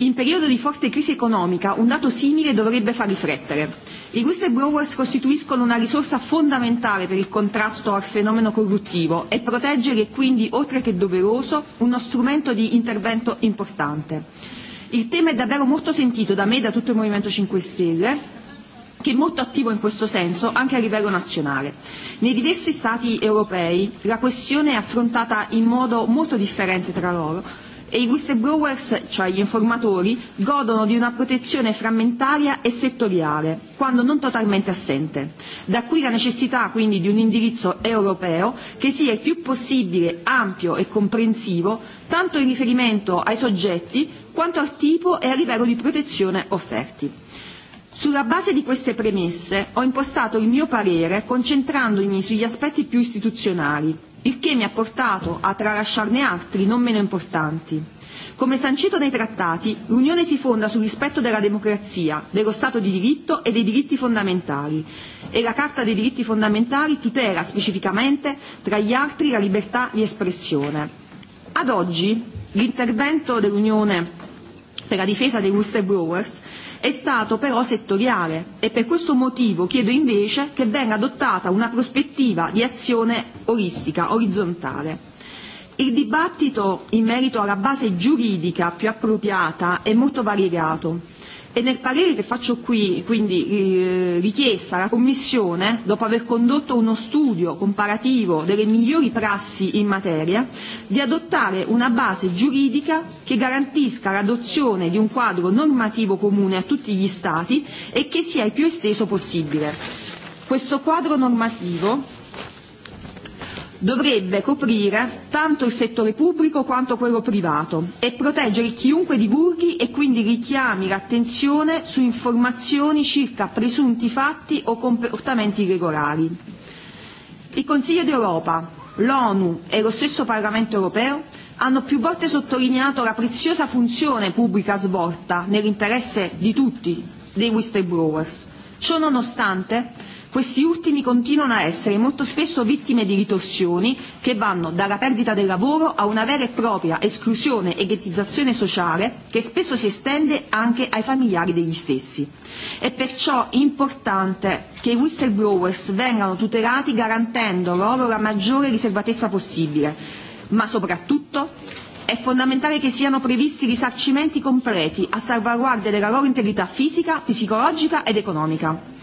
In periodo di forte crisi economica un dato simile dovrebbe far riflettere. I growers costituiscono una risorsa fondamentale per il contrasto al fenomeno corruttivo e proteggere è quindi, oltre che doveroso, uno strumento di intervento importante. Il tema è davvero molto sentito da me e da tutto il Movimento 5 Stelle che è molto attivo in questo senso anche a livello nazionale. Nei diversi Stati europei la questione è affrontata in modo molto differente tra loro, e i whistleblowers, cioè gli informatori, godono di una protezione frammentaria e settoriale, quando non totalmente assente. Da qui la necessità quindi di un indirizzo europeo che sia il più possibile ampio e comprensivo, tanto in riferimento ai soggetti quanto al tipo e al livello di protezione offerti. Sulla base di queste premesse ho impostato il mio parere concentrandomi sugli aspetti più istituzionali il che mi ha portato a tralasciarne altri non meno importanti. Come sancito nei trattati, l'Unione si fonda sul rispetto della democrazia, dello Stato di diritto e dei diritti fondamentali e la Carta dei diritti fondamentali tutela specificamente, tra gli altri, la libertà di espressione. Ad oggi l'intervento dell'Unione per la difesa dei whistleblowers è stato però settoriale e per questo motivo chiedo invece che venga adottata una prospettiva di azione olistica, orizzontale. Il dibattito in merito alla base giuridica più appropriata è molto variegato E nel parere che faccio qui, quindi eh, richiesta alla Commissione, dopo aver condotto uno studio comparativo delle migliori prassi in materia, di adottare una base giuridica che garantisca l'adozione di un quadro normativo comune a tutti gli Stati e che sia il più esteso possibile. Questo quadro normativo dovrebbe coprire tanto il settore pubblico quanto quello privato e proteggere chiunque divulghi e quindi richiami l'attenzione su informazioni circa presunti fatti o comportamenti irregolari. Il Consiglio d'Europa, l'ONU e lo stesso Parlamento europeo hanno più volte sottolineato la preziosa funzione pubblica svolta nell'interesse di tutti dei whistleblowers. Ciò nonostante, Questi ultimi continuano a essere molto spesso vittime di ritorsioni che vanno dalla perdita del lavoro a una vera e propria esclusione e ghettizzazione sociale che spesso si estende anche ai familiari degli stessi. È perciò importante che i whistleblowers vengano tutelati garantendo loro la maggiore riservatezza possibile, ma soprattutto è fondamentale che siano previsti risarcimenti completi a salvaguardia della loro integrità fisica, psicologica ed economica.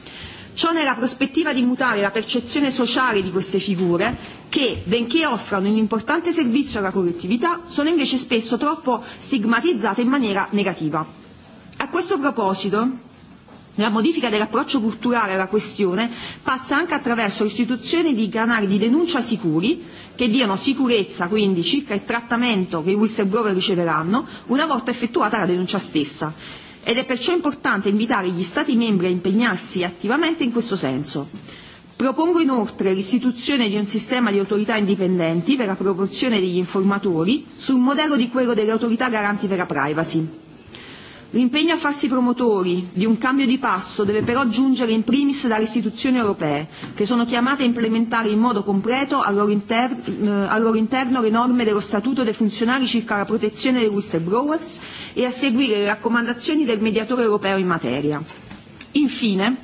Ciò nella prospettiva di mutare la percezione sociale di queste figure che, benché offrano un importante servizio alla collettività, sono invece spesso troppo stigmatizzate in maniera negativa. A questo proposito, La modifica dell'approccio culturale alla questione passa anche attraverso l'istituzione di canali di denuncia sicuri che diano sicurezza quindi circa il trattamento che i whistleblower riceveranno una volta effettuata la denuncia stessa ed è perciò importante invitare gli Stati membri a impegnarsi attivamente in questo senso. Propongo inoltre l'istituzione di un sistema di autorità indipendenti per la promozione degli informatori sul modello di quello delle autorità garanti per la privacy L'impegno a farsi promotori di un cambio di passo deve però giungere in primis dalle istituzioni europee, che sono chiamate a implementare in modo completo al loro, inter- eh, al loro interno le norme dello Statuto dei funzionari circa la protezione dei whistleblowers e a seguire le raccomandazioni del mediatore europeo in materia. Infine,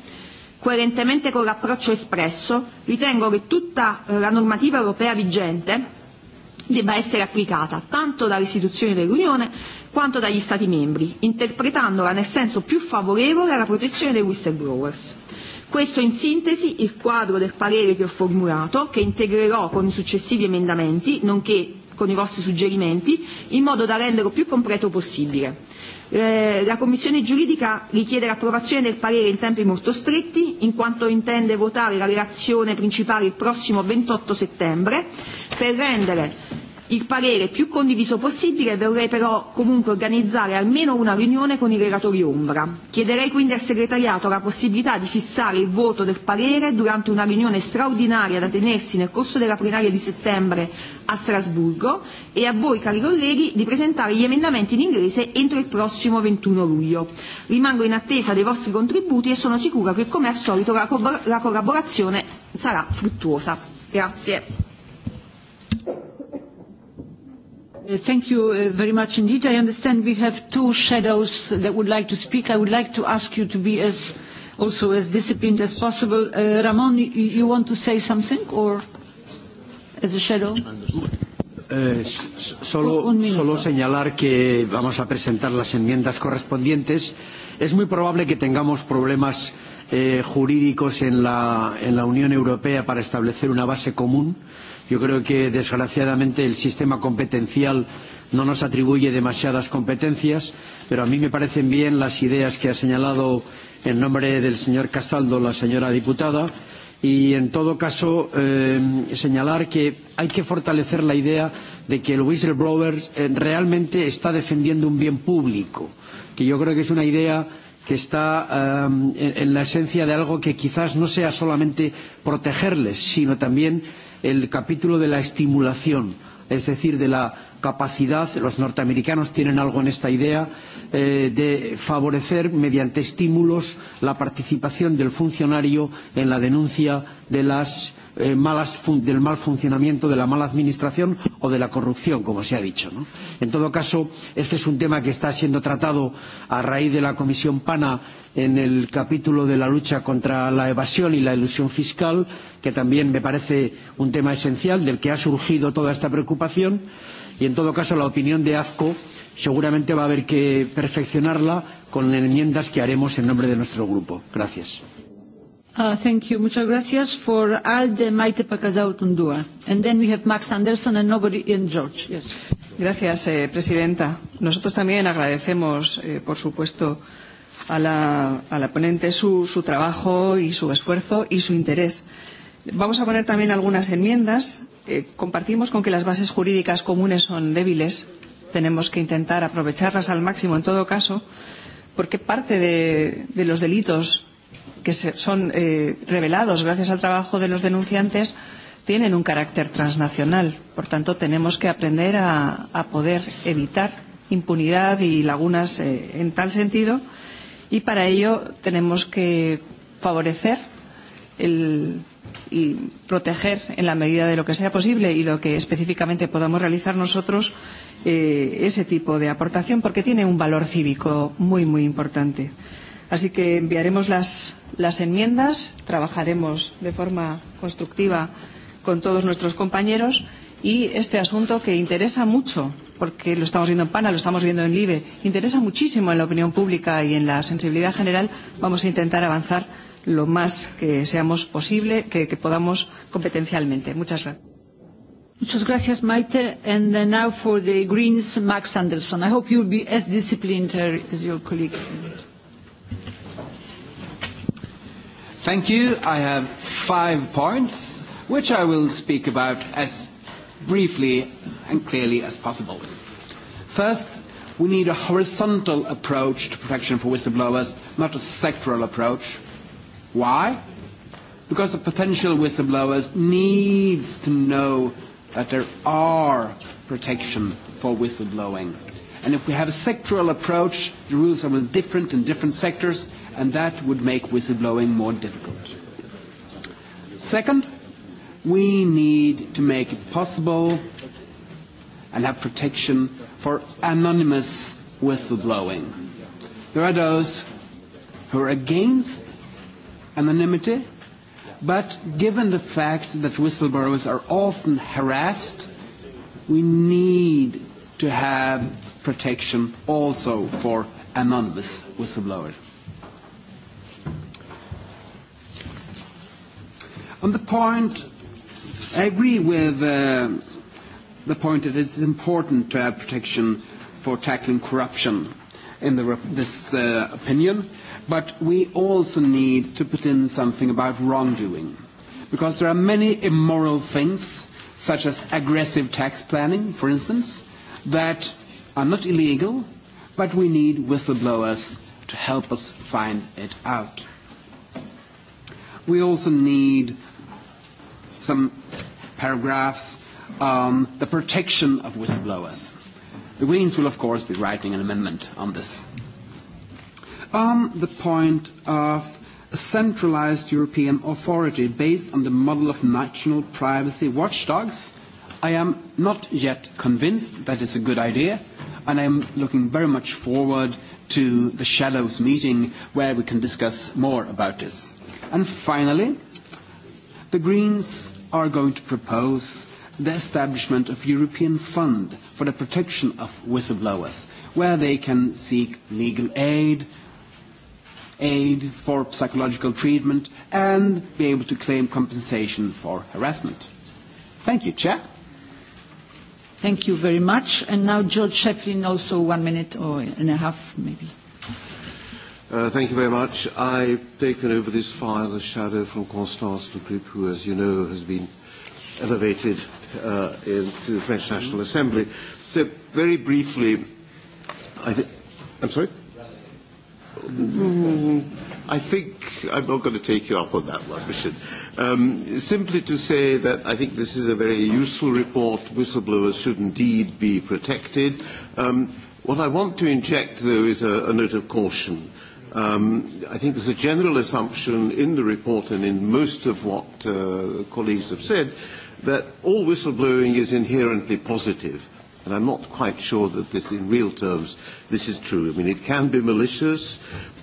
coerentemente con l'approccio espresso, ritengo che tutta eh, la normativa europea vigente debba essere applicata tanto dalle istituzioni dell'Unione quanto dagli Stati membri, interpretandola nel senso più favorevole alla protezione dei whistleblowers. Questo in sintesi il quadro del parere che ho formulato, che integrerò con i successivi emendamenti, nonché con i vostri suggerimenti, in modo da renderlo più completo possibile. Eh, la Commissione giuridica richiede l'approvazione del parere in tempi molto stretti, in quanto intende votare la relazione principale il prossimo 28 settembre, per rendere il parere più condiviso possibile vorrei però comunque organizzare almeno una riunione con i relatori ombra. Chiederei quindi al segretariato la possibilità di fissare il voto del parere durante una riunione straordinaria da tenersi nel corso della plenaria di settembre a Strasburgo e a voi cari colleghi di presentare gli emendamenti in inglese entro il prossimo 21 luglio. Rimango in attesa dei vostri contributi e sono sicura che come al solito la, la collaborazione sarà fruttuosa. Grazie. Uh, thank you uh, very much indeed. I understand we have two shadows that would like to speak. I would like to ask you to be as also as disciplined as possible. Uh, Ramon, you, you want to say something or as a shadow? Eh, solo, solo señalar que vamos a presentar las enmiendas correspondientes. Es muy probable que tengamos problemas eh, jurídicos en la, en la Unión Europea para establecer una base común. Yo creo que, desgraciadamente, el sistema competencial no nos atribuye demasiadas competencias, pero a mí me parecen bien las ideas que ha señalado en nombre del señor Castaldo la señora diputada y, en todo caso, eh, señalar que hay que fortalecer la idea de que el whistleblower eh, realmente está defendiendo un bien público, que yo creo que es una idea que está en, eh, en la esencia de algo que quizás no sea solamente protegerles, sino también el capítulo de la estimulación, es decir, de la capacidad, los norteamericanos tienen algo en esta idea, eh, de favorecer mediante estímulos la participación del funcionario en la denuncia de las Eh, malas fun del mal funcionamiento, de la mala administración o de la corrupción, como se ha dicho. ¿no? En todo caso, este es un tema que está siendo tratado a raíz de la Comisión PANA en el capítulo de la lucha contra la evasión y la elusión fiscal, que también me parece un tema esencial del que ha surgido toda esta preocupación. Y en todo caso, la opinión de AFCO seguramente va a haber que perfeccionarla con enmiendas que haremos en nombre de nuestro grupo. Gracias. Uh, thank you. Muchas gracias for Alde Maite Pacasau Tundúa. And then we have Max Anderson and nobody in George. Yes. Gracias, eh, presidenta. Nosotros también agradecemos, eh, por supuesto, a la, a la ponente su, su trabajo y su esfuerzo y su interés. Vamos a poner también algunas enmiendas. Eh, compartimos con que las bases jurídicas comunes son débiles. Tenemos que intentar aprovecharlas al máximo en todo caso, porque parte de, de los delitos que se, son eh, revelados gracias al trabajo de los denunciantes tienen un carácter transnacional. Por tanto, tenemos que aprender a, a poder evitar impunidad y lagunas eh, en tal sentido y para ello tenemos que favorecer el, y proteger en la medida de lo que sea posible y lo que específicamente podamos realizar nosotros eh, ese tipo de aportación porque tiene un valor cívico muy, muy importante. Así que enviaremos las, las enmiendas, trabajaremos de forma constructiva con todos nuestros compañeros y este asunto que interesa mucho, porque lo estamos viendo en PANA, lo estamos viendo en LIBE, interesa muchísimo en la opinión pública y en la sensibilidad general, vamos a intentar avanzar lo más que seamos posible, que, que podamos competencialmente. Muchas gracias. Muchas gracias, Maite. And now for the Greens, Max Anderson. I hope you'll be as disciplined as your colleague. Thank you. I have five points, which I will speak about as briefly and clearly as possible. First, we need a horizontal approach to protection for whistleblowers, not a sectoral approach. Why? Because the potential whistleblowers needs to know that there are protection for whistleblowing. And if we have a sectoral approach, the rules are different in different sectors, and that would make whistleblowing more difficult. Second, we need to make it possible and have protection for anonymous whistleblowing. There are those who are against anonymity, but given the fact that whistleblowers are often harassed, we need to have protection also for anonymous whistleblowers. On the point, I agree with uh, the point that it's important to have protection for tackling corruption in the, this uh, opinion, but we also need to put in something about wrongdoing, because there are many immoral things, such as aggressive tax planning, for instance, that are not illegal, but we need whistleblowers to help us find it out. We also need some paragraphs on the protection of whistleblowers. The Greens will, of course, be writing an amendment on this. On the point of a centralized European authority based on the model of national privacy watchdogs, I am not yet convinced that is a good idea, and I am looking very much forward to the Shadows meeting where we can discuss more about this. And finally, the Greens are going to propose the establishment of European Fund for the Protection of Whistleblowers, where they can seek legal aid, aid for psychological treatment, and be able to claim compensation for harassment. Thank you, Chair. Thank you very much. And now George Shefflin, also one minute or and a half, maybe. Uh, thank you very much. I've taken over this file as shadow from Constance de Group, who, as you know, has been elevated uh, into the French National mm-hmm. Assembly. So, very briefly, I think. I'm sorry? Mm, I think I'm not going to take you up on that one, Richard. Um, simply to say that I think this is a very useful report. Whistleblowers should indeed be protected. Um, what I want to inject, though, is a, a note of caution. Um, I think there's a general assumption in the report and in most of what uh, colleagues have said that all whistleblowing is inherently positive. And I'm not quite sure that this, in real terms, this is true. I mean, it can be malicious.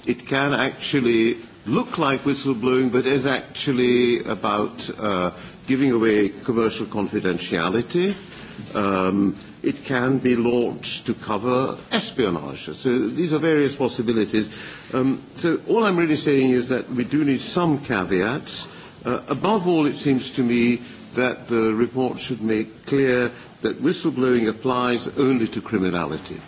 It can actually look like whistleblowing, but is actually about uh, giving away commercial confidentiality. Um, it can be launched to cover espionage. So these are various possibilities. Um, so all I'm really saying is that we do need some caveats. Uh, above all, it seems to me that the report should make clear that whistleblowing applies only to criminality.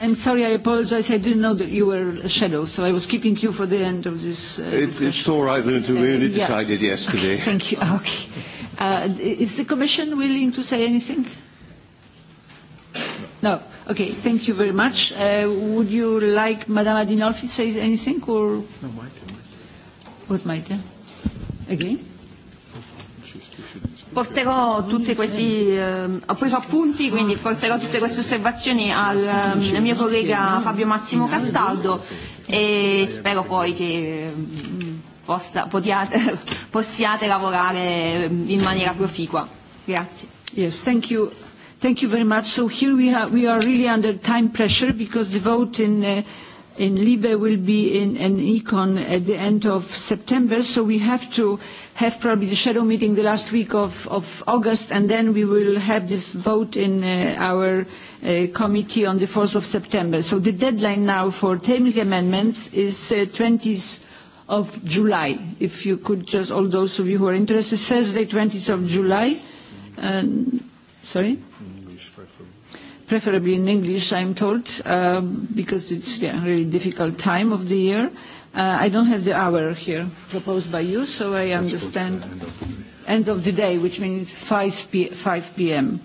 I'm sorry, I apologize. I didn't know that you were a shadow, so I was keeping you for the end of this. Uh, it's, it's all right, Linda. We only decided yeah. yesterday. Thank you. Okay. Uh, is the Commission willing to say anything? No. Okay, thank you very much. Uh, would you like Madame Adinolfi to say anything? Or? No, Maite. What Maite? Again? porterò tutti questi eh, ho preso appunti quindi porterò tutte queste osservazioni al ehm, al mio collega Fabio Massimo Castaldo e spero poi che ehm, possa, podiate, possiate lavorare ehm, in maniera proficua. Grazie. Yes, thank you. Thank you very much. So here we, have, we are really under time pressure because the vote in, uh, in Libe will be in an econ at the end of September. So we have to have probably the shadow meeting the last week of, of August and then we will have the vote in uh, our uh, committee on the 4th of September. So the deadline now for table amendments is uh, 20th of July. If you could just, all those of you who are interested, Thursday, 20th of July. Um, sorry? preferably. in English, I'm told, um, because it's yeah, a really difficult time of the year. Uh, I don't have the hour here proposed by you, so I understand end of, end of the day, which means 5, p 5 p.m.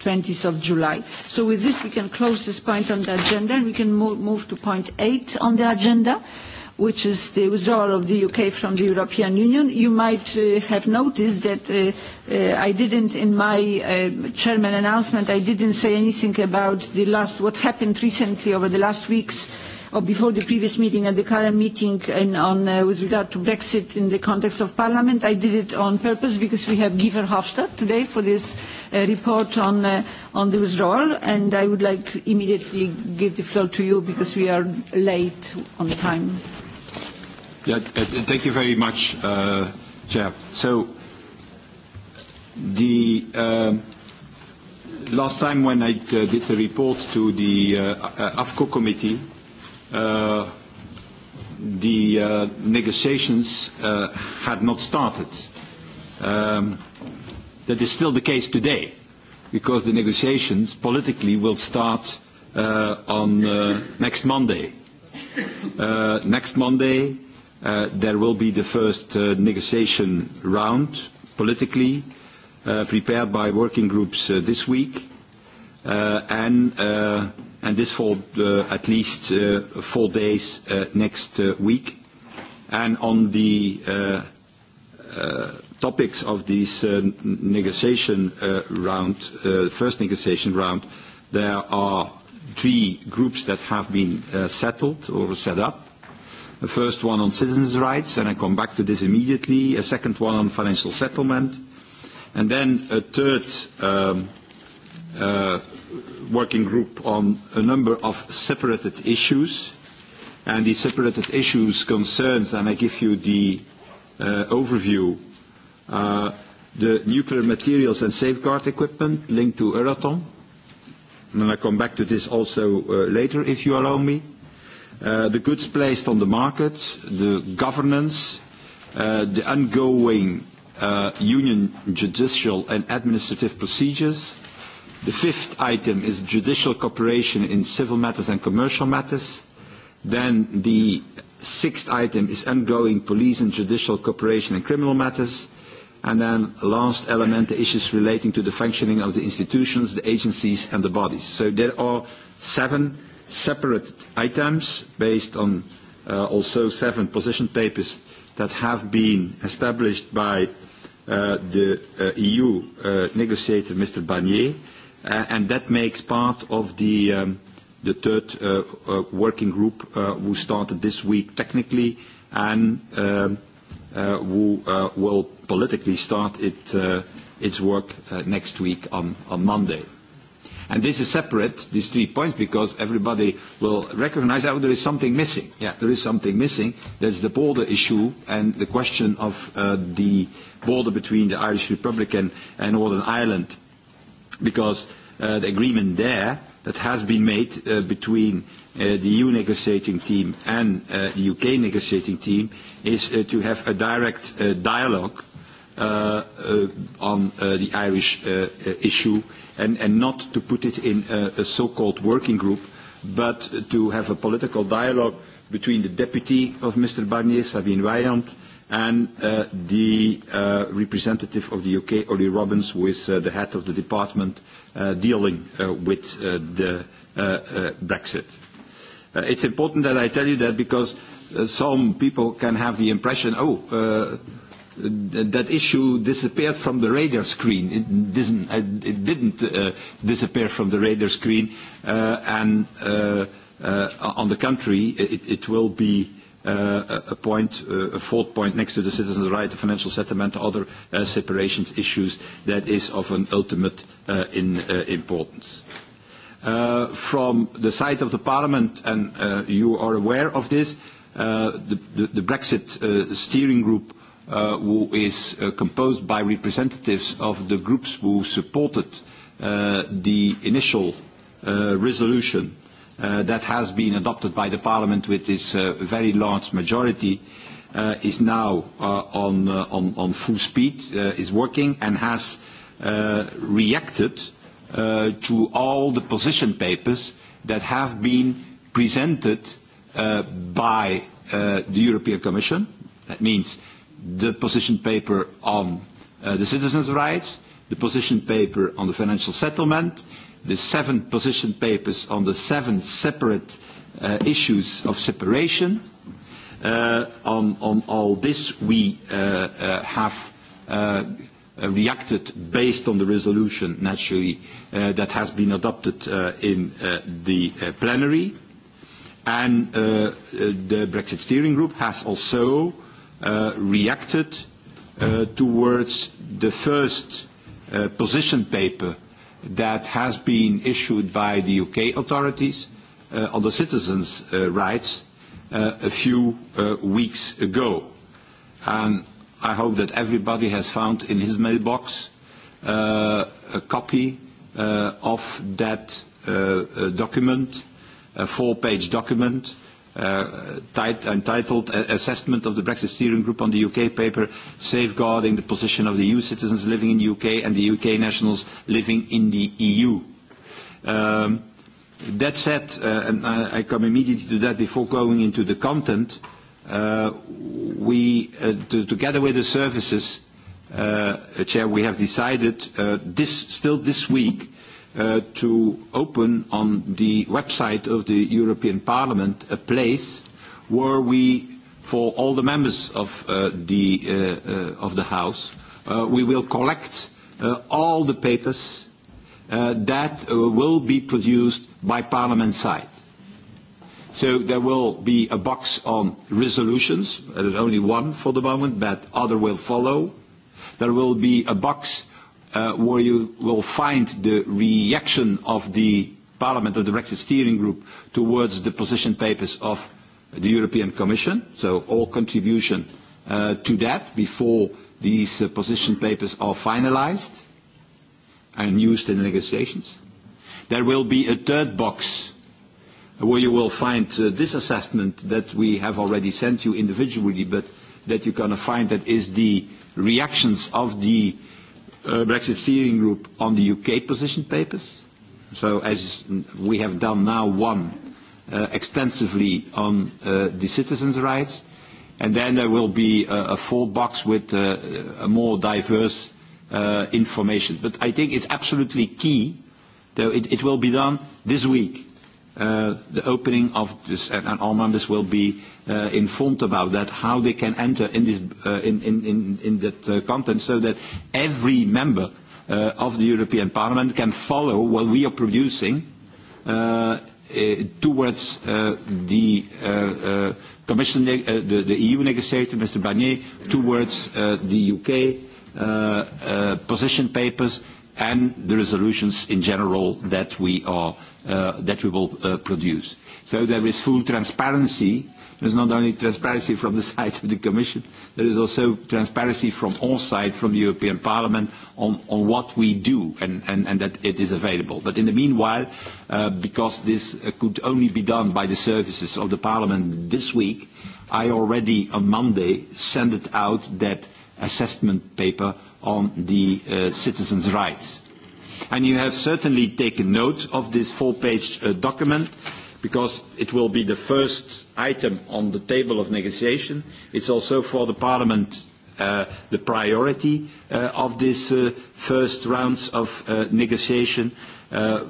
20th of July. So with this, we can close this point on the agenda, and we can mo move to point 8 on the agenda which is the withdrawal of the UK from the European Union. You might uh, have noticed that uh, uh, I didn't, in my uh, chairman announcement, I didn't say anything about the last, what happened recently over the last weeks or before the previous meeting and the current meeting and on, uh, with regard to Brexit in the context of Parliament. I did it on purpose because we have Giver Hofstadt today for this uh, report on, uh, on the withdrawal and I would like immediately give the floor to you because we are late on time. Yeah, uh, thank you very much, uh, Chair. So, the um, last time when I uh, did the report to the uh, uh AFCO committee, uh, the uh, negotiations uh, had not started. Um, that is still the case today, because the negotiations politically will start uh, on uh, next Monday. Uh, next Monday, Uh, there will be the first uh, negotiation round politically uh, prepared by working groups uh, this week uh, and, uh, and this for uh, at least uh, four days uh, next uh, week. And on the uh, uh, topics of this uh, negotiation uh, round, uh, first negotiation round, there are three groups that have been uh, settled or set up The first one on citizens' rights, and I come back to this immediately. A second one on financial settlement. And then a third um, uh, working group on a number of separated issues. And these separated issues concerns, and I give you the uh, overview, uh, the nuclear materials and safeguard equipment linked to Euratom. And then I come back to this also uh, later, if you allow me Uh, the goods placed on the market, the governance, uh, the ongoing uh, union judicial and administrative procedures. The fifth item is judicial cooperation in civil matters and commercial matters. Then the sixth item is ongoing police and judicial cooperation in criminal matters. And then last element, the issues relating to the functioning of the institutions, the agencies and the bodies. So there are seven separate items based on uh, also seven position papers that have been established by uh, the uh, EU uh, negotiator, Mr. Barnier, uh, and that makes part of the, um, the third uh, uh, working group uh, who started this week technically and um, uh, who uh, will politically start it, uh, its work uh, next week on, on Monday. And this is separate, these three points, because everybody will recognize, that oh, there is something missing. Yeah. There is something missing. There's the border issue and the question of uh, the border between the Irish Republic and, and Northern Ireland. Because uh, the agreement there that has been made uh, between uh, the EU negotiating team and uh, the UK negotiating team is uh, to have a direct uh, dialogue uh, uh, on uh, the Irish uh, uh, issue and, and not to put it in a, a so-called working group, but to have a political dialogue between the deputy of Mr. Barnier, Sabine Weyand, and uh, the uh, representative of the UK, Oli Robbins, who is uh, the head of the department uh, dealing uh, with uh, the uh, uh, Brexit. Uh, it's important that I tell you that because uh, some people can have the impression, oh, uh, that issue disappeared from the radar screen. It didn't, uh, it didn't uh, disappear from the radar screen, uh, and uh, uh, on the contrary, it, it will be uh, a point, uh, a fourth point next to the citizens' right to financial settlement, other uh, separation issues that is of an ultimate uh, in, uh, importance. Uh, from the side of the Parliament, and uh, you are aware of this, uh, the, the, the Brexit uh, steering group uh, who is uh, composed by representatives of the groups who supported uh, the initial uh, resolution uh, that has been adopted by the Parliament with this uh, very large majority uh, is now uh, on, uh, on, on full speed, uh, is working and has uh, reacted uh, to all the position papers that have been presented uh, by uh, the European Commission. That means the position paper on uh, the citizens' rights, the position paper on the financial settlement, the seven position papers on the seven separate uh, issues of separation. Uh, on, on all this, we uh, uh, have uh, uh reacted based on the resolution, naturally, uh, that has been adopted uh, in uh, the uh, plenary. And uh, uh the Brexit Steering Group has also uh, uh, reacted uh, towards the first uh, position paper that has been issued by the UK authorities uh, on the citizens' uh, rights uh, a few uh, weeks ago. And I hope that everybody has found in his mailbox uh, a copy uh, of that uh, uh document, a four-page document, uh, entitled Assessment of the Brexit Steering Group on the UK paper, Safeguarding the Position of the EU Citizens Living in the UK and the UK Nationals Living in the EU. Um, that said, uh, and I, I come immediately to that before going into the content, uh, we, uh, to, together with the services, uh, Chair, we have decided uh, this, still this week Uh, to open on the website of the European Parliament a place where we, for all the members of, uh, the, uh, uh, of the House, uh, we will collect uh, all the papers uh, that uh, will be produced by Parliament side. So there will be a box on resolutions. There is only one for the moment, but other will follow. There will be a box uh, where you will find the reaction of the Parliament, of the Brexit Steering Group, towards the position papers of the European Commission. So all contribution uh, to that before these uh, position papers are finalized and used in the negotiations. There will be a third box where you will find uh, this assessment that we have already sent you individually, but that you're going to find that is the reactions of the uh, Uh, Brexit steering group on the UK position papers. So as we have done now one uh, extensively on uh, the citizens' rights, and then there will be a, a full box with uh, a more diverse uh, information. But I think it's absolutely key, though it, it will be done this week. Uh, the opening of this, and, and all members will be uh, informed about that, how they can enter in, this, uh, in, in, in, in that uh, content so that every member uh, of the European Parliament can follow what we are producing uh, uh, towards uh, the uh, uh, Commission, uh, the, the EU negotiator, Mr. Barnier, towards uh, the UK uh, uh, position papers and the resolutions in general that we are uh, that we will uh, produce. So there is full transparency. There is not only transparency from the side of the Commission, there is also transparency from all sides, from the European Parliament, on, on what we do and, and, and that it is available. But in the meanwhile, uh, because this uh, could only be done by the services of the Parliament this week, I already on Monday sent out that assessment paper on the uh, citizens' rights And you have certainly taken note of this four-page uh, document because it will be the first item on the table of negotiation. It's also for the Parliament uh, the priority uh, of this uh, first rounds of uh, negotiation, uh,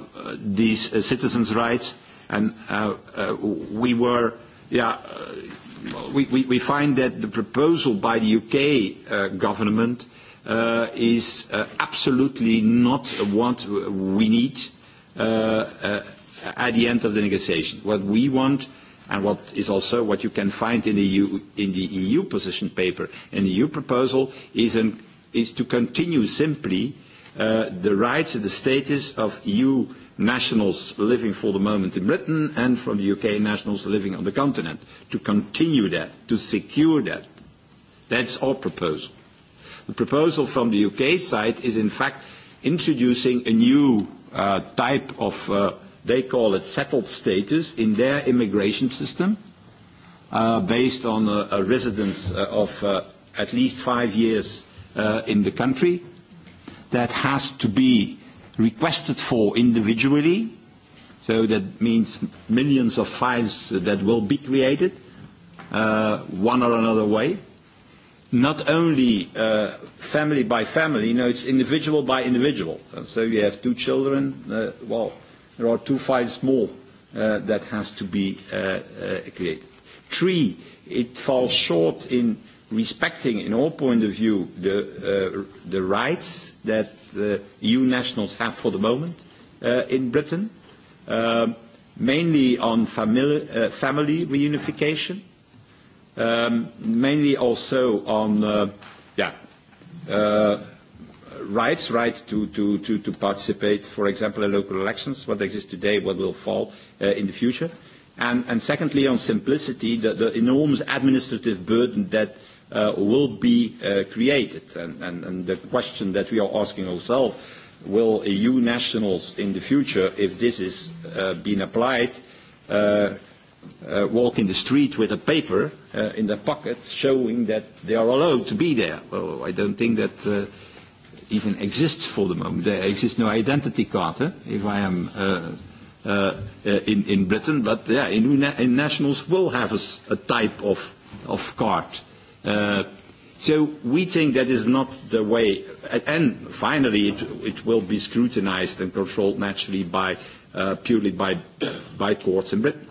these uh, citizens' rights. And uh, uh, we were, yeah, uh, we, we, we find that the proposal by the UK uh, government uh, is uh, absolutely not what we need uh, uh, at the end of the negotiation. What we want and what is also what you can find in the EU, in the EU position paper and the EU proposal is, an, is to continue simply uh, the rights and the status of EU nationals living for the moment in Britain and from the UK nationals living on the continent, to continue that, to secure that. That's our proposal. The proposal from the UK side is in fact introducing a new uh, type of, uh, they call it settled status in their immigration system uh, based on a, a residence uh, of uh, at least five years uh, in the country that has to be requested for individually. So that means millions of files that will be created uh, one or another way not only uh, family by family, no, it's individual by individual. And uh, so you have two children, uh, well, there are two files more uh, that has to be uh, uh, created. Three, it falls short in respecting, in all point of view, the, uh, the rights that the EU nationals have for the moment uh, in Britain, uh, mainly on famili uh, family reunification Um, mainly also on uh, yeah, uh, rights, right to, to, to, to participate, for example, in local elections, what exists today, what will fall uh, in the future. And, and secondly, on simplicity, the, the enormous administrative burden that uh, will be uh, created. And, and, and the question that we are asking ourselves, will EU nationals in the future, if this is uh, being applied, uh, uh, walk in the street with a paper uh, in their pockets showing that they are allowed to be there. Well, I don't think that uh, even exists for the moment. There exists no identity card, eh, if I am uh, uh, uh, in, in Britain, but yeah, in, in nationals will have a, a type of, of card. Uh, so we think that is not the way. And finally, it, it will be scrutinized and controlled naturally by, uh, purely by, by courts in Britain.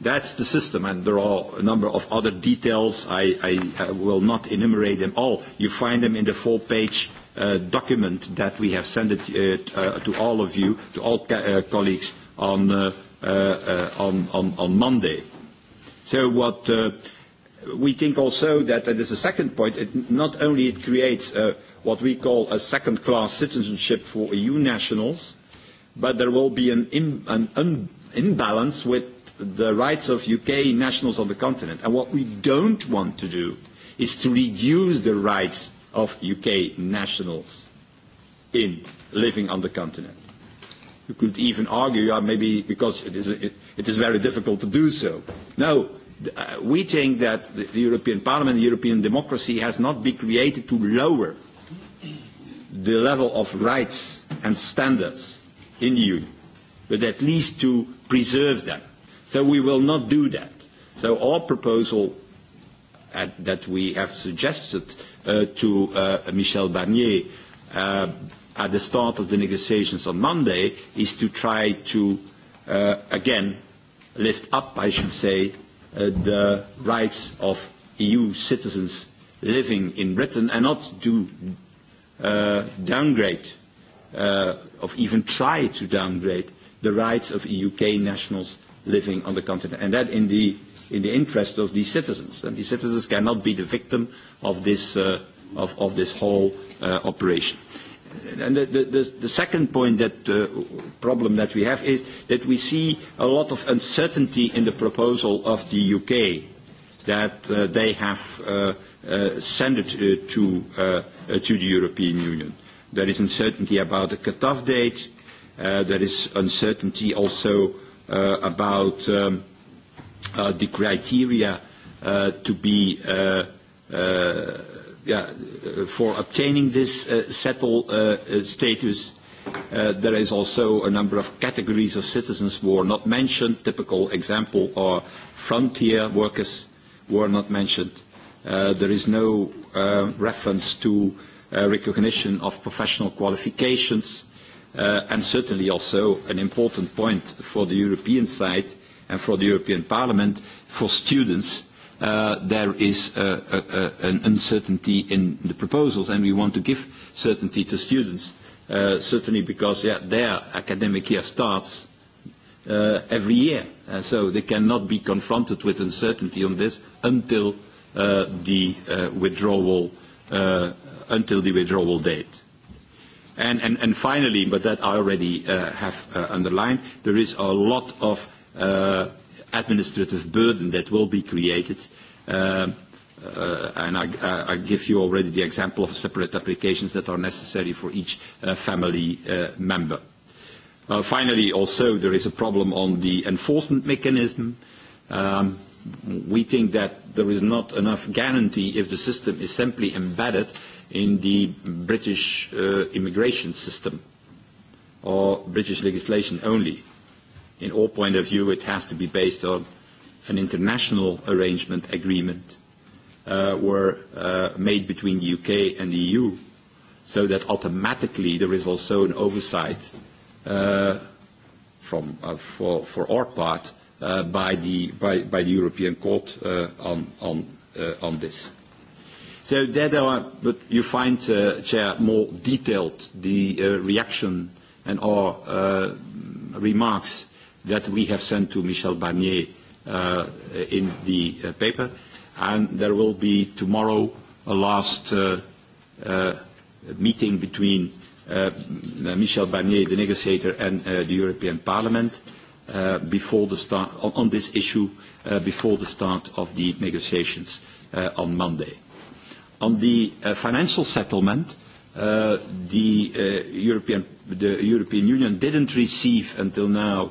That's the system, and there are a number of other details. I, I, I will not enumerate them all. You find them in the four-page uh, document that we have sent it, uh, uh, to all of you, to all uh, colleagues, on, uh, uh, uh, on, on, on Monday. So what uh, we think also that, that there's a second point, it, not only it creates uh, what we call a second-class citizenship for EU nationals, but there will be an, im an un imbalance with the rights of UK nationals on the continent. And what we don't want to do is to reduce the rights of UK nationals in living on the continent. You could even argue, yeah, maybe because it is, it, it is very difficult to do so. No, uh, we think that the, the European Parliament, the European democracy has not been created to lower the level of rights and standards in the Union, but at least to preserve them. So we will not do that. So our proposal at, uh, that we have suggested uh, to uh, Michel Barnier uh, at the start of the negotiations on Monday is to try to, uh, again, lift up, I should say, uh, the rights of EU citizens living in Britain and not to uh, downgrade uh, of even try to downgrade the rights of e UK nationals living on the continent. And that in the, in the interest of these citizens. And these citizens cannot be the victim of this, uh, of, of this whole uh, operation. And the, the, the, the second point that uh, problem that we have is that we see a lot of uncertainty in the proposal of the UK that uh, they have uh, uh, sent it uh, to, uh, uh, to the European Union. There is uncertainty about the cut-off date. Uh, there is uncertainty also uh, about um, uh, the criteria uh, to be uh, uh, yeah, uh, for obtaining this uh, settle uh, uh, status. Uh, there is also a number of categories of citizens who are not mentioned. Typical example are frontier workers who are not mentioned. Uh, there is no uh, reference to uh, recognition of professional qualifications uh, and certainly also an important point for the European side and for the European Parliament, for students, uh, there is a, a, a, an uncertainty in the proposals and we want to give certainty to students, uh, certainly because yeah, their academic year starts uh, every year. Uh, so they cannot be confronted with uncertainty on this until uh, the uh, withdrawal uh, until the withdrawal date. And, and, and finally, but that I already uh, have uh, underlined, there is a lot of uh, administrative burden that will be created. Uh, uh, and I, I give you already the example of separate applications that are necessary for each uh, family uh, member. Uh, finally, also, there is a problem on the enforcement mechanism. Um, we think that there is not enough guarantee if the system is simply embedded uh, in the British uh, immigration system or British legislation only. In all point of view, it has to be based on an international arrangement agreement uh, were uh, made between the UK and the EU, so that automatically there is also an oversight uh, from, uh, for, for our part uh, by, the, by, by the European Court uh, on, on, uh, on this. So there are, but you find, uh, Chair, more detailed the uh, reaction and our uh, remarks that we have sent to Michel Barnier uh, in the uh, paper. And there will be tomorrow a last uh, uh, meeting between uh, Michel Barnier, the negotiator, and uh, the European Parliament uh, before the start, on, on this issue uh, before the start of the negotiations uh, on Monday on the uh, financial settlement, uh, the, uh, European, the European Union didn't receive until now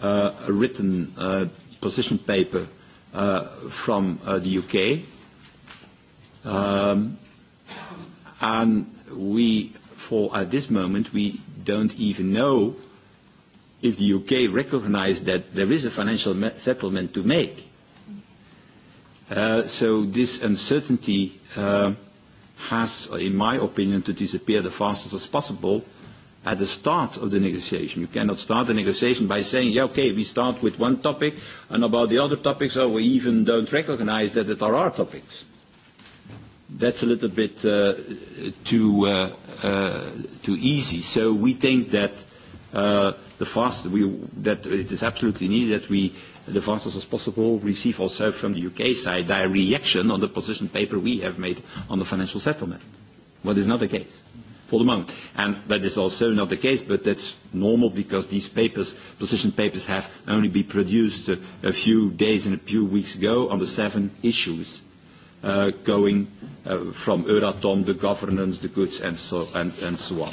uh, a written uh, position paper uh, from uh, the UK. Um, and we, for at this moment, we don't even know if the UK recognized that there is a financial settlement to make. Uh, so this uncertainty uh, has, in my opinion, to disappear the fastest as possible at the start of the negotiation. You cannot start the negotiation by saying, yeah, okay, we start with one topic, and about the other topics, or oh, we even don't recognize that there are our topics. That's a little bit uh, too, uh, uh, too easy. So we think that uh, the faster we, that it is absolutely needed that we the fastest as possible, receive also from the UK side their reaction on the position paper we have made on the financial settlement. What is not the case for the moment. And that is also not the case, but that's normal because these papers, position papers have only been produced a, a few days and a few weeks ago on the seven issues uh, going uh, from Euratom, the governance, the goods, and so, and, and so on.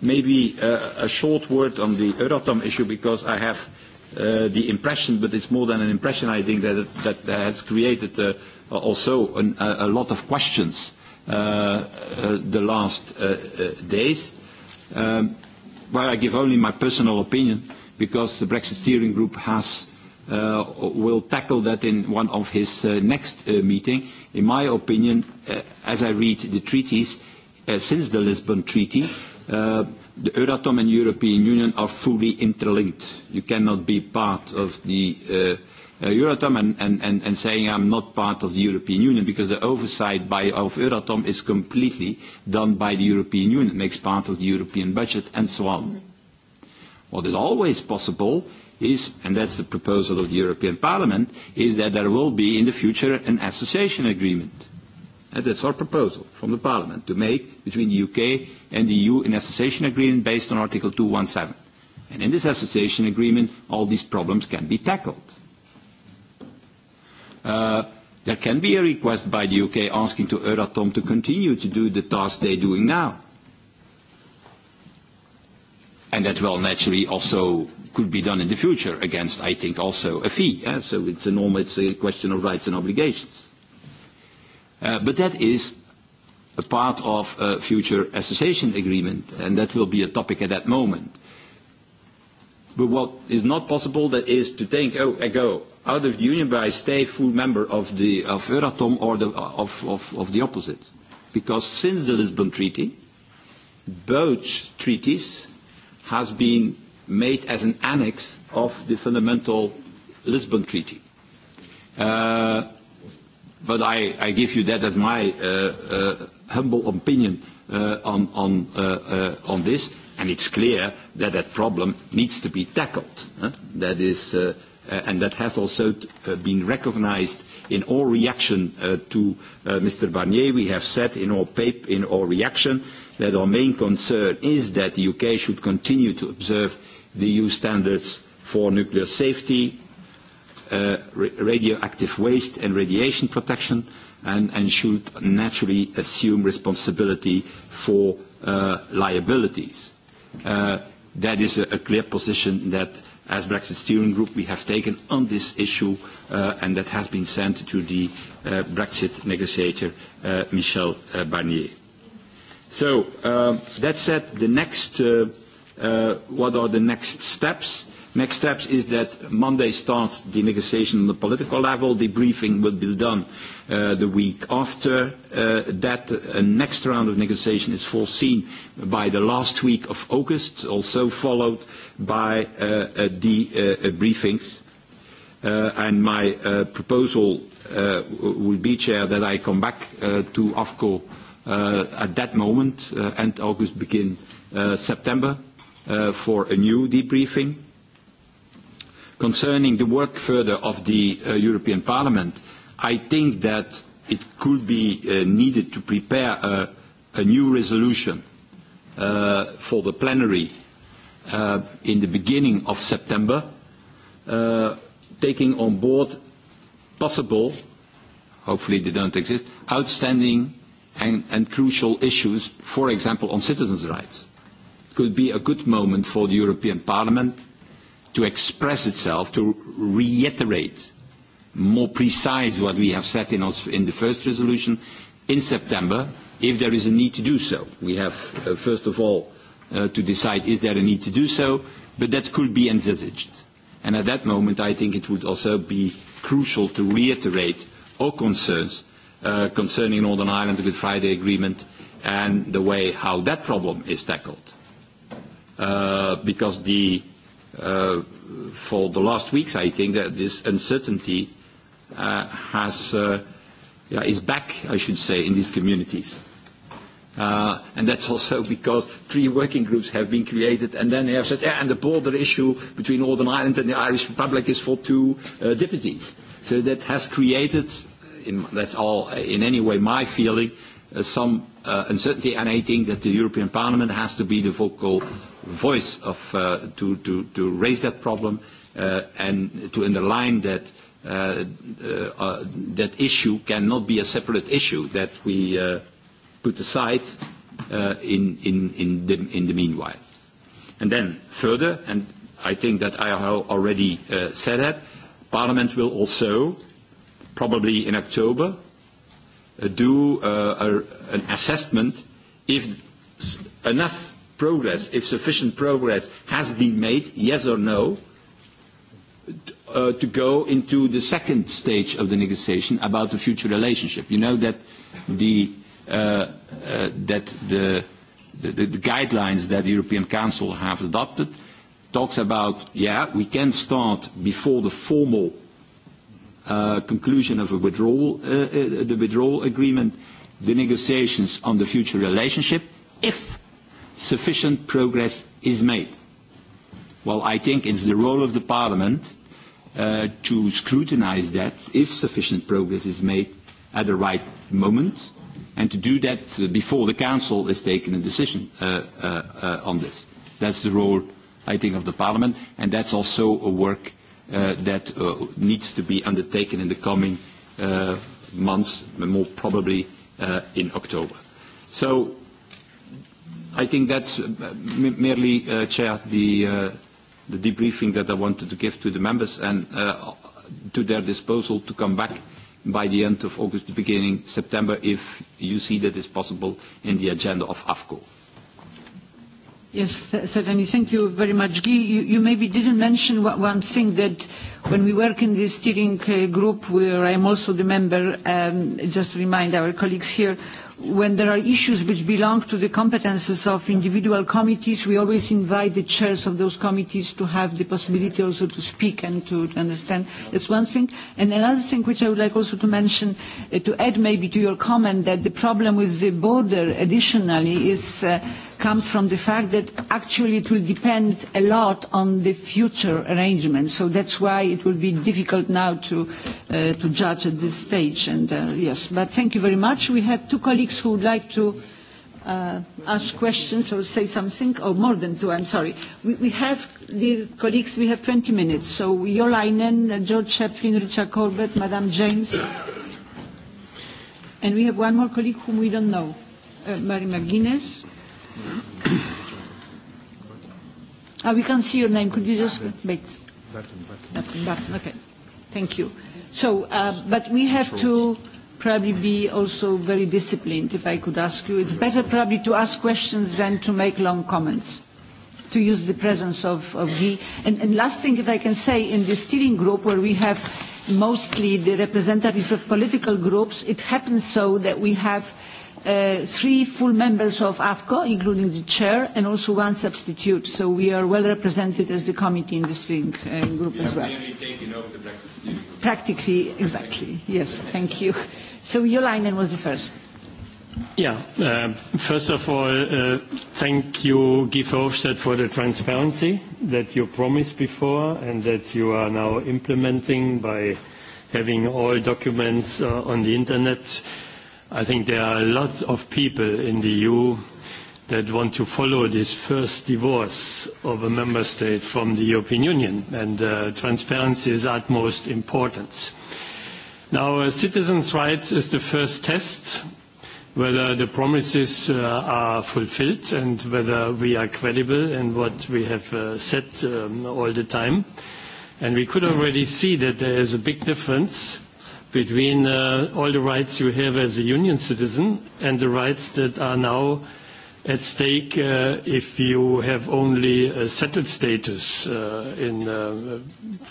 Maybe uh, a short word on the Euratom issue because I have uh, the impression, but it's more than an impression, I think, that, that has created uh, also an, a, a lot of questions uh, uh, the last uh, uh, days. Um, well, I give only my personal opinion, because the Brexit Steering Group has uh, will tackle that in one of his uh, next uh, meeting. In my opinion, uh, as I read the treaties, uh, since the Lisbon Treaty, uh, The Euratom and European Union are fully interlinked. You cannot be part of the uh, uh, Euratom and, and, and, and saying I'm not part of the European Union because the oversight by, of Euratom is completely done by the European Union, it makes part of the European budget and so on. What is always possible is, and that's the proposal of the European Parliament, is that there will be in the future an association agreement And that's our proposal from the Parliament to make between the UK and the EU an association agreement based on Article 217. And in this association agreement, all these problems can be tackled. Uh, there can be a request by the UK asking to Euratom to continue to do the task they're doing now. And that will naturally also could be done in the future against, I think, also a fee. Yeah? So it's a normal, it's a question of rights and obligations. Uh, but that is a part of a future association agreement, and that will be a topic at that moment. But what is not possible that is to think, oh, I go out of the union, but I stay full member of, the, of Euratom or the, of, of, of the opposite. Because since the Lisbon Treaty, both treaties has been made as an annex of the fundamental Lisbon Treaty. Uh, but I, I give you that as my uh, uh, humble opinion uh, on, on, uh, uh, on this. And it's clear that that problem needs to be tackled. Huh? That is, uh, uh, and that has also t uh, been recognized in our reaction uh, to uh, Mr. Barnier. We have said in our, paper, in our reaction that our main concern is that the UK should continue to observe the EU standards for nuclear safety, Uh, radioactive waste and radiation protection and, and should naturally assume responsibility for uh, liabilities. Uh, that is a, a clear position that as Brexit Steering Group we have taken on this issue uh, and that has been sent to the uh, Brexit negotiator uh, Michel uh, Barnier. So um, that said, the next, uh, uh, what are the next steps? Next steps is that Monday starts the negotiation on the political level. The briefing will be done uh, the week after. Uh, that uh, next round of negotiation is foreseen by the last week of August, also followed by uh, uh, the uh, briefings. Uh, and my uh, proposal uh, would be, Chair, that I come back uh, to AFCO uh, at that moment, uh, end August, begin uh, September, uh, for a new debriefing Concerning the work further of the uh, European Parliament, I think that it could be uh, needed to prepare a, a new resolution uh, for the plenary uh, in the beginning of September, uh, taking on board possible, hopefully they don't exist, outstanding and, and crucial issues, for example, on citizens' rights. It could be a good moment for the European Parliament to express itself, to reiterate more precise what we have said in, in the first resolution in September, if there is a need to do so. We have, uh, first of all, uh, to decide is there a need to do so, but that could be envisaged. And at that moment, I think it would also be crucial to reiterate our concerns uh, concerning Northern Ireland, the Good Friday Agreement, and the way how that problem is tackled. Uh, because the uh, for the last weeks, I think that this uncertainty uh, has, uh, yeah, is back, I should say, in these communities. Uh, and that's also because three working groups have been created, and then they have said, yeah, and the border issue between Northern Ireland and the Irish Republic is for two uh, deputies. So that has created, in, that's all uh, in any way my feeling, uh, some uh, uncertainty, and I think that the European Parliament has to be the vocal voice of, uh, to, to, to raise that problem uh, and to underline that uh, uh, uh, that issue cannot be a separate issue that we uh, put aside uh, in, in, in, the, in the meanwhile. And then further, and I think that I already uh, said that, Parliament will also, probably in October, uh, do uh, a, an assessment if enough progress, if sufficient progress has been made, yes or no, uh, to go into the second stage of the negotiation about the future relationship. You know that the, uh, uh, that the, the, the guidelines that the European Council have adopted talks about, yeah, we can start before the formal uh, conclusion of a withdrawal, uh, uh, the withdrawal agreement, the negotiations on the future relationship, if sufficient progress is made. Well, I think it's the role of the Parliament uh, to scrutinize that if sufficient progress is made at the right moment and to do that before the Council is taking a decision uh, uh, uh, on this. That's the role, I think, of the Parliament and that's also a work uh, that uh, needs to be undertaken in the coming uh, months, more probably uh, in October. So I think that's uh, merely, uh, Chair, the, uh, the debriefing that I wanted to give to the members and uh, to their disposal to come back by the end of August, beginning September, if you see that is possible in the agenda of AFCO. Yes, th certainly. Thank you very much, Guy. You, you maybe didn't mention one thing that when we work in this steering uh, group, where I am also the member, um, just to remind our colleagues here, when there are issues which belong to the competences of individual committees, we always invite the chairs of those committees to have the possibility also to speak and to, to understand. That's one thing. And another thing which I would like also to mention, uh, to add maybe to your comment, that the problem with the border additionally is uh, comes from the fact that actually it will depend a lot on the future arrangements. So that's why it will be difficult now to, uh, to judge at this stage. And uh, yes, but thank you very much. We have two colleagues who would like to uh, ask questions or say something, or more than two, I'm sorry. We, we have, dear colleagues, we have 20 minutes. So Jolainen, uh, George Chaplin, Richard Corbett, Madame James. And we have one more colleague whom we don't know, uh, Mary McGuinness. Ah, we can't see your name. Could you just wait? Barton. Barton, okay. Thank you. So, uh, but we have to probably be also very disciplined, if I could ask you. It's better probably to ask questions than to make long comments, to use the presence of, of Guy. And, and last thing, if I can say, in the steering group where we have mostly the representatives of political groups, it happens so that we have – uh, three full members of AFCO, including the chair, and also one substitute. So we are well represented as the committee in the steering uh, group you as well. Taken over Practically, exactly. Yes, thank you. So Jolainen was the first. Yeah, uh, first of all, uh, thank you, Guy Verhofstadt, for the transparency that you promised before and that you are now implementing by having all documents uh, on the internet. Uh, I think there are a lot of people in the EU that want to follow this first divorce of a member state from the European Union, and uh, transparency is utmost importance. Now, uh, citizens' rights is the first test whether the promises uh, are fulfilled and whether we are credible in what we have uh, said um, all the time. And we could already see that there is a big difference between uh, all the rights you have as a union citizen and the rights that are now at stake uh, if you have only a settled status uh, in uh,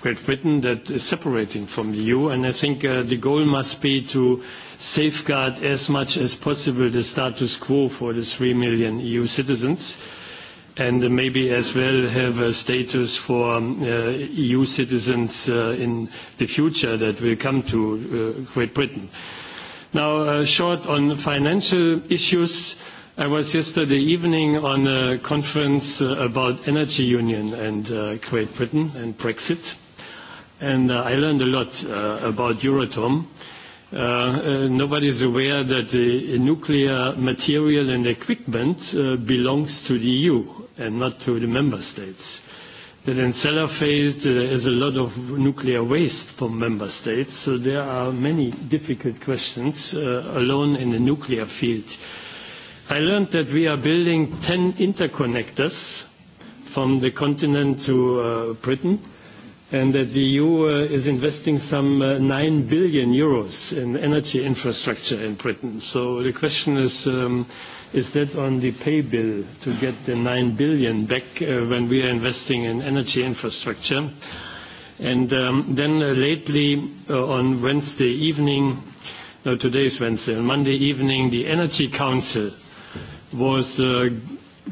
Great Britain that is separating from the EU. And I think uh, the goal must be to safeguard as much as possible the status quo for the three million EU citizens and maybe as well have a status for um, uh, EU citizens uh, in the future that will come to uh, Great Britain. Now, uh, short on financial issues. I was yesterday evening on a conference uh, about energy union and uh, Great Britain and Brexit, and uh, I learned a lot uh, about Euratom. Uh, uh, nobody is aware that the uh, nuclear material and equipment uh, belongs to the EU and not to the member states. That in Sellafield uh, is a lot of nuclear waste from member states, so there are many difficult questions uh, alone in the nuclear field. I learned that we are building 10 interconnectors from the continent to uh, Britain, and that the EU uh, is investing some uh, 9 billion euros in energy infrastructure in Britain. So the question is, um, is that on the pay bill to get the 9 billion back uh, when we are investing in energy infrastructure. And um, then uh, lately uh, on Wednesday evening, no, today is Wednesday, on Monday evening, the Energy Council was uh,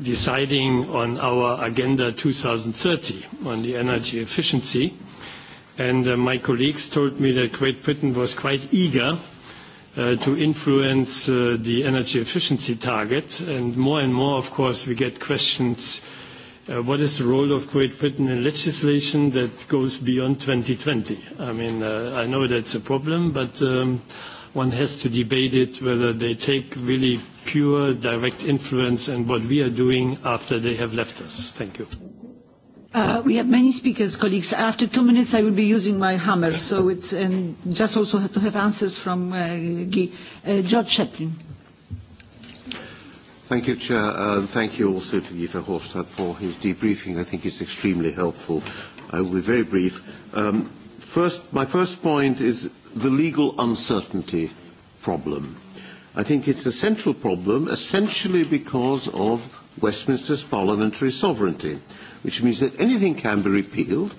deciding on our Agenda 2030 on the energy efficiency. And uh, my colleagues told me that Great Britain was quite eager Uh, to influence uh, the energy efficiency target. And more and more, of course, we get questions, uh, what is the role of Great Britain in legislation that goes beyond 2020? I mean, uh, I know that's a problem, but um, one has to debate it whether they take really pure direct influence and what we are doing after they have left us. Thank you. Uh, we have many speakers, colleagues. After two minutes, I will be using my hammer, so it's and just also have to have answers from uh, Guy. Uh, George Chaplin. Thank you, Chair. Uh, thank you also to Guy Verhofstadt for his debriefing. I think it's extremely helpful. I will be very brief. Um, first, my first point is the legal uncertainty problem. I think it's a central problem, essentially because of Westminster's parliamentary sovereignty which means that anything can be repealed,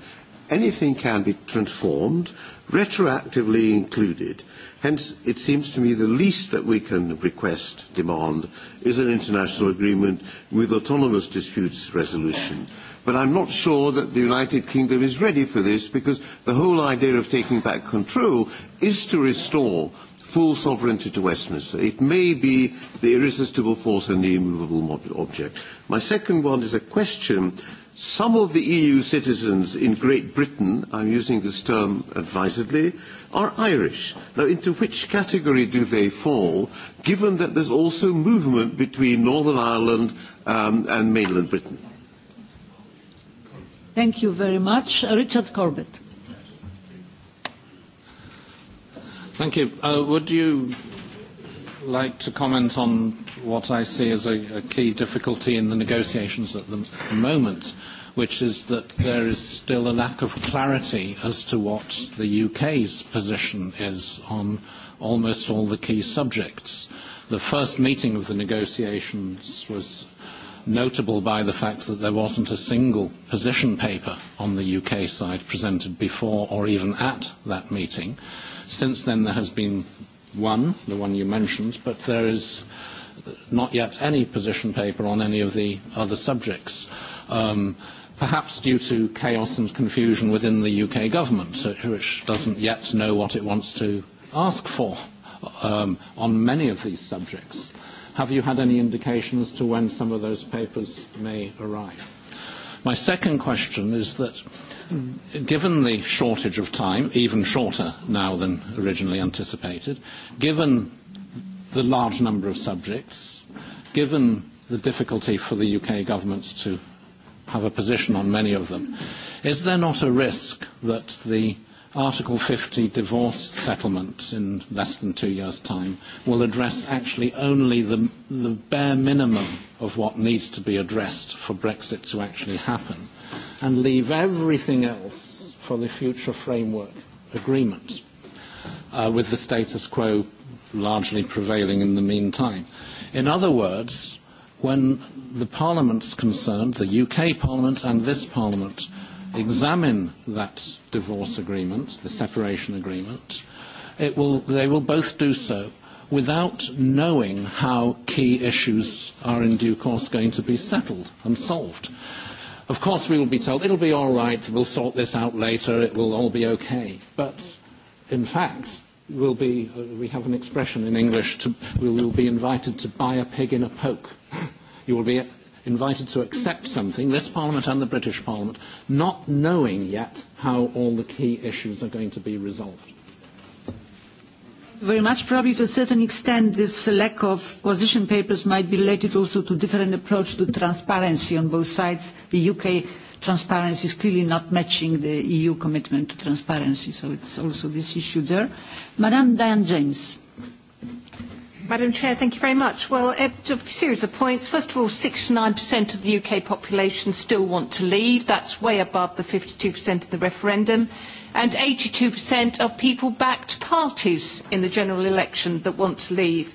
anything can be transformed, retroactively included. Hence, it seems to me the least that we can request, demand, is an international agreement with autonomous disputes resolution. But I'm not sure that the United Kingdom is ready for this because the whole idea of taking back control is to restore full sovereignty to Westminster. It may be the irresistible force and the immovable object. My second one is a question Some of the EU citizens in Great Britain, I'm using this term advisedly, are Irish. Now, into which category do they fall, given that there's also movement between Northern Ireland um, and mainland Britain? Thank you very much. Richard Corbett. Thank you. Uh, would you like to comment on what I see as a, a key difficulty in the negotiations at the moment, which is that there is still a lack of clarity as to what the UK's position is on almost all the key subjects. The first meeting of the negotiations was notable by the fact that there wasn't a single position paper on the UK side presented before or even at that meeting. Since then, there has been one, the one you mentioned, but there is not yet any position paper on any of the other subjects. Um, perhaps due to chaos and confusion within the UK government, uh, which doesn't yet know what it wants to ask for um, on many of these subjects. Have you had any indications to when some of those papers may arrive? My second question is that given the shortage of time, even shorter now than originally anticipated, given the large number of subjects, given the difficulty for the UK governments to have a position on many of them, is there not a risk that the Article 50 divorce settlement in less than two years' time will address actually only the, the bare minimum of what needs to be addressed for Brexit to actually happen? and leave everything else for the future framework agreement, uh, with the status quo largely prevailing in the meantime. In other words, when the parliaments concerned, the UK parliament and this parliament, examine that divorce agreement, the separation agreement, it will, they will both do so without knowing how key issues are in due course going to be settled and solved. Of course, we will be told, it'll be all right, we'll sort this out later, it will all be okay. But, in fact, we'll be, uh, we have an expression in English, to, we will be invited to buy a pig in a poke. you will be invited to accept something, this Parliament and the British Parliament, not knowing yet how all the key issues are going to be resolved very much. Probably to a certain extent this lack of position papers might be related also to different approach to transparency on both sides. The UK transparency is clearly not matching the EU commitment to transparency, so it's also this issue there. Madame Diane James. Madam Chair, thank you very much. Well, a series of points. First of all, 69% of the UK population still want to leave. That's way above the 52% of the referendum and 82% of people-backed parties in the general election that want to leave.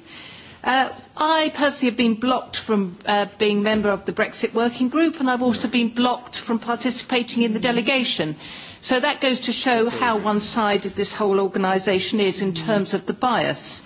Uh, I personally have been blocked from uh, being a member of the Brexit Working Group and I've also been blocked from participating in the delegation. So that goes to show how one-sided this whole organisation is in terms of the bias.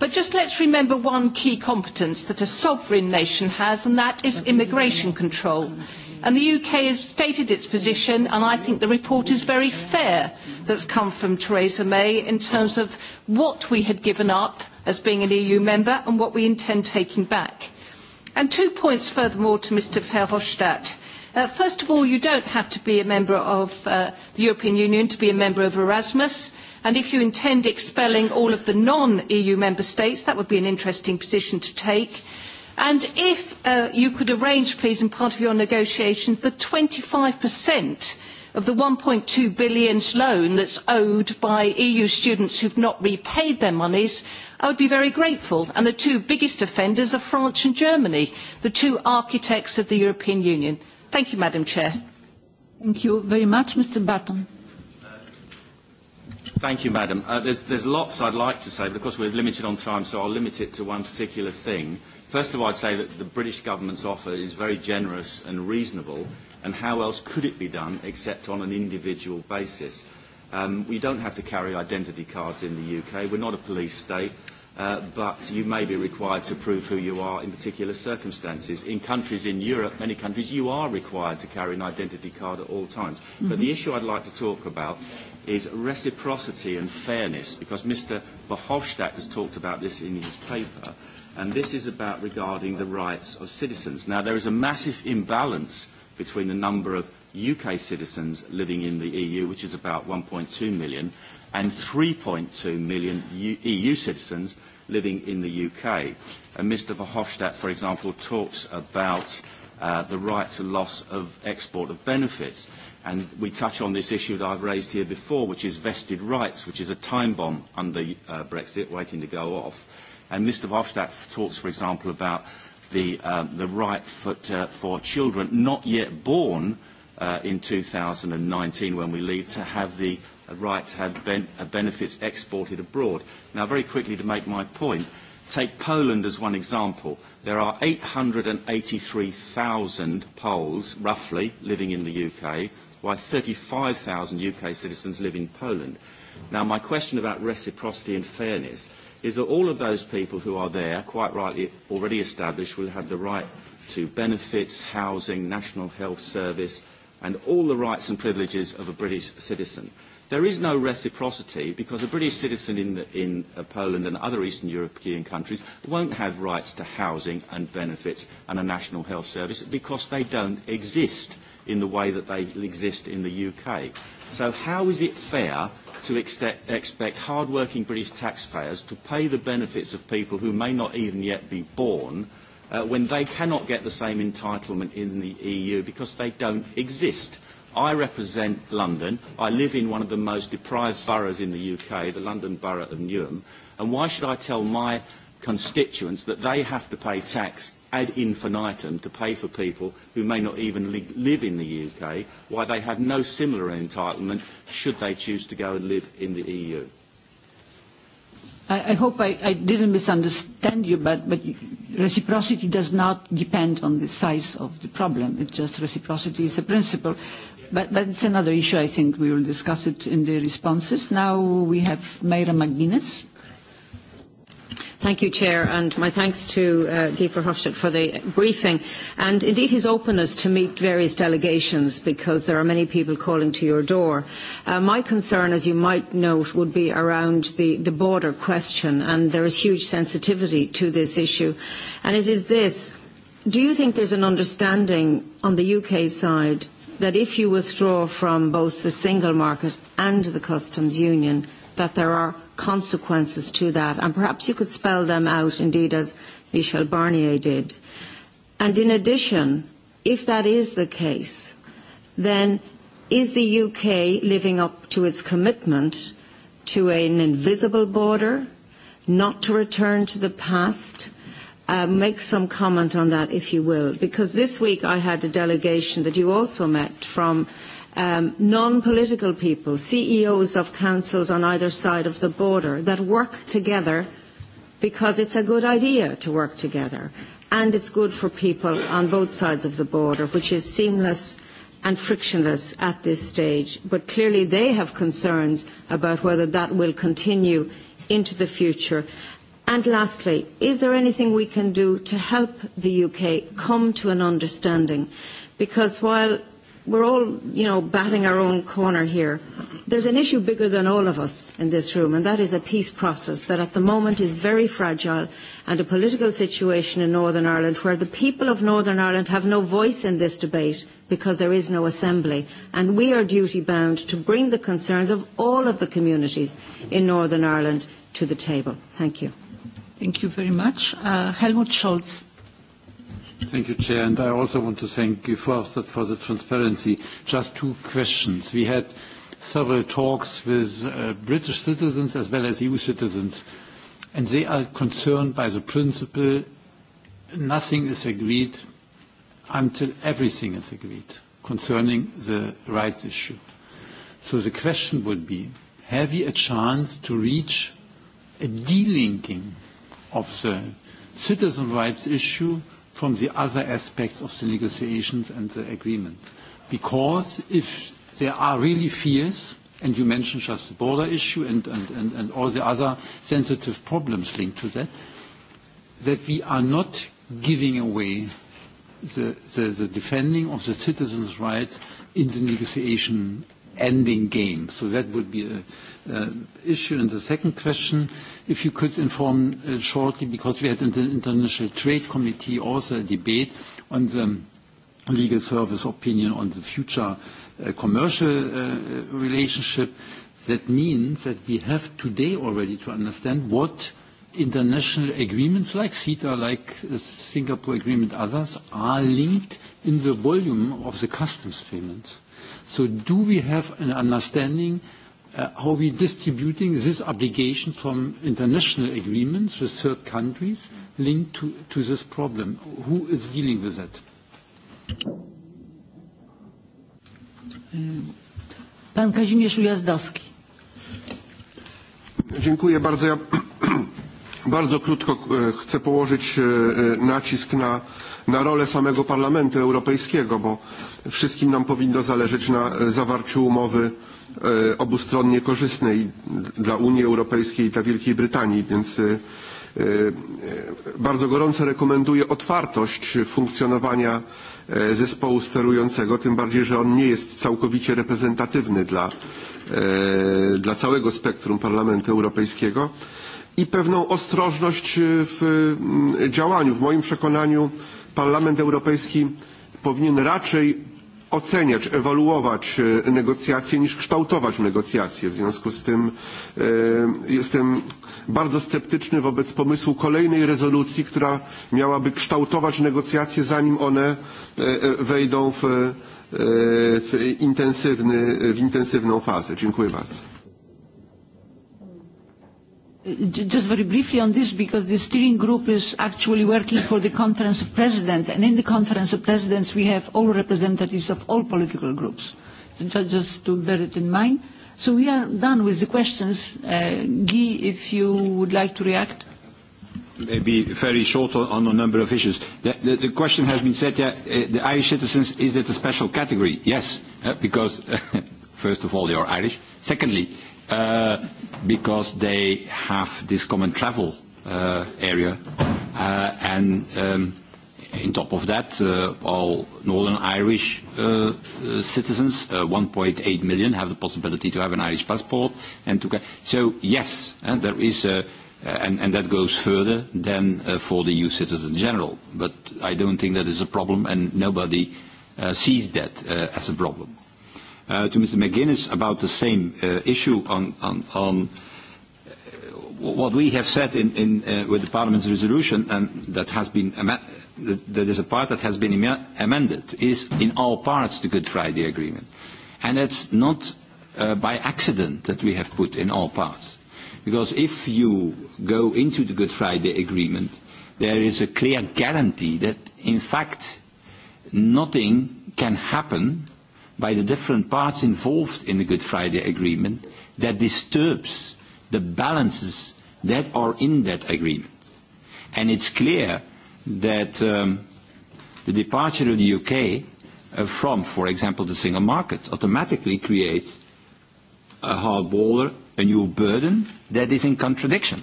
But just let's remember one key competence that a sovereign nation has and that is immigration control. Mm-hmm. And the UK has stated its position, and I think the report is very fair that's come from Theresa May in terms of what we had given up as being an EU member and what we intend taking back. And two points furthermore to Mr Verhofstadt. Uh, first of all, you don't have to be a member of uh, the European Union to be a member of Erasmus. And if you intend expelling all of the non-EU member states, that would be an interesting position to take. And if uh, you could arrange, please, in part of your negotiations, the 25% of the 1.2 billion loan that's owed by EU students who've not repaid their monies, I would be very grateful. And the two biggest offenders are France and Germany, the two architects of the European Union. Thank you, Madam Chair. Thank you very much, Mr. Button. Thank you, Madam. Uh, there's, there's lots I'd like to say, but of course we're limited on time, so I'll limit it to one particular thing. First of all, I'd say that the British government's offer is very generous and reasonable, and how else could it be done except on an individual basis? Um, we don't have to carry identity cards in the UK. We're not a police state, uh, but you may be required to prove who you are in particular circumstances. In countries in Europe, many countries, you are required to carry an identity card at all times. Mm -hmm. But mm-hmm. the issue I'd like to talk about is reciprocity and fairness, because Mr. Verhofstadt has talked about this in his paper and this is about regarding the rights of citizens. Now, there is a massive imbalance between the number of UK citizens living in the EU, which is about 1.2 million, and 3.2 million EU e citizens living in the UK. And Mr Verhofstadt, for example, talks about uh, the right to loss of export of benefits. And we touch on this issue that I've raised here before, which is vested rights, which is a time bomb under uh, Brexit, waiting to go off. And Mr. Verhofstadt talks, for example, about the, um, the right for, to, uh, for children not yet born uh, in 2019 when we leave to have the right to have ben uh, benefits exported abroad. Now, very quickly to make my point, take Poland as one example. There are 883,000 Poles, roughly, living in the UK, while 35,000 UK citizens live in Poland. Now, my question about reciprocity and fairness – is that all of those people who are there, quite rightly already established, will have the right to benefits, housing, national health service, and all the rights and privileges of a British citizen. There is no reciprocity because a British citizen in, the, in uh, Poland and other Eastern European countries won't have rights to housing and benefits and a national health service because they don't exist in the way that they exist in the UK. So how is it fair to expect, expect hard-working British taxpayers to pay the benefits of people who may not even yet be born uh, when they cannot get the same entitlement in the EU because they don't exist. I represent London. I live in one of the most deprived boroughs in the UK, the London Borough of Newham. And why should I tell my constituents that they have to pay tax ad infinitum to pay for people who may not even li live in the UK, why they have no similar entitlement should they choose to go and live in the EU. I, I hope I, I didn't misunderstand you, but, but reciprocity does not depend on the size of the problem. It's just reciprocity is a principle. But, but it's another issue. I think we will discuss it in the responses. Now we have Mayra McGuinness. Thank you, Chair, and my thanks to uh, Guy Verhofstadt for the briefing and indeed his openness to meet various delegations because there are many people calling to your door. Uh, my concern, as you might note, would be around the, the border question and there is huge sensitivity to this issue. And it is this, do you think there's an understanding on the UK side that if you withdraw from both the single market and the customs union, that there are consequences to that. And perhaps you could spell them out, indeed, as Michel Barnier did. And in addition, if that is the case, then is the UK living up to its commitment to an invisible border, not to return to the past? Uh, make some comment on that, if you will, because this week I had a delegation that you also met from um, non-political people, CEOs of councils on either side of the border that work together because it's a good idea to work together and it's good for people on both sides of the border, which is seamless and frictionless at this stage. But clearly they have concerns about whether that will continue into the future. And lastly, is there anything we can do to help the UK come to an understanding? Because while we're all, you know, batting our own corner here. There's an issue bigger than all of us in this room, and that is a peace process that at the moment is very fragile and a political situation in Northern Ireland where the people of Northern Ireland have no voice in this debate because there is no assembly. And we are duty bound to bring the concerns of all of the communities in Northern Ireland to the table. Thank you. Thank you very much. Uh, Helmut Scholz. Thank you, Chair. And I also want to thank Verhofstadt for the transparency. Just two questions. We had several talks with uh, British citizens as well as EU citizens, and they are concerned by the principle nothing is agreed until everything is agreed concerning the rights issue. So the question would be, have we a chance to reach a delinking of the citizen rights issue from the other aspects of the negotiations and the agreement. Because if there are really fears, and you mentioned just the border issue and, and, and, and all the other sensitive problems linked to that, that we are not giving away the, the, the defending of the citizens' rights in the negotiation ending game. So that would be an issue. And the second question, uh, If you could inform uh, shortly, because we had in the International Trade Committee also a debate on the legal service opinion on the future uh, commercial uh, uh relationship. That means that we have today already to understand what international agreements like CETA, like the uh, Singapore Agreement, others are linked in the volume of the customs payments. So do we have an understanding uh, how we distributing this obligation from international agreements with third countries linked to, to this problem. Who is dealing with that? Pan Kazimierz Ujazdowski. Dziękuję bardzo. Ja bardzo krótko e, chcę położyć e, e, nacisk na, na rolę samego Parlamentu Europejskiego, bo wszystkim nam powinno zależeć na zawarciu umowy E, obustronnie korzystnej dla Unii Europejskiej i dla Wielkiej Brytanii, więc e, e, bardzo gorąco rekomenduję otwartość funkcjonowania zespołu sterującego, tym bardziej, że on nie jest całkowicie reprezentatywny dla, dla całego spektrum Parlamentu Europejskiego i pewną ostrożność w działaniu. W moim przekonaniu Parlament Europejski powinien raczej oceniać, ewaluować e, negocjacje niż kształtować negocjacje. W związku z tym e, jestem bardzo sceptyczny wobec pomysłu kolejnej rezolucji, która miałaby kształtować negocjacje zanim one e, wejdą w, w, intensywny, w intensywną fazę. Dziękuję bardzo just very briefly on this because the steering group is actually working for the Conference of Presidents and in the Conference of Presidents we have all representatives of all political groups. So just to bear it in mind. So we are done with the questions. Uh, Guy, if you would like to react. Maybe very short on, on a number of issues. The, the, the question has been said, yeah, uh, the Irish citizens, is that a special category? Yes, uh, because uh, first of all they are Irish. Secondly, uh, because they have this common travel uh, area. Uh, and um, in top of that, uh, all Northern Irish uh, uh, citizens, uh, 1.8 million, have the possibility to have an Irish passport. And to so yes, uh, there is a, uh, and, and that goes further than uh, for the EU citizens in general. But I don't think that is a problem, and nobody uh, sees that uh, as a problem uh, to Mr. McGuinness about the same uh, issue on, on, on uh, what we have said in, in, uh, with the Parliament's resolution, and that, has been that is a part that has been amended, is in all parts the Good Friday Agreement. And it's not uh, by accident that we have put in all parts. Because if you go into the Good Friday Agreement, there is a clear guarantee that, in fact, nothing can happen by the different parts involved in the Good Friday Agreement that disturbs the balances that are in that agreement. And it's clear that um, the departure of the UK uh, from, for example, the single market automatically creates a hard border, a new burden that is in contradiction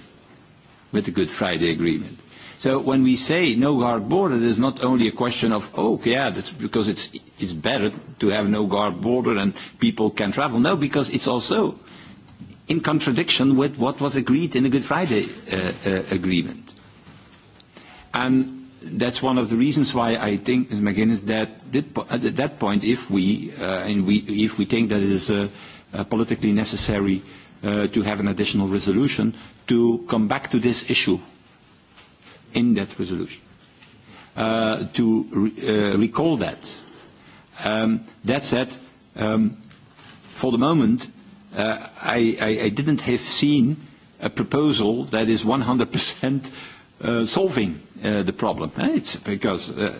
with the Good Friday Agreement. So when we say no guard border, there's not only a question of, oh, yeah, that's because it's, it's better to have no guard border and people can travel. No, because it's also in contradiction with what was agreed in the Good Friday uh, uh, agreement. And that's one of the reasons why I think, Ms. McGuinness, that at that point, if we, uh, and we, if we think that it is uh, uh, politically necessary uh, to have an additional resolution, to come back to this issue in that resolution. Uh, to re uh, recall that. Um, that said, um, for the moment, uh, I, I, I didn't have seen a proposal that is 100% uh, solving uh, the problem. Eh? It's because uh,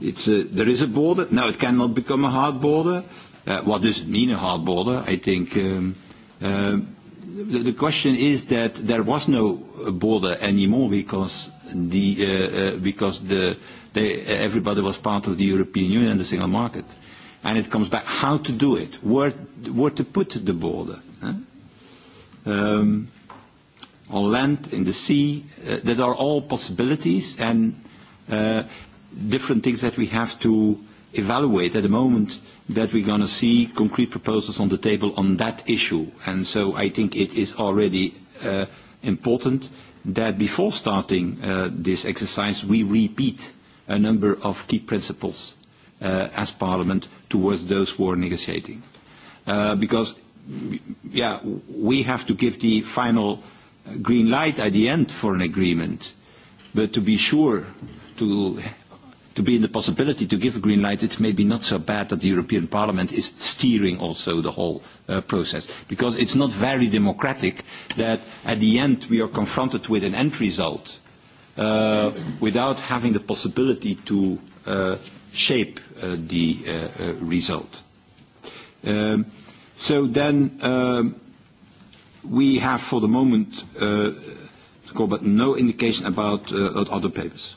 it's a, uh, there is a border. Now it cannot become a hard border. Uh, what does it mean, a hard border? I think um, um, the, the question is that there was no border anymore because the uh, uh, because the they, everybody was part of the European Union and the single market, and it comes back how to do it, where where to put the border. Huh? Um, on land, in the sea, uh, that are all possibilities and uh, different things that we have to evaluate at the moment that we're going to see concrete proposals on the table on that issue. And so I think it is already uh, important that before starting uh, this exercise, we repeat a number of key principles uh, as Parliament towards those who are negotiating. Uh, because, yeah, we have to give the final green light at the end for an agreement. But to be sure to to be in the possibility to give a green light, it's maybe not so bad that the European Parliament is steering also the whole uh, process. Because it's not very democratic that at the end we are confronted with an end result uh, without having the possibility to uh, shape uh, the uh, uh, result. Um, so then um, we have for the moment uh, no indication about uh, other papers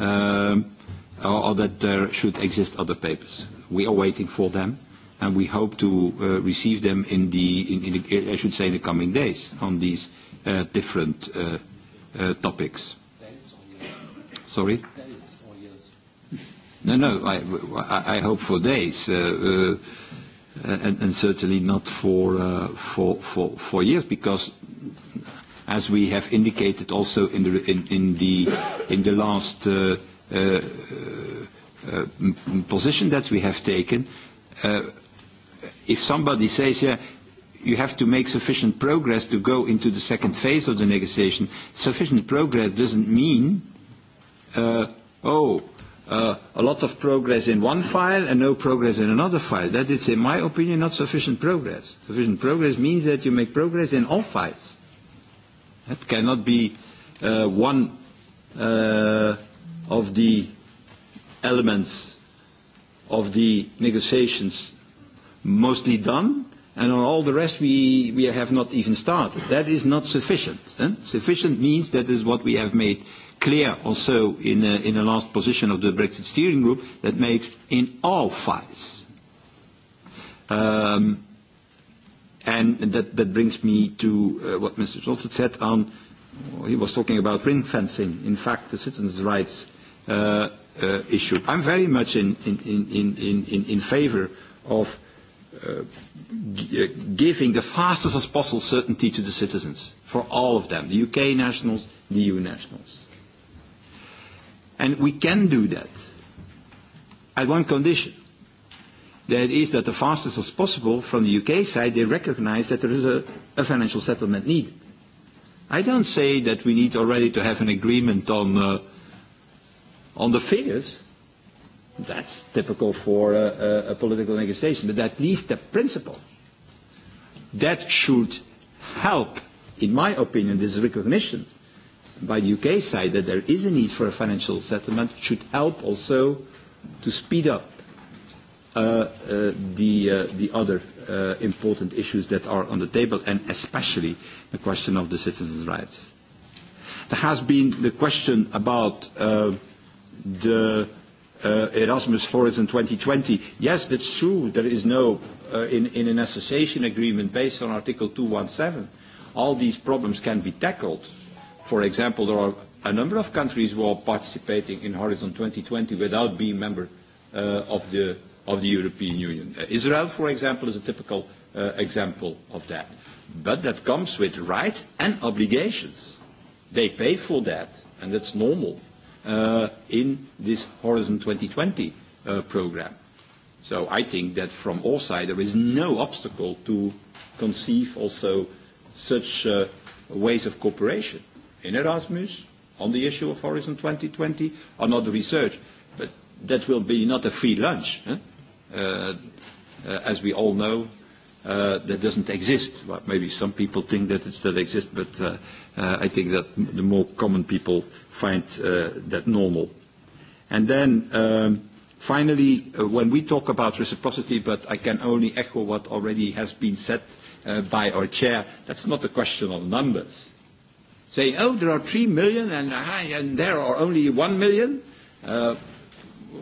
um, or, or that there should exist other papers. We are waiting for them, and we hope to uh, receive them in the, in, in the, I should say, in the coming days on these uh, different uh, uh, topics. Sorry? No, no, I, I, I hope for days, uh, uh, and, and certainly not for, uh, for, for, for years, because as we have indicated also in the, in, in the, in the last uh, uh, uh, mm, position that we have taken, uh, if somebody says, yeah, you have to make sufficient progress to go into the second phase of the negotiation, sufficient progress doesn't mean, uh, oh, uh, a lot of progress in one file and no progress in another file. That is, in my opinion, not sufficient progress. Sufficient progress means that you make progress in all files. It cannot be uh, one uh, of the elements of the negotiations mostly done, and on all the rest we, we have not even started. That is not sufficient. Eh? Sufficient means that is what we have made clear also in, uh, in the last position of the Brexit steering group that makes in all files. Um, And that, that brings me to uh, what Mr. Johnson said on, oh, he was talking about ring fencing, in fact, the citizens' rights uh, uh, issue. I'm very much in, in, in, in, in, in favor of uh, uh, giving the fastest as possible certainty to the citizens, for all of them, the UK nationals, the EU nationals. And we can do that at one condition, that is that the fastest as possible from the UK side, they recognize that there is a, a financial settlement needed. I don't say that we need already to have an agreement on, uh, on the figures. That's typical for a, a, a political negotiation, but at least the principle. That should help, in my opinion, this recognition by the UK side that there is a need for a financial settlement should help also to speed up Uh, uh, the, uh, the other uh, important issues that are on the table, and especially the question of the citizens' rights. There has been the question about uh, the uh, Erasmus Horizon 2020. Yes, that's true. There is no, uh, in, in an association agreement based on Article 217, all these problems can be tackled. For example, there are a number of countries who are participating in Horizon 2020 without being member uh, of the of the European Union. Uh, Israel, for example, is a typical uh, example of that. But that comes with rights and obligations. They pay for that, and that's normal uh, in this Horizon 2020 uh, program. So I think that from our side there is no obstacle to conceive also such uh, ways of cooperation in Erasmus, on the issue of Horizon 2020, on other research. But that will be not a free lunch. Eh? Uh, uh, as we all know, uh, that doesn't exist. Well, maybe some people think that it still exists, but uh, uh, I think that the more common people find uh, that normal. And then um, finally, uh, when we talk about reciprocity, but I can only echo what already has been said uh, by our chair, that's not a question of numbers. Saying, oh, there are three million and, uh, and there are only one million, uh,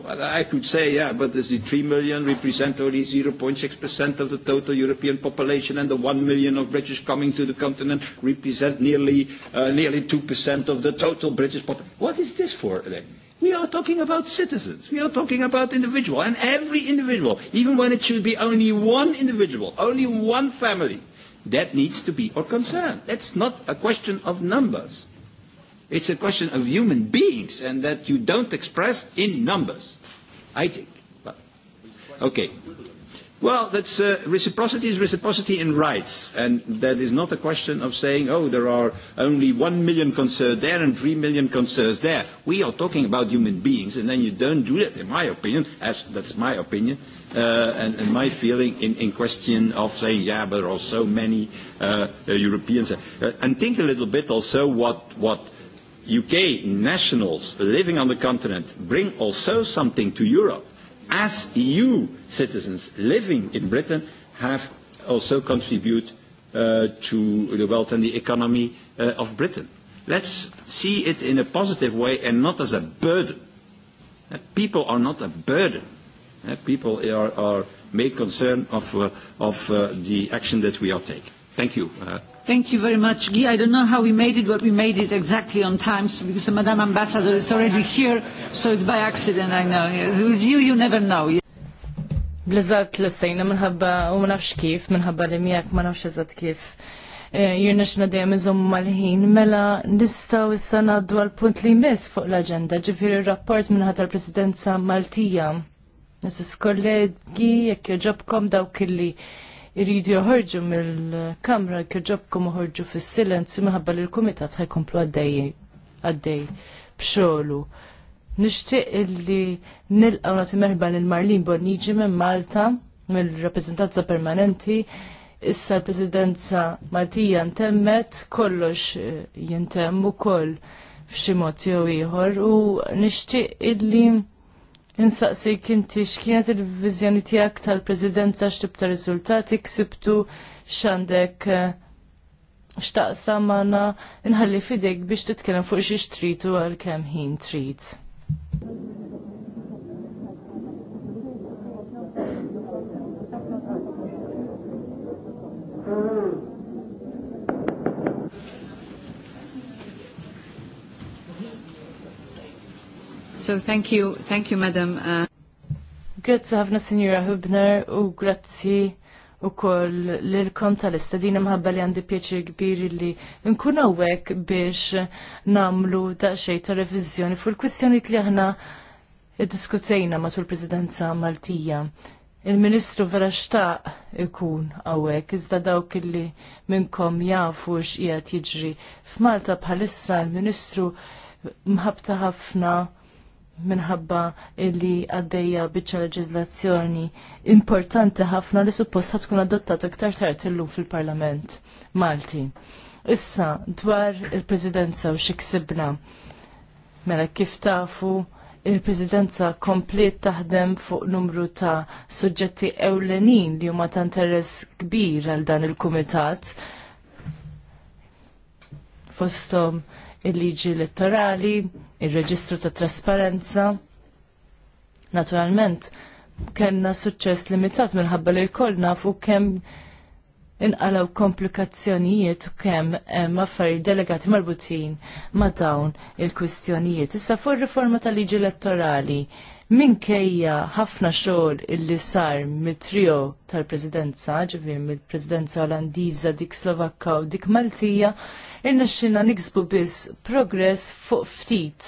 Well, I could say, yeah, but does the 3 million represent only 0.6% of the total European population, and the 1 million of British coming to the continent represent nearly, uh, nearly 2% of the total British population. What is this for? then? We are talking about citizens. We are talking about individual, and every individual, even when it should be only one individual, only one family, that needs to be our concern. That's not a question of numbers. It's a question of human beings and that you don't express in numbers, I think. But, okay. Well, that's, uh, reciprocity is reciprocity in rights, and that is not a question of saying, oh, there are only one million concerns there and three million concerns there. We are talking about human beings, and then you don't do that, in my opinion, as that's my opinion, uh, and, and my feeling in, in question of saying, yeah, but there are so many uh, uh, Europeans. Uh, and think a little bit also what, what UK nationals living on the continent bring also something to Europe, as EU citizens living in Britain have also contribute uh, to the wealth and the economy uh, of Britain. Let's see it in a positive way and not as a burden. Uh, people are not a burden. Uh, people are, are made concern of, uh, of uh, the action that we are taking. Thank you. Uh, Thank you very much, Guy. I don't know how we made it, but we made it exactly on time so because the Madame Ambassador is already here, so it's by accident, I know. Yes. With you, you never know. Blizzard l-sejna minħabba u ma nafx kif, I'm going to ma nafx eżatt kif. Eh, Jirnexna dejjem iżommu mal-ħin, mela nistaw issa ngħaddu għal punt li jmiss fuq l agenda ġifiri r-rapport minħat tal-Presidenza Maltija. nis kollegi, jekk joġobkom daw kelli iridu joħorġu mill-kamra kħirġobkom uħorġu fis-silenzju minħabba li l-kumitat ħajkomplu għaddej għaddej bxolu. Nixtieq illi nilqgħu nagħti merħba l Marlin Bonniġi minn Malta mill-rappreżentanza permanenti issa l-Presidenza Maltija ntemmet kollox eh, jintemm ukoll f'xi mod jew ieħor u nixtieq illi Insaqsi kinti x'kienet il-viżjoni tiegħek tal-Presidenza x'tib ta' riżultati ksibtu x'għandek eh, x'taqsam magħna inħalli fidejk biex titkellem fuq xi xtritu għal kemm ħin trid. Mm-hmm. So thank you, thank you, Madam. Grazie, uh, Grazzi ħafna Sinjura Hubner u grazzi u koll l-kom tal-istadina mħabba li għandi pieċir kbir li nkun hawnhekk biex namlu daqsxejn ta' revizjoni fuq il-kwistjoni li aħna diskutejna matul presidenza Maltija. Il-Ministru vera xtaq ikun għawek, iżda dawk li minnkom jafu x'qiegħed jiġri. F'Malta bħalissa l-Ministru mħabta ħafna minħabba illi għaddejja biċċa leġizlazzjoni importanti ħafna li suppost tkun adottat iktar tard illum fil-Parlament Malti. Issa dwar il-Presidenza u xi ksibna. Mela kif tafu il-Presidenza komplet taħdem fuq numru ta' suġġetti ewlenin li huma ta' interess kbir għal dan il-Kumitat fostom il-liġi elettorali, il-reġistru ta' trasparenza. Naturalment, kellna suċċess limitat minħabba li jkollna fuq kemm inqalaw komplikazzjonijiet u kemm hemm affarijiet delegati marbutin ma' dawn il-kwistjonijiet. Issa fuq riforma tal-liġi elettorali minkejja ħafna xogħol illi sar mit-trio tal-Presidenza, ġifier mill-Presidenza Olandiża, dik Slovakka u dik Maltija, irnexxina niksbu biss progress fuq ftit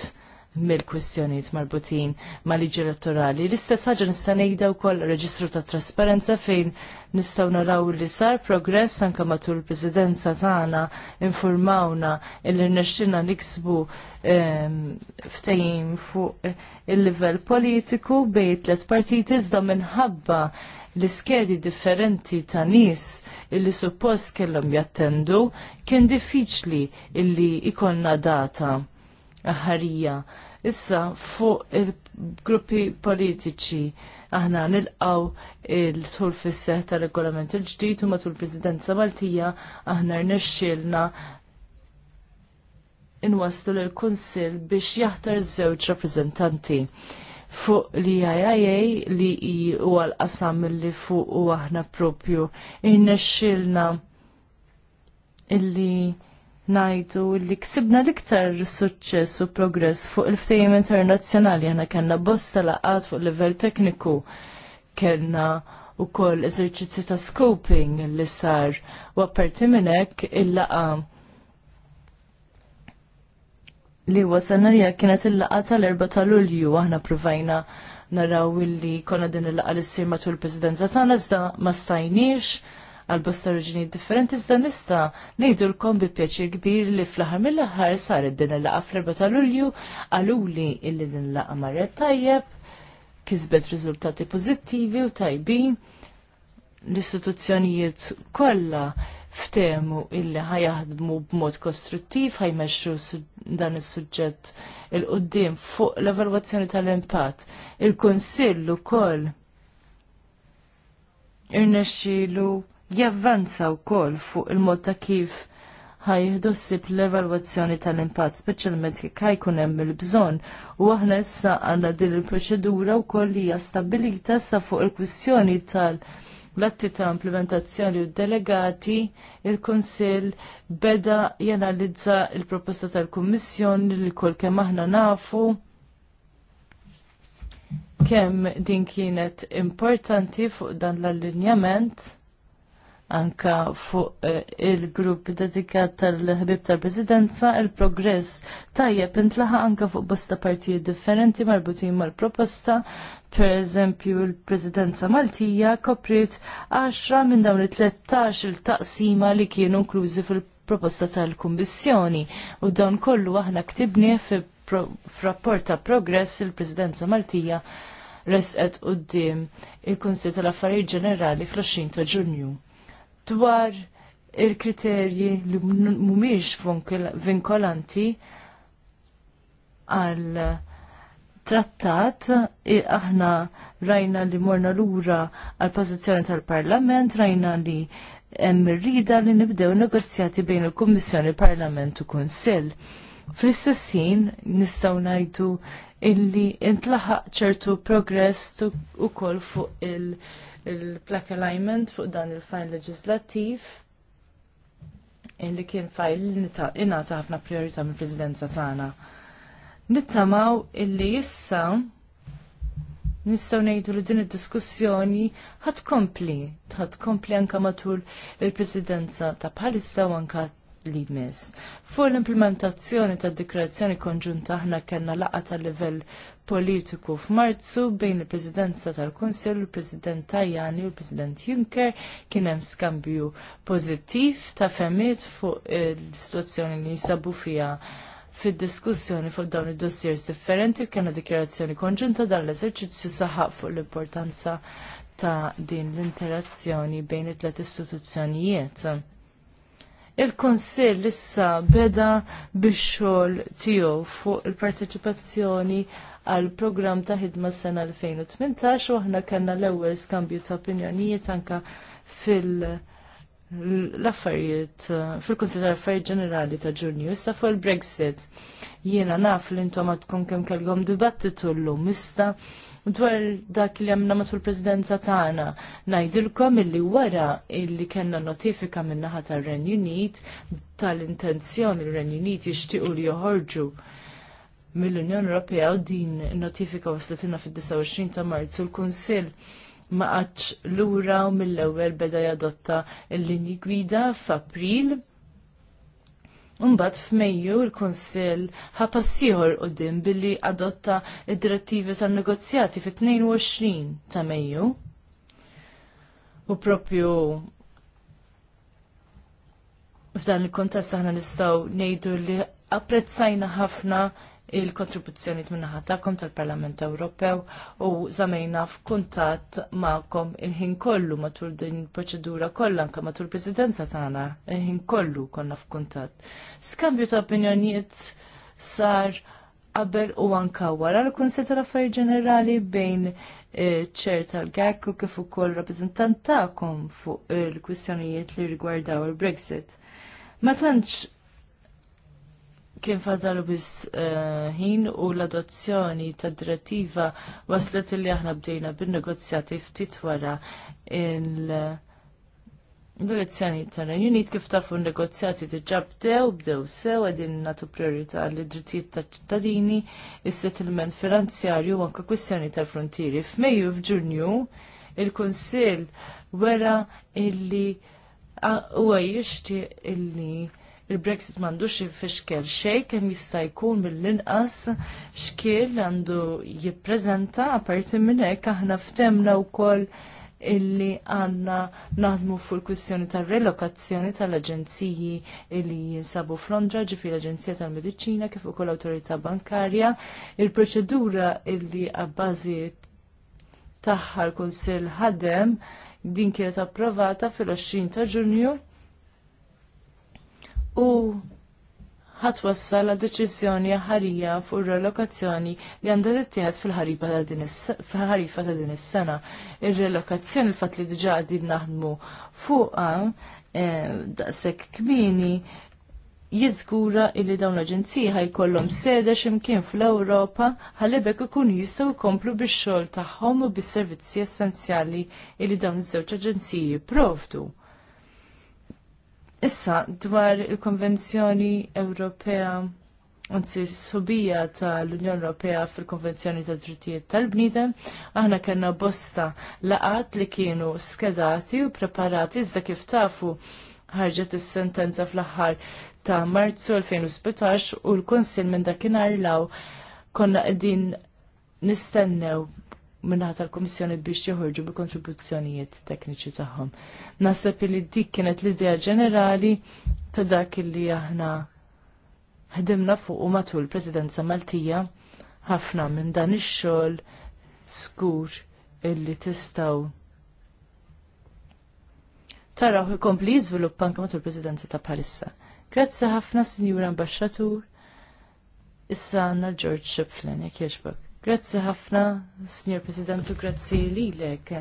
mill-kwistjonijiet marbutin mal-liġi elettorali. L-istess ħaġa nista' ngħidha wkoll reġistru ta' trasparenza fejn nistgħu naraw li sar progress anke matul il-Presidenza tagħna infurmawna illi rnexxilna niksbu ehm, ftehim fuq il-livell politiku bejn tliet partiti iżda minħabba l-iskedi differenti ta' nies illi suppost kellhom jattendu kien diffiċli illi ikonna data ħarija. Issa fuq il-gruppi politiċi aħna nilqaw il-tul fis ta' regolament il-ġdid u matul presidenza Maltija aħna rnexxielna inwaslu l-Kunsill biex jaħtar żewġ rappreżentanti fuq li jajajaj li huwa l-qasam li fuq u aħna propju irnexxilna illi najdu li ksibna l-iktar suċċess u progress fuq il-ftejjem internazzjonali għana kellna bosta laqat fuq level tekniku kellna u koll eżerċizzju ta' scoping li sar u apparti minn hekk il-laqa li huwa li kienet il-laqa tal-4 ta' Lulju aħna provajna naraw illi konna din il-laqa li ssir matul il-Presidenza tagħna iżda ma stajniex għal bosta reġini differenti iżda nista' ngħidulkom bi pjaċir kbir li fl-aħħar mill-aħħar saret din il-laqa fl-4 ta' Lulju għaluli illi din il-laqa marret tajjeb kisbet riżultati pożittivi u tajbin l-istituzzjonijiet kollha ftehmu illi ħajaħdmu b'mod kostruttiv ħajmexxu dan is-suġġett il-qoddim fuq l-evalwazzjoni tal-impatt. Il-Kunsill ukoll irnexxielu javvanza wkoll fuq il-mod ta' kif ħajħdu ssib l-evalwazzjoni tal-impatt, speċjalment jekk ħajkun hemm il-bżonn u aħna issa għandna din il-proċedura wkoll hija stabbilita sa fuq il-kwistjoni tal-impatt l-atti ta' implementazzjoni u delegati il-Konsil beda jenalizza il-proposta tal-Kummissjoni li kol kemm aħna nafu kemm din kienet importanti fuq dan l-allinjament anka fuq eh, il-grupp dedikat tal-ħbib tal-presidenza, il-progress tajjeb intlaħa anka fuq bosta partijiet differenti marbutin mal-proposta Per eżempju, l-Presidenza Maltija koprit 10 minn dawn it-13 il-taqsima li kienu inklużi fil-proposta tal-Kummissjoni u dawn kollu aħna ktibni fi ta' progress il-Presidenza Maltija resqet qudiem il-Kunsil tal-Affarijiet Ġenerali fl-20 ta' Ġunju. Dwar il-kriterji li mhumiex vinkolanti għal trattat aħna rajna li morna lura għal pożizzjoni tal-Parlament, rajna li hemm ir-rida li nibdew negozjati bejn il-Kummissjoni Parlament u Kunsill. Fl-istessin nistgħu ngħidu illi intlaħaq ċertu progress ukoll fuq il-plaque alignment fuq dan il-fajn leġislattiv illi kien fajl li ingħata ħafna priorità mill-Presidenza tagħna. Nittamaw illi issa nistaw nejdu li din id-diskussjoni ħad kompli, ħad kompli anka matul il-presidenza ta' palissa u anka li mis. Fuq l-implementazzjoni ta' dikrazzjoni konġunta aħna kellna laqa ta' livell politiku f'Marzu bejn il-Presidenza tal-Konsil, il-President Tajani u il-President Juncker kien hemm skambju pożittiv ta' femiet fuq il-sitwazzjoni li jisabu fiha fid-diskussjoni fuq dawn id-dossiers differenti kellna dikjarazzjoni konġunta dan l-eżerċizzju saħaq fuq l-importanza ta' din l-interazzjoni bejn it-tlet istituzzjonijiet. Il-Konsill issa beda biex xogħol tiegħu fuq il-parteċipazzjoni għal programm ta' ħidma s-sena 2018 u aħna kellna l-ewwel skambju ta' opinjonijiet anke fil- l-affarijiet, eh, fil konsider l-Affarijiet Ġenerali ta' Ġunju, issa fuq il-Brexit. Jiena naf li intom għatkun kemm kellhom dibattitu llum issa dwar dak li għamna matul prezidenza presidenza tagħna. Ngħidilkom illi wara illi kellna notifika min-naħa tar-Renju Unit tal-intenzjoni l renju Unit jixtiequ li joħorġu mill-Unjoni Ewropea u din notifika waslatina fid-29 ta' Marzu l-Kunsill ma qatx lura u mill-ewwel beda jadotta l-linji gwida f'April. Umbat f'Mejju l-Kunsill ħa passiħor quddiem billi adotta id-direttivi tan-negozjati fit-22 ta' Mejju. U propju f'dan il-kontest aħna nistgħu ngħidu li apprezzajna ħafna il-kontribuzzjoni minnaħa tagħkom tal-Parlament Ewropew u żamejna f'kuntatt ma'kom il-ħin kollu matul din il-proċedura kollha anke matul prezidenza presidenza tagħna il ħin kollu konna f'kuntatt. Skambju ta' opinjonijiet sar qabel u anka wara l-Kunsell tal-Affarijiet Ġenerali bejn eh, ċer tal-GAC u kif ukoll rappreżentant tagħkom fuq il-kwistjonijiet li rigwardaw il-Brexit. Ma tantx kien fadalu biss eh, ħin u l-adozzjoni ta' direttiva waslet li aħna bdejna bin-negozjati ftit wara l-elezzjoni tal Unit kif tafu n-negozjati diġà bdew, bdew sew għedin natu priorità li drittijiet ta' ċittadini, is-settlement finanzjarju u anke kwistjoni ta' frontieri. F'Mejju f'Ġunju il-Kunsill wera illi huwa jixtieq illi il-Brexit m'għandux jfixkel xejn kemm jista' jkun mill-inqas xkiel għandu jippreżenta apparti minn hekk aħna ftemna wkoll illi għanna naħdmu fuq il kwissjoni tal-relokazzjoni tal-aġenziji illi jinsabu f'Londra ġifi l-Aġenzija tal-Mediċina kif ukoll l-Awtorità Bankarja. Il-proċedura illi għabbażi tagħha l-Kunsill ħadem din kienet approvata fil-20 ta' Ġunju u ħatwassal la deċiżjoni ħarija fuq ir-relokazzjoni li għandha tittieħed fil-ħarifa ta' din fil-ħarifa ta' din is-sena. Ir-relokazzjoni fatt li diġà qegħdin naħdmu fuqha eh, daqshekk kmini jizgura illi dawn l-aġenziji ħajkollhom sede x'imkien fl-Ewropa ħalibek ikun jistgħu jkomplu bix-xogħol tagħhom u bis-servizzi essenzjali illi dawn iż-żewġ aġenziji jipprovdu. Issa, dwar il-Konvenzjoni Ewropea, anzi s-subija tal-Unjoni Ewropea fil-Konvenzjoni ta' Drittijiet tal-Bnidem, aħna kellna bosta laqat li kienu skedati u preparati iżda kif tafu ħarġet is-sentenza fl-aħħar ta' Marzu 2017 u l-Konsil minn dakinhar law konna qegħdin nistennew minnaħat tal-Komissjoni biex joħorġu bi kontribuzzjonijiet tekniċi tagħhom. Naħseb li dik kienet l-idea ġenerali ta' dak li aħna ħdimna fuq u matul presidenza Maltija ħafna minn dan ix-xogħol skur illi tistgħu taraw ikompli jiżvilupp anke matul presidenza ta' Parissa. Grazzi ħafna, Sinjur Ambasċatur. Issa għanna George Shipflin, jek jieġbok. Grazzi ħafna, Signor President, u grazzi lilek,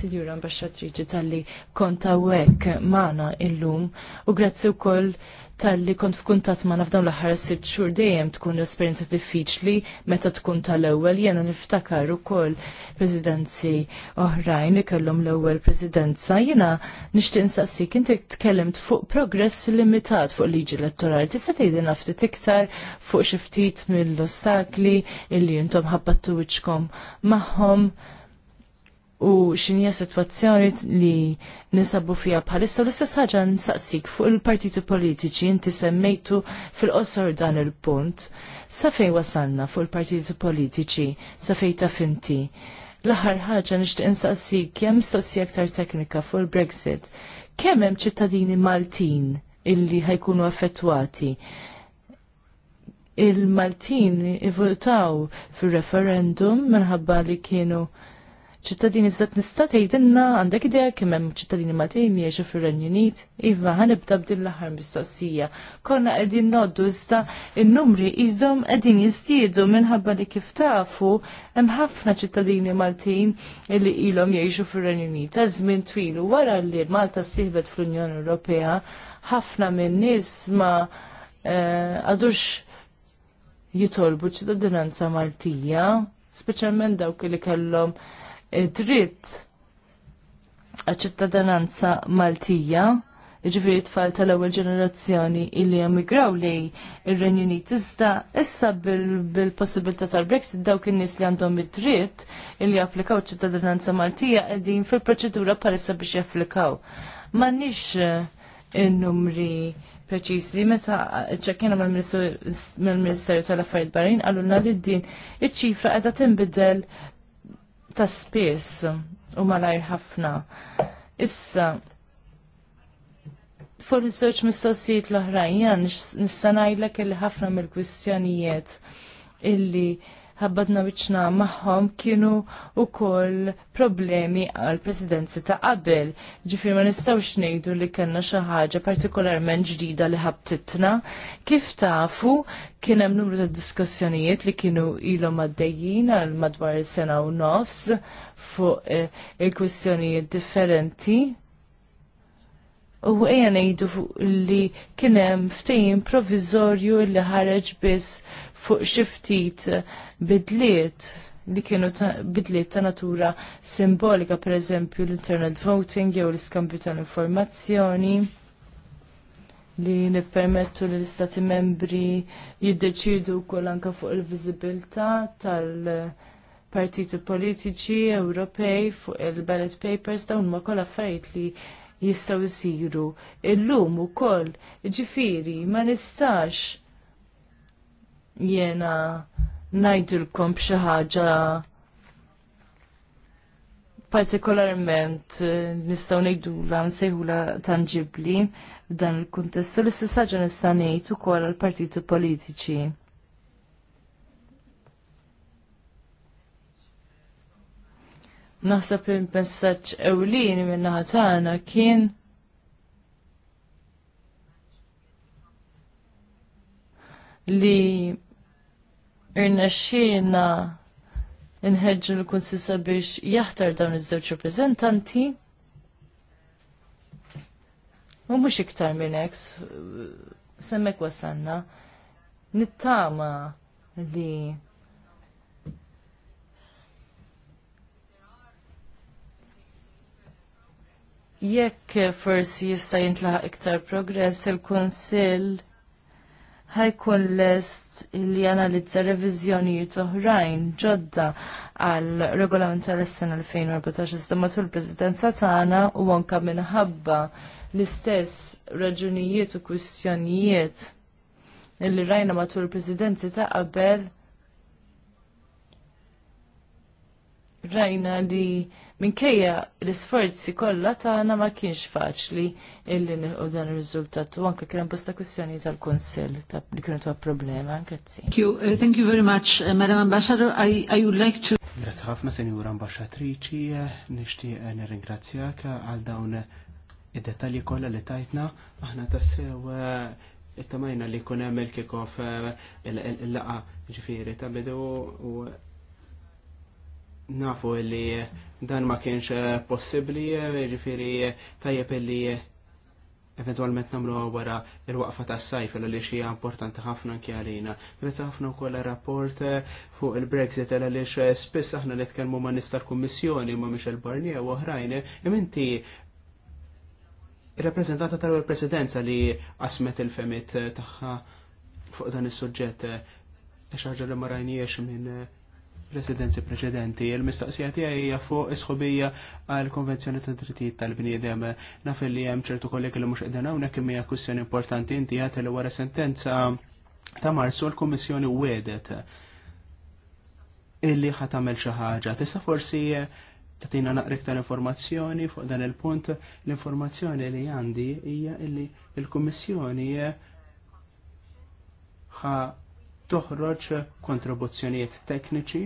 Signor Ambasciatrice, talli konta wek maħna illum, u grazie u koll tal-li kont f'kuntat ma' nafdawn l-ħar sitt xhur dejjem tkun l-esperjenza diffiċli meta tkun tal-ewwel jena niftakar ukoll presidenzi oħrajn li kellhom l-ewwel presidenza jiena nixtieq insaqsik inti tkellimt fuq progress limitat fuq liġi elettorali. Tista' tgħidilna ftit iktar fuq xi ftit mill-ostakli illi intom ħabbattu wiċċkom magħhom u xinja situazzjoni li nisabu fija bħalissa u l-istess ħaġa nsaqsik fuq il-partiti politiċi inti semmejtu fil-qosor dan il-punt. Sa fej wasanna fuq il-partiti politiċi, sa fej ta' finti. L-aħħar ħaġa nixtieq insaqsik kemm sossi aktar teknika fuq il-Brexit. Kemm hemm ċittadini Maltin illi ħajkunu affettwati? Il-Maltin ivvotaw fil-referendum minħabba li kienu ċittadini zdat nista' tgħidilna għandek idea kemm hemm ċittadini Maltin jgħixu fir-Renju Unit. Iva, ħanibda bdin l-aħħar mistoqsija. Konna qegħdin noddu iżda il numri iżdhom qegħdin jistiedu minħabba li kif tafu hemm ħafna ċittadini Maltin li ilhom jgħixu fir-Renju Unit. Ta' żmien wara li Malta sieħbet fl-Unjoni Ewropea ħafna minn nies ma eh, għadux jitolbu ċittadinanza Maltija, speċjalment dawk li kellhom dritt ċittadinanza Maltija, ġifiri tfal tal-ewwel ġenerazzjoni illi emigraw li ir-Renju Unit. Iżda issa bil-possibilità tal-Brexit dawk in-nies li għandhom id-dritt illi applikaw ċittadinanza Maltija qegħdin fil-proċedura bħalissa biex japplikaw. M'għandniex eh, in-numri preċis li meta eh, ċekkina mal-Ministeru tal-Affarijiet Barrin għallunna li din iċ-ċifra qiegħda tinbidel ta' spiss u malajr ħafna. Issa, fuq research mistoqsijiet l-oħrajn, nista' ngħidlek li ħafna mill-kwistjonijiet illi ħabbadna wiċna magħhom kienu wkoll problemi għal presidenzi ta' qabel. Ġifir ma nistgħux ngħidu li kellna xi ħaġa partikolarment ġdida li ħabtitna. Kif tafu kien hemm numru ta' diskussjonijiet li kienu ilhom għaddejjin għal madwar sena u nofs fuq eh, il-kwistjonijiet differenti. U għajja nejdu li kienem ftejn provizorju li ħareġ biss fuq xiftit bidliet li kienu bidliet ta' natura simbolika, per eżempju l-internet voting jew l-iskambju tal-informazzjoni li nippermettu li l-istati membri jiddeċidu wkoll anke fuq il-viżibilità tal-partiti politiċi Ewropej fuq il-ballot papers dawn ma kol affarijiet li jistaw jisiru. Illum u jiġifieri ġifiri, ma nistax jena ngħidilkom b'xi ħaġa partikolarment eh, nistgħu ngħidula nsejħula tangibbli f'dan il-kuntest l-istess ħaġa nista' ngħid ukoll għall-partiti politiċi. Naħseb il-messaġġ ewlieni min-naħa tagħna kien li irnexxiena nħeġġu l-kunsisa biex jaħtar dawn iż-żewġ rappreżentanti. U mhux iktar minn hekk semmek wasanna nittama li jekk forsi jista' jintlaħaq iktar progress il-Kunsill ħajkun lest li analizza reviżjonijiet oħrajn ġodda għal regolament tal-sena 2014 iżda matul prezidenza tagħna u anke minħabba l-istess raġunijiet u kwistjonijiet li rajna matul prezidenzi ta' qabel rajna li minkejja l-isforzi kollha tagħna ma kienx faċli illi nilqu dan ir-riżultat u anke kien bosta kwistjoni tal-Kunsill li kienu ta' problema. Grazzi. Thank you, uh, thank you very much, uh, Madam Ambassador. I, I would like to Grazzi ħafna Senjura Ambasċatriċi, nixtieq nirringrazzjak għal dawn id dettalji kollha li tajtna, aħna tassew uh, it-tamajna li kun hemm il-kikof uh, il-laqa ġifieri ta' bidu u nafu li dan ma kienx eh, possibli, ġifiri tajjeb li eventualment namlu għawara il-waqfa ta' sajf l li xija importanti ħafna kjarina. Meta ħafna u kolla rapport eh, fuq il-Brexit l li eh, spiss aħna li tkellmu ma' nista' l-Kummissjoni ma' Michel Barnier u oħrajn, iminti rappresentata tal-presidenza li asmet il-femit tagħha fuq dan is-suġġett xaġa li marajniex minn Residenzi preċedenti. Il-mistoqsija tiegħi hija fuq isħubija għal konvenzjoni ta' drittijiet tal-bniedem. Naf li hemm ċertu kollegi li mhux qegħdin hawnhekk imma hija kwistjoni importanti inti li wara sentenza ta' Marsu l-Kummissjoni wedet illi ħat tagħmel xi ħaġa. Tista' forsi tagħtina naqrik tal-informazzjoni fuq dan il-punt l-informazzjoni li għandi hija illi il-Kummissjoni ħa toħroġ kontribuzzjonijiet tekniċi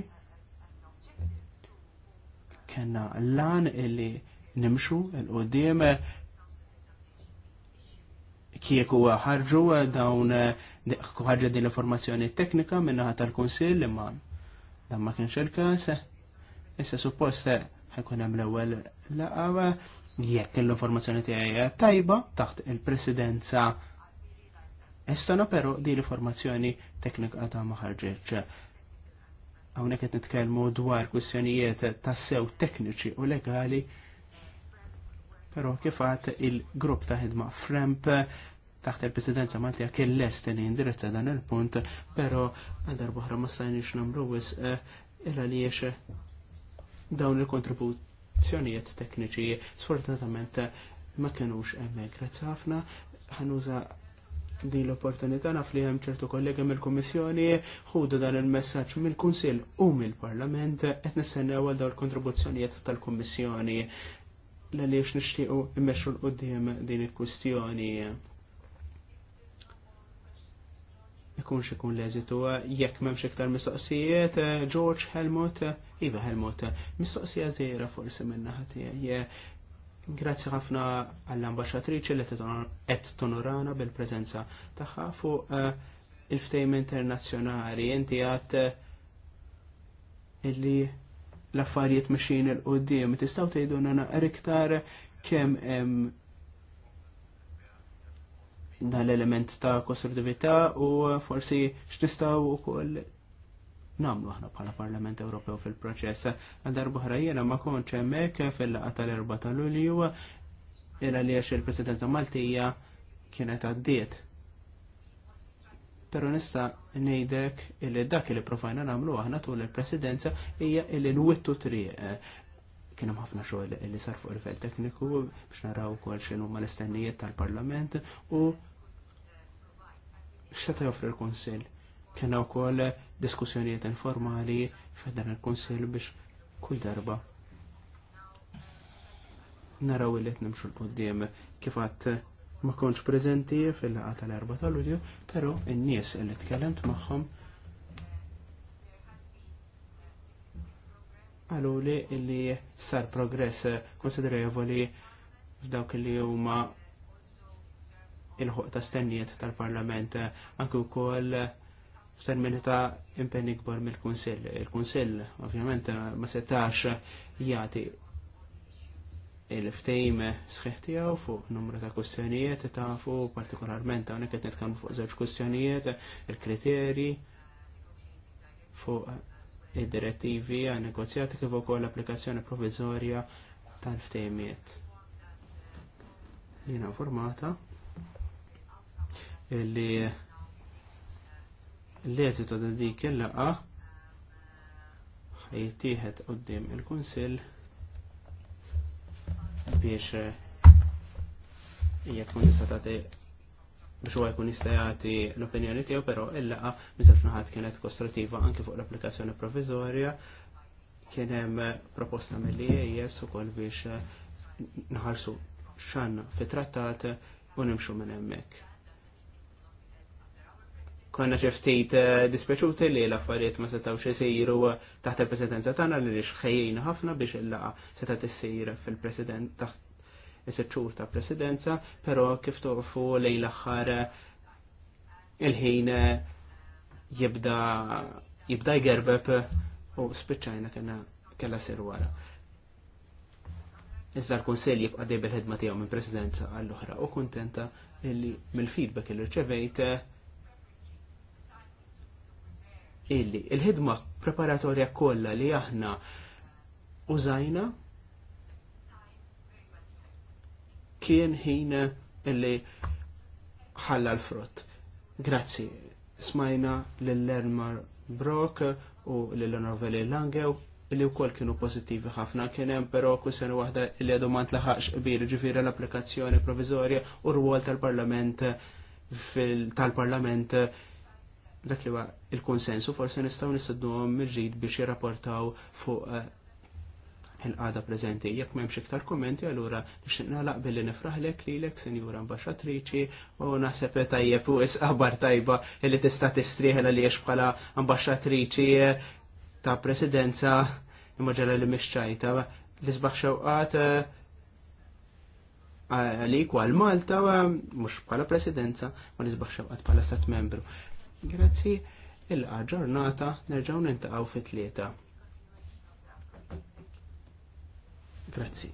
kena l-lan illi nimxu l-qoddim kieku ħarġu dawn ħarġa din l-informazzjoni teknika minna tal-Kunsill imma dan ma kienx il-każ. Issa suppost ħajkun hemm l-ewwel laqgħa jekk l-informazzjoni tiegħi tajba taħt il-presidenza Estona però di l-informazzjoni teknika ta' ma ħarġitx. Hawnhekk qed nitkellmu dwar kwistjonijiet tassew tekniċi u legali, però kifat il-grupp ta' ħidma Fremp taħt il-presidenza Maltija kien l-estini indirizza dan il-punt, pero għandar boħra ma stajniex namru wis eh, il għaliex eh, dawn il-kontribuzzjonijiet tekniċi sfortunatament ma kienux hemmhekk. Grazzi ħafna ħanuża din l-opportunità naf li hemm ċertu kollegi mill-Kummissjoni ħudu dan il-messaġġ mill-Kunsill u mill-Parlament qed nistennew għal dawn il-kontribuzzjonijiet tal-Kummissjoni l-għaliex nixtiequ immexxu l qudiem din il-kwistjoni. Ikun xikun l jekk m'hemmx iktar mistoqsijiet, George Helmut, Iva Helmut, mistoqsija żgħira forsi minna tiegħi. Grazzi ħafna għall-ambasċatriċi li qed tonorana bil-preżenza tagħha fuq eh, il-ftejm internazzjonali. Inti għat eh, illi l-affarijiet mexin il-qoddim. Tistaw tgħiduna naqra iktar kemm hemm dan l-element ta' kostruttività u forsi x'tistgħu wkoll namlu aħna bħala Parlament Ewropew fil-proċess. Darbuħra jiena ma konċ hemmhekk fil-laqgħa tal-4 ta' Lulju era li għax il-Presidenza Maltija kienet għaddiet. Pero nista ngħidek illi dak li profajna nagħmlu aħna tul il-Presidenza hija li nwittu triq kien hemm ħafna xogħol li sar fuq il-livell tekniku biex naraw ukoll x'inhu ma l-istennijiet tal-Parlament u x'seta joffri l-Kunsill. Kien ukoll diskussjonijiet informali f'dan il konsil biex kull darba naraw li qed nimxu l-qudiem kif għadd ma konċ preżenti fil laqgħa tal erba ta' Lulju, però n-nies li tkellimt magħhom għalu li li sar progress konsiderevoli f'dawk li huma il-ħuq ta' stennijiet tal-Parlament anke wkoll f'termini ta' impenni kbar mill-Kunsill. Il-Kunsill ovvjament ma setax jagħti il-ftejm sħiħ fuq numru ta' kustjonijiet ta' fuq partikolarment hawnhekk qed nitkellmu fuq żewġ kustjonijiet, il-kriterji fuq id-direttivi għan negozjati kif ukoll l-applikazzjoni provizorja tal-ftejmiet. Jiena formata illi l-eżito ta' dik il-laqa ħajtiħet qoddim il-Kunsill biex jekk kun jista' biex u jkun jista' jagħti l-opinjoni tiegħu, però il-laqa miżel naħat kienet kostruttiva anki fuq l-applikazzjoni provviżorja kien hemm proposta mill-IES ukoll biex naħarsu xanna fit-trattat u nimxu minn hemmhekk konna ċeftit eh, dispeċuti li l-affarijiet ma setaw isiru eh, taħt il-presidenza tagħna li xħejjin ħafna biex il-laqa seta tissir fil-president taħt is seċur ta' presidenza, però kif toqfu lejn l-aħħar eh, il-ħin jibda jibda jgerbeb u spiċċajna kena kella sir wara. Iżda l konsil jibqa' dejjem ħedma tiegħu minn Presidenza għall-oħra u kuntenta illi mill-feedback li rċevejt illi il-ħidma preparatorja kollha li aħna użajna kien ħin illi ħalla l-frott. Grazzi. Smajna l-Lermar Brock u l-Norveli Langew li u koll kienu pozittivi ħafna kienem, pero kusen wahda li għadu mant laħax kbir ġifira l-applikazzjoni provizorja u r-wol tal-parlament tal-parlament dak li il-konsensu forse nistaw nistaddu għom mirġid biex jirrapportaw fuq eh, il għada prezenti. Jekk memx iktar kommenti, allura nixtieq naqbel billi nifraħlek lilek, Sinjura Ambaxxatriċi, u naħseb tajjeb u isqabar tajba li tista' tistrieħel għaliex bħala ambaxxatriċi eh, ta' presidenza imma ġara li mixċajta. L-isbaħ xewqat eh, għalik u għal Malta, mux bħala presidenza, ma nisbaħ xewqat bħala stat membru. Grazzi, il-qa ġurnata nerġaw nintaqaw fit-tlieta. Grazzi.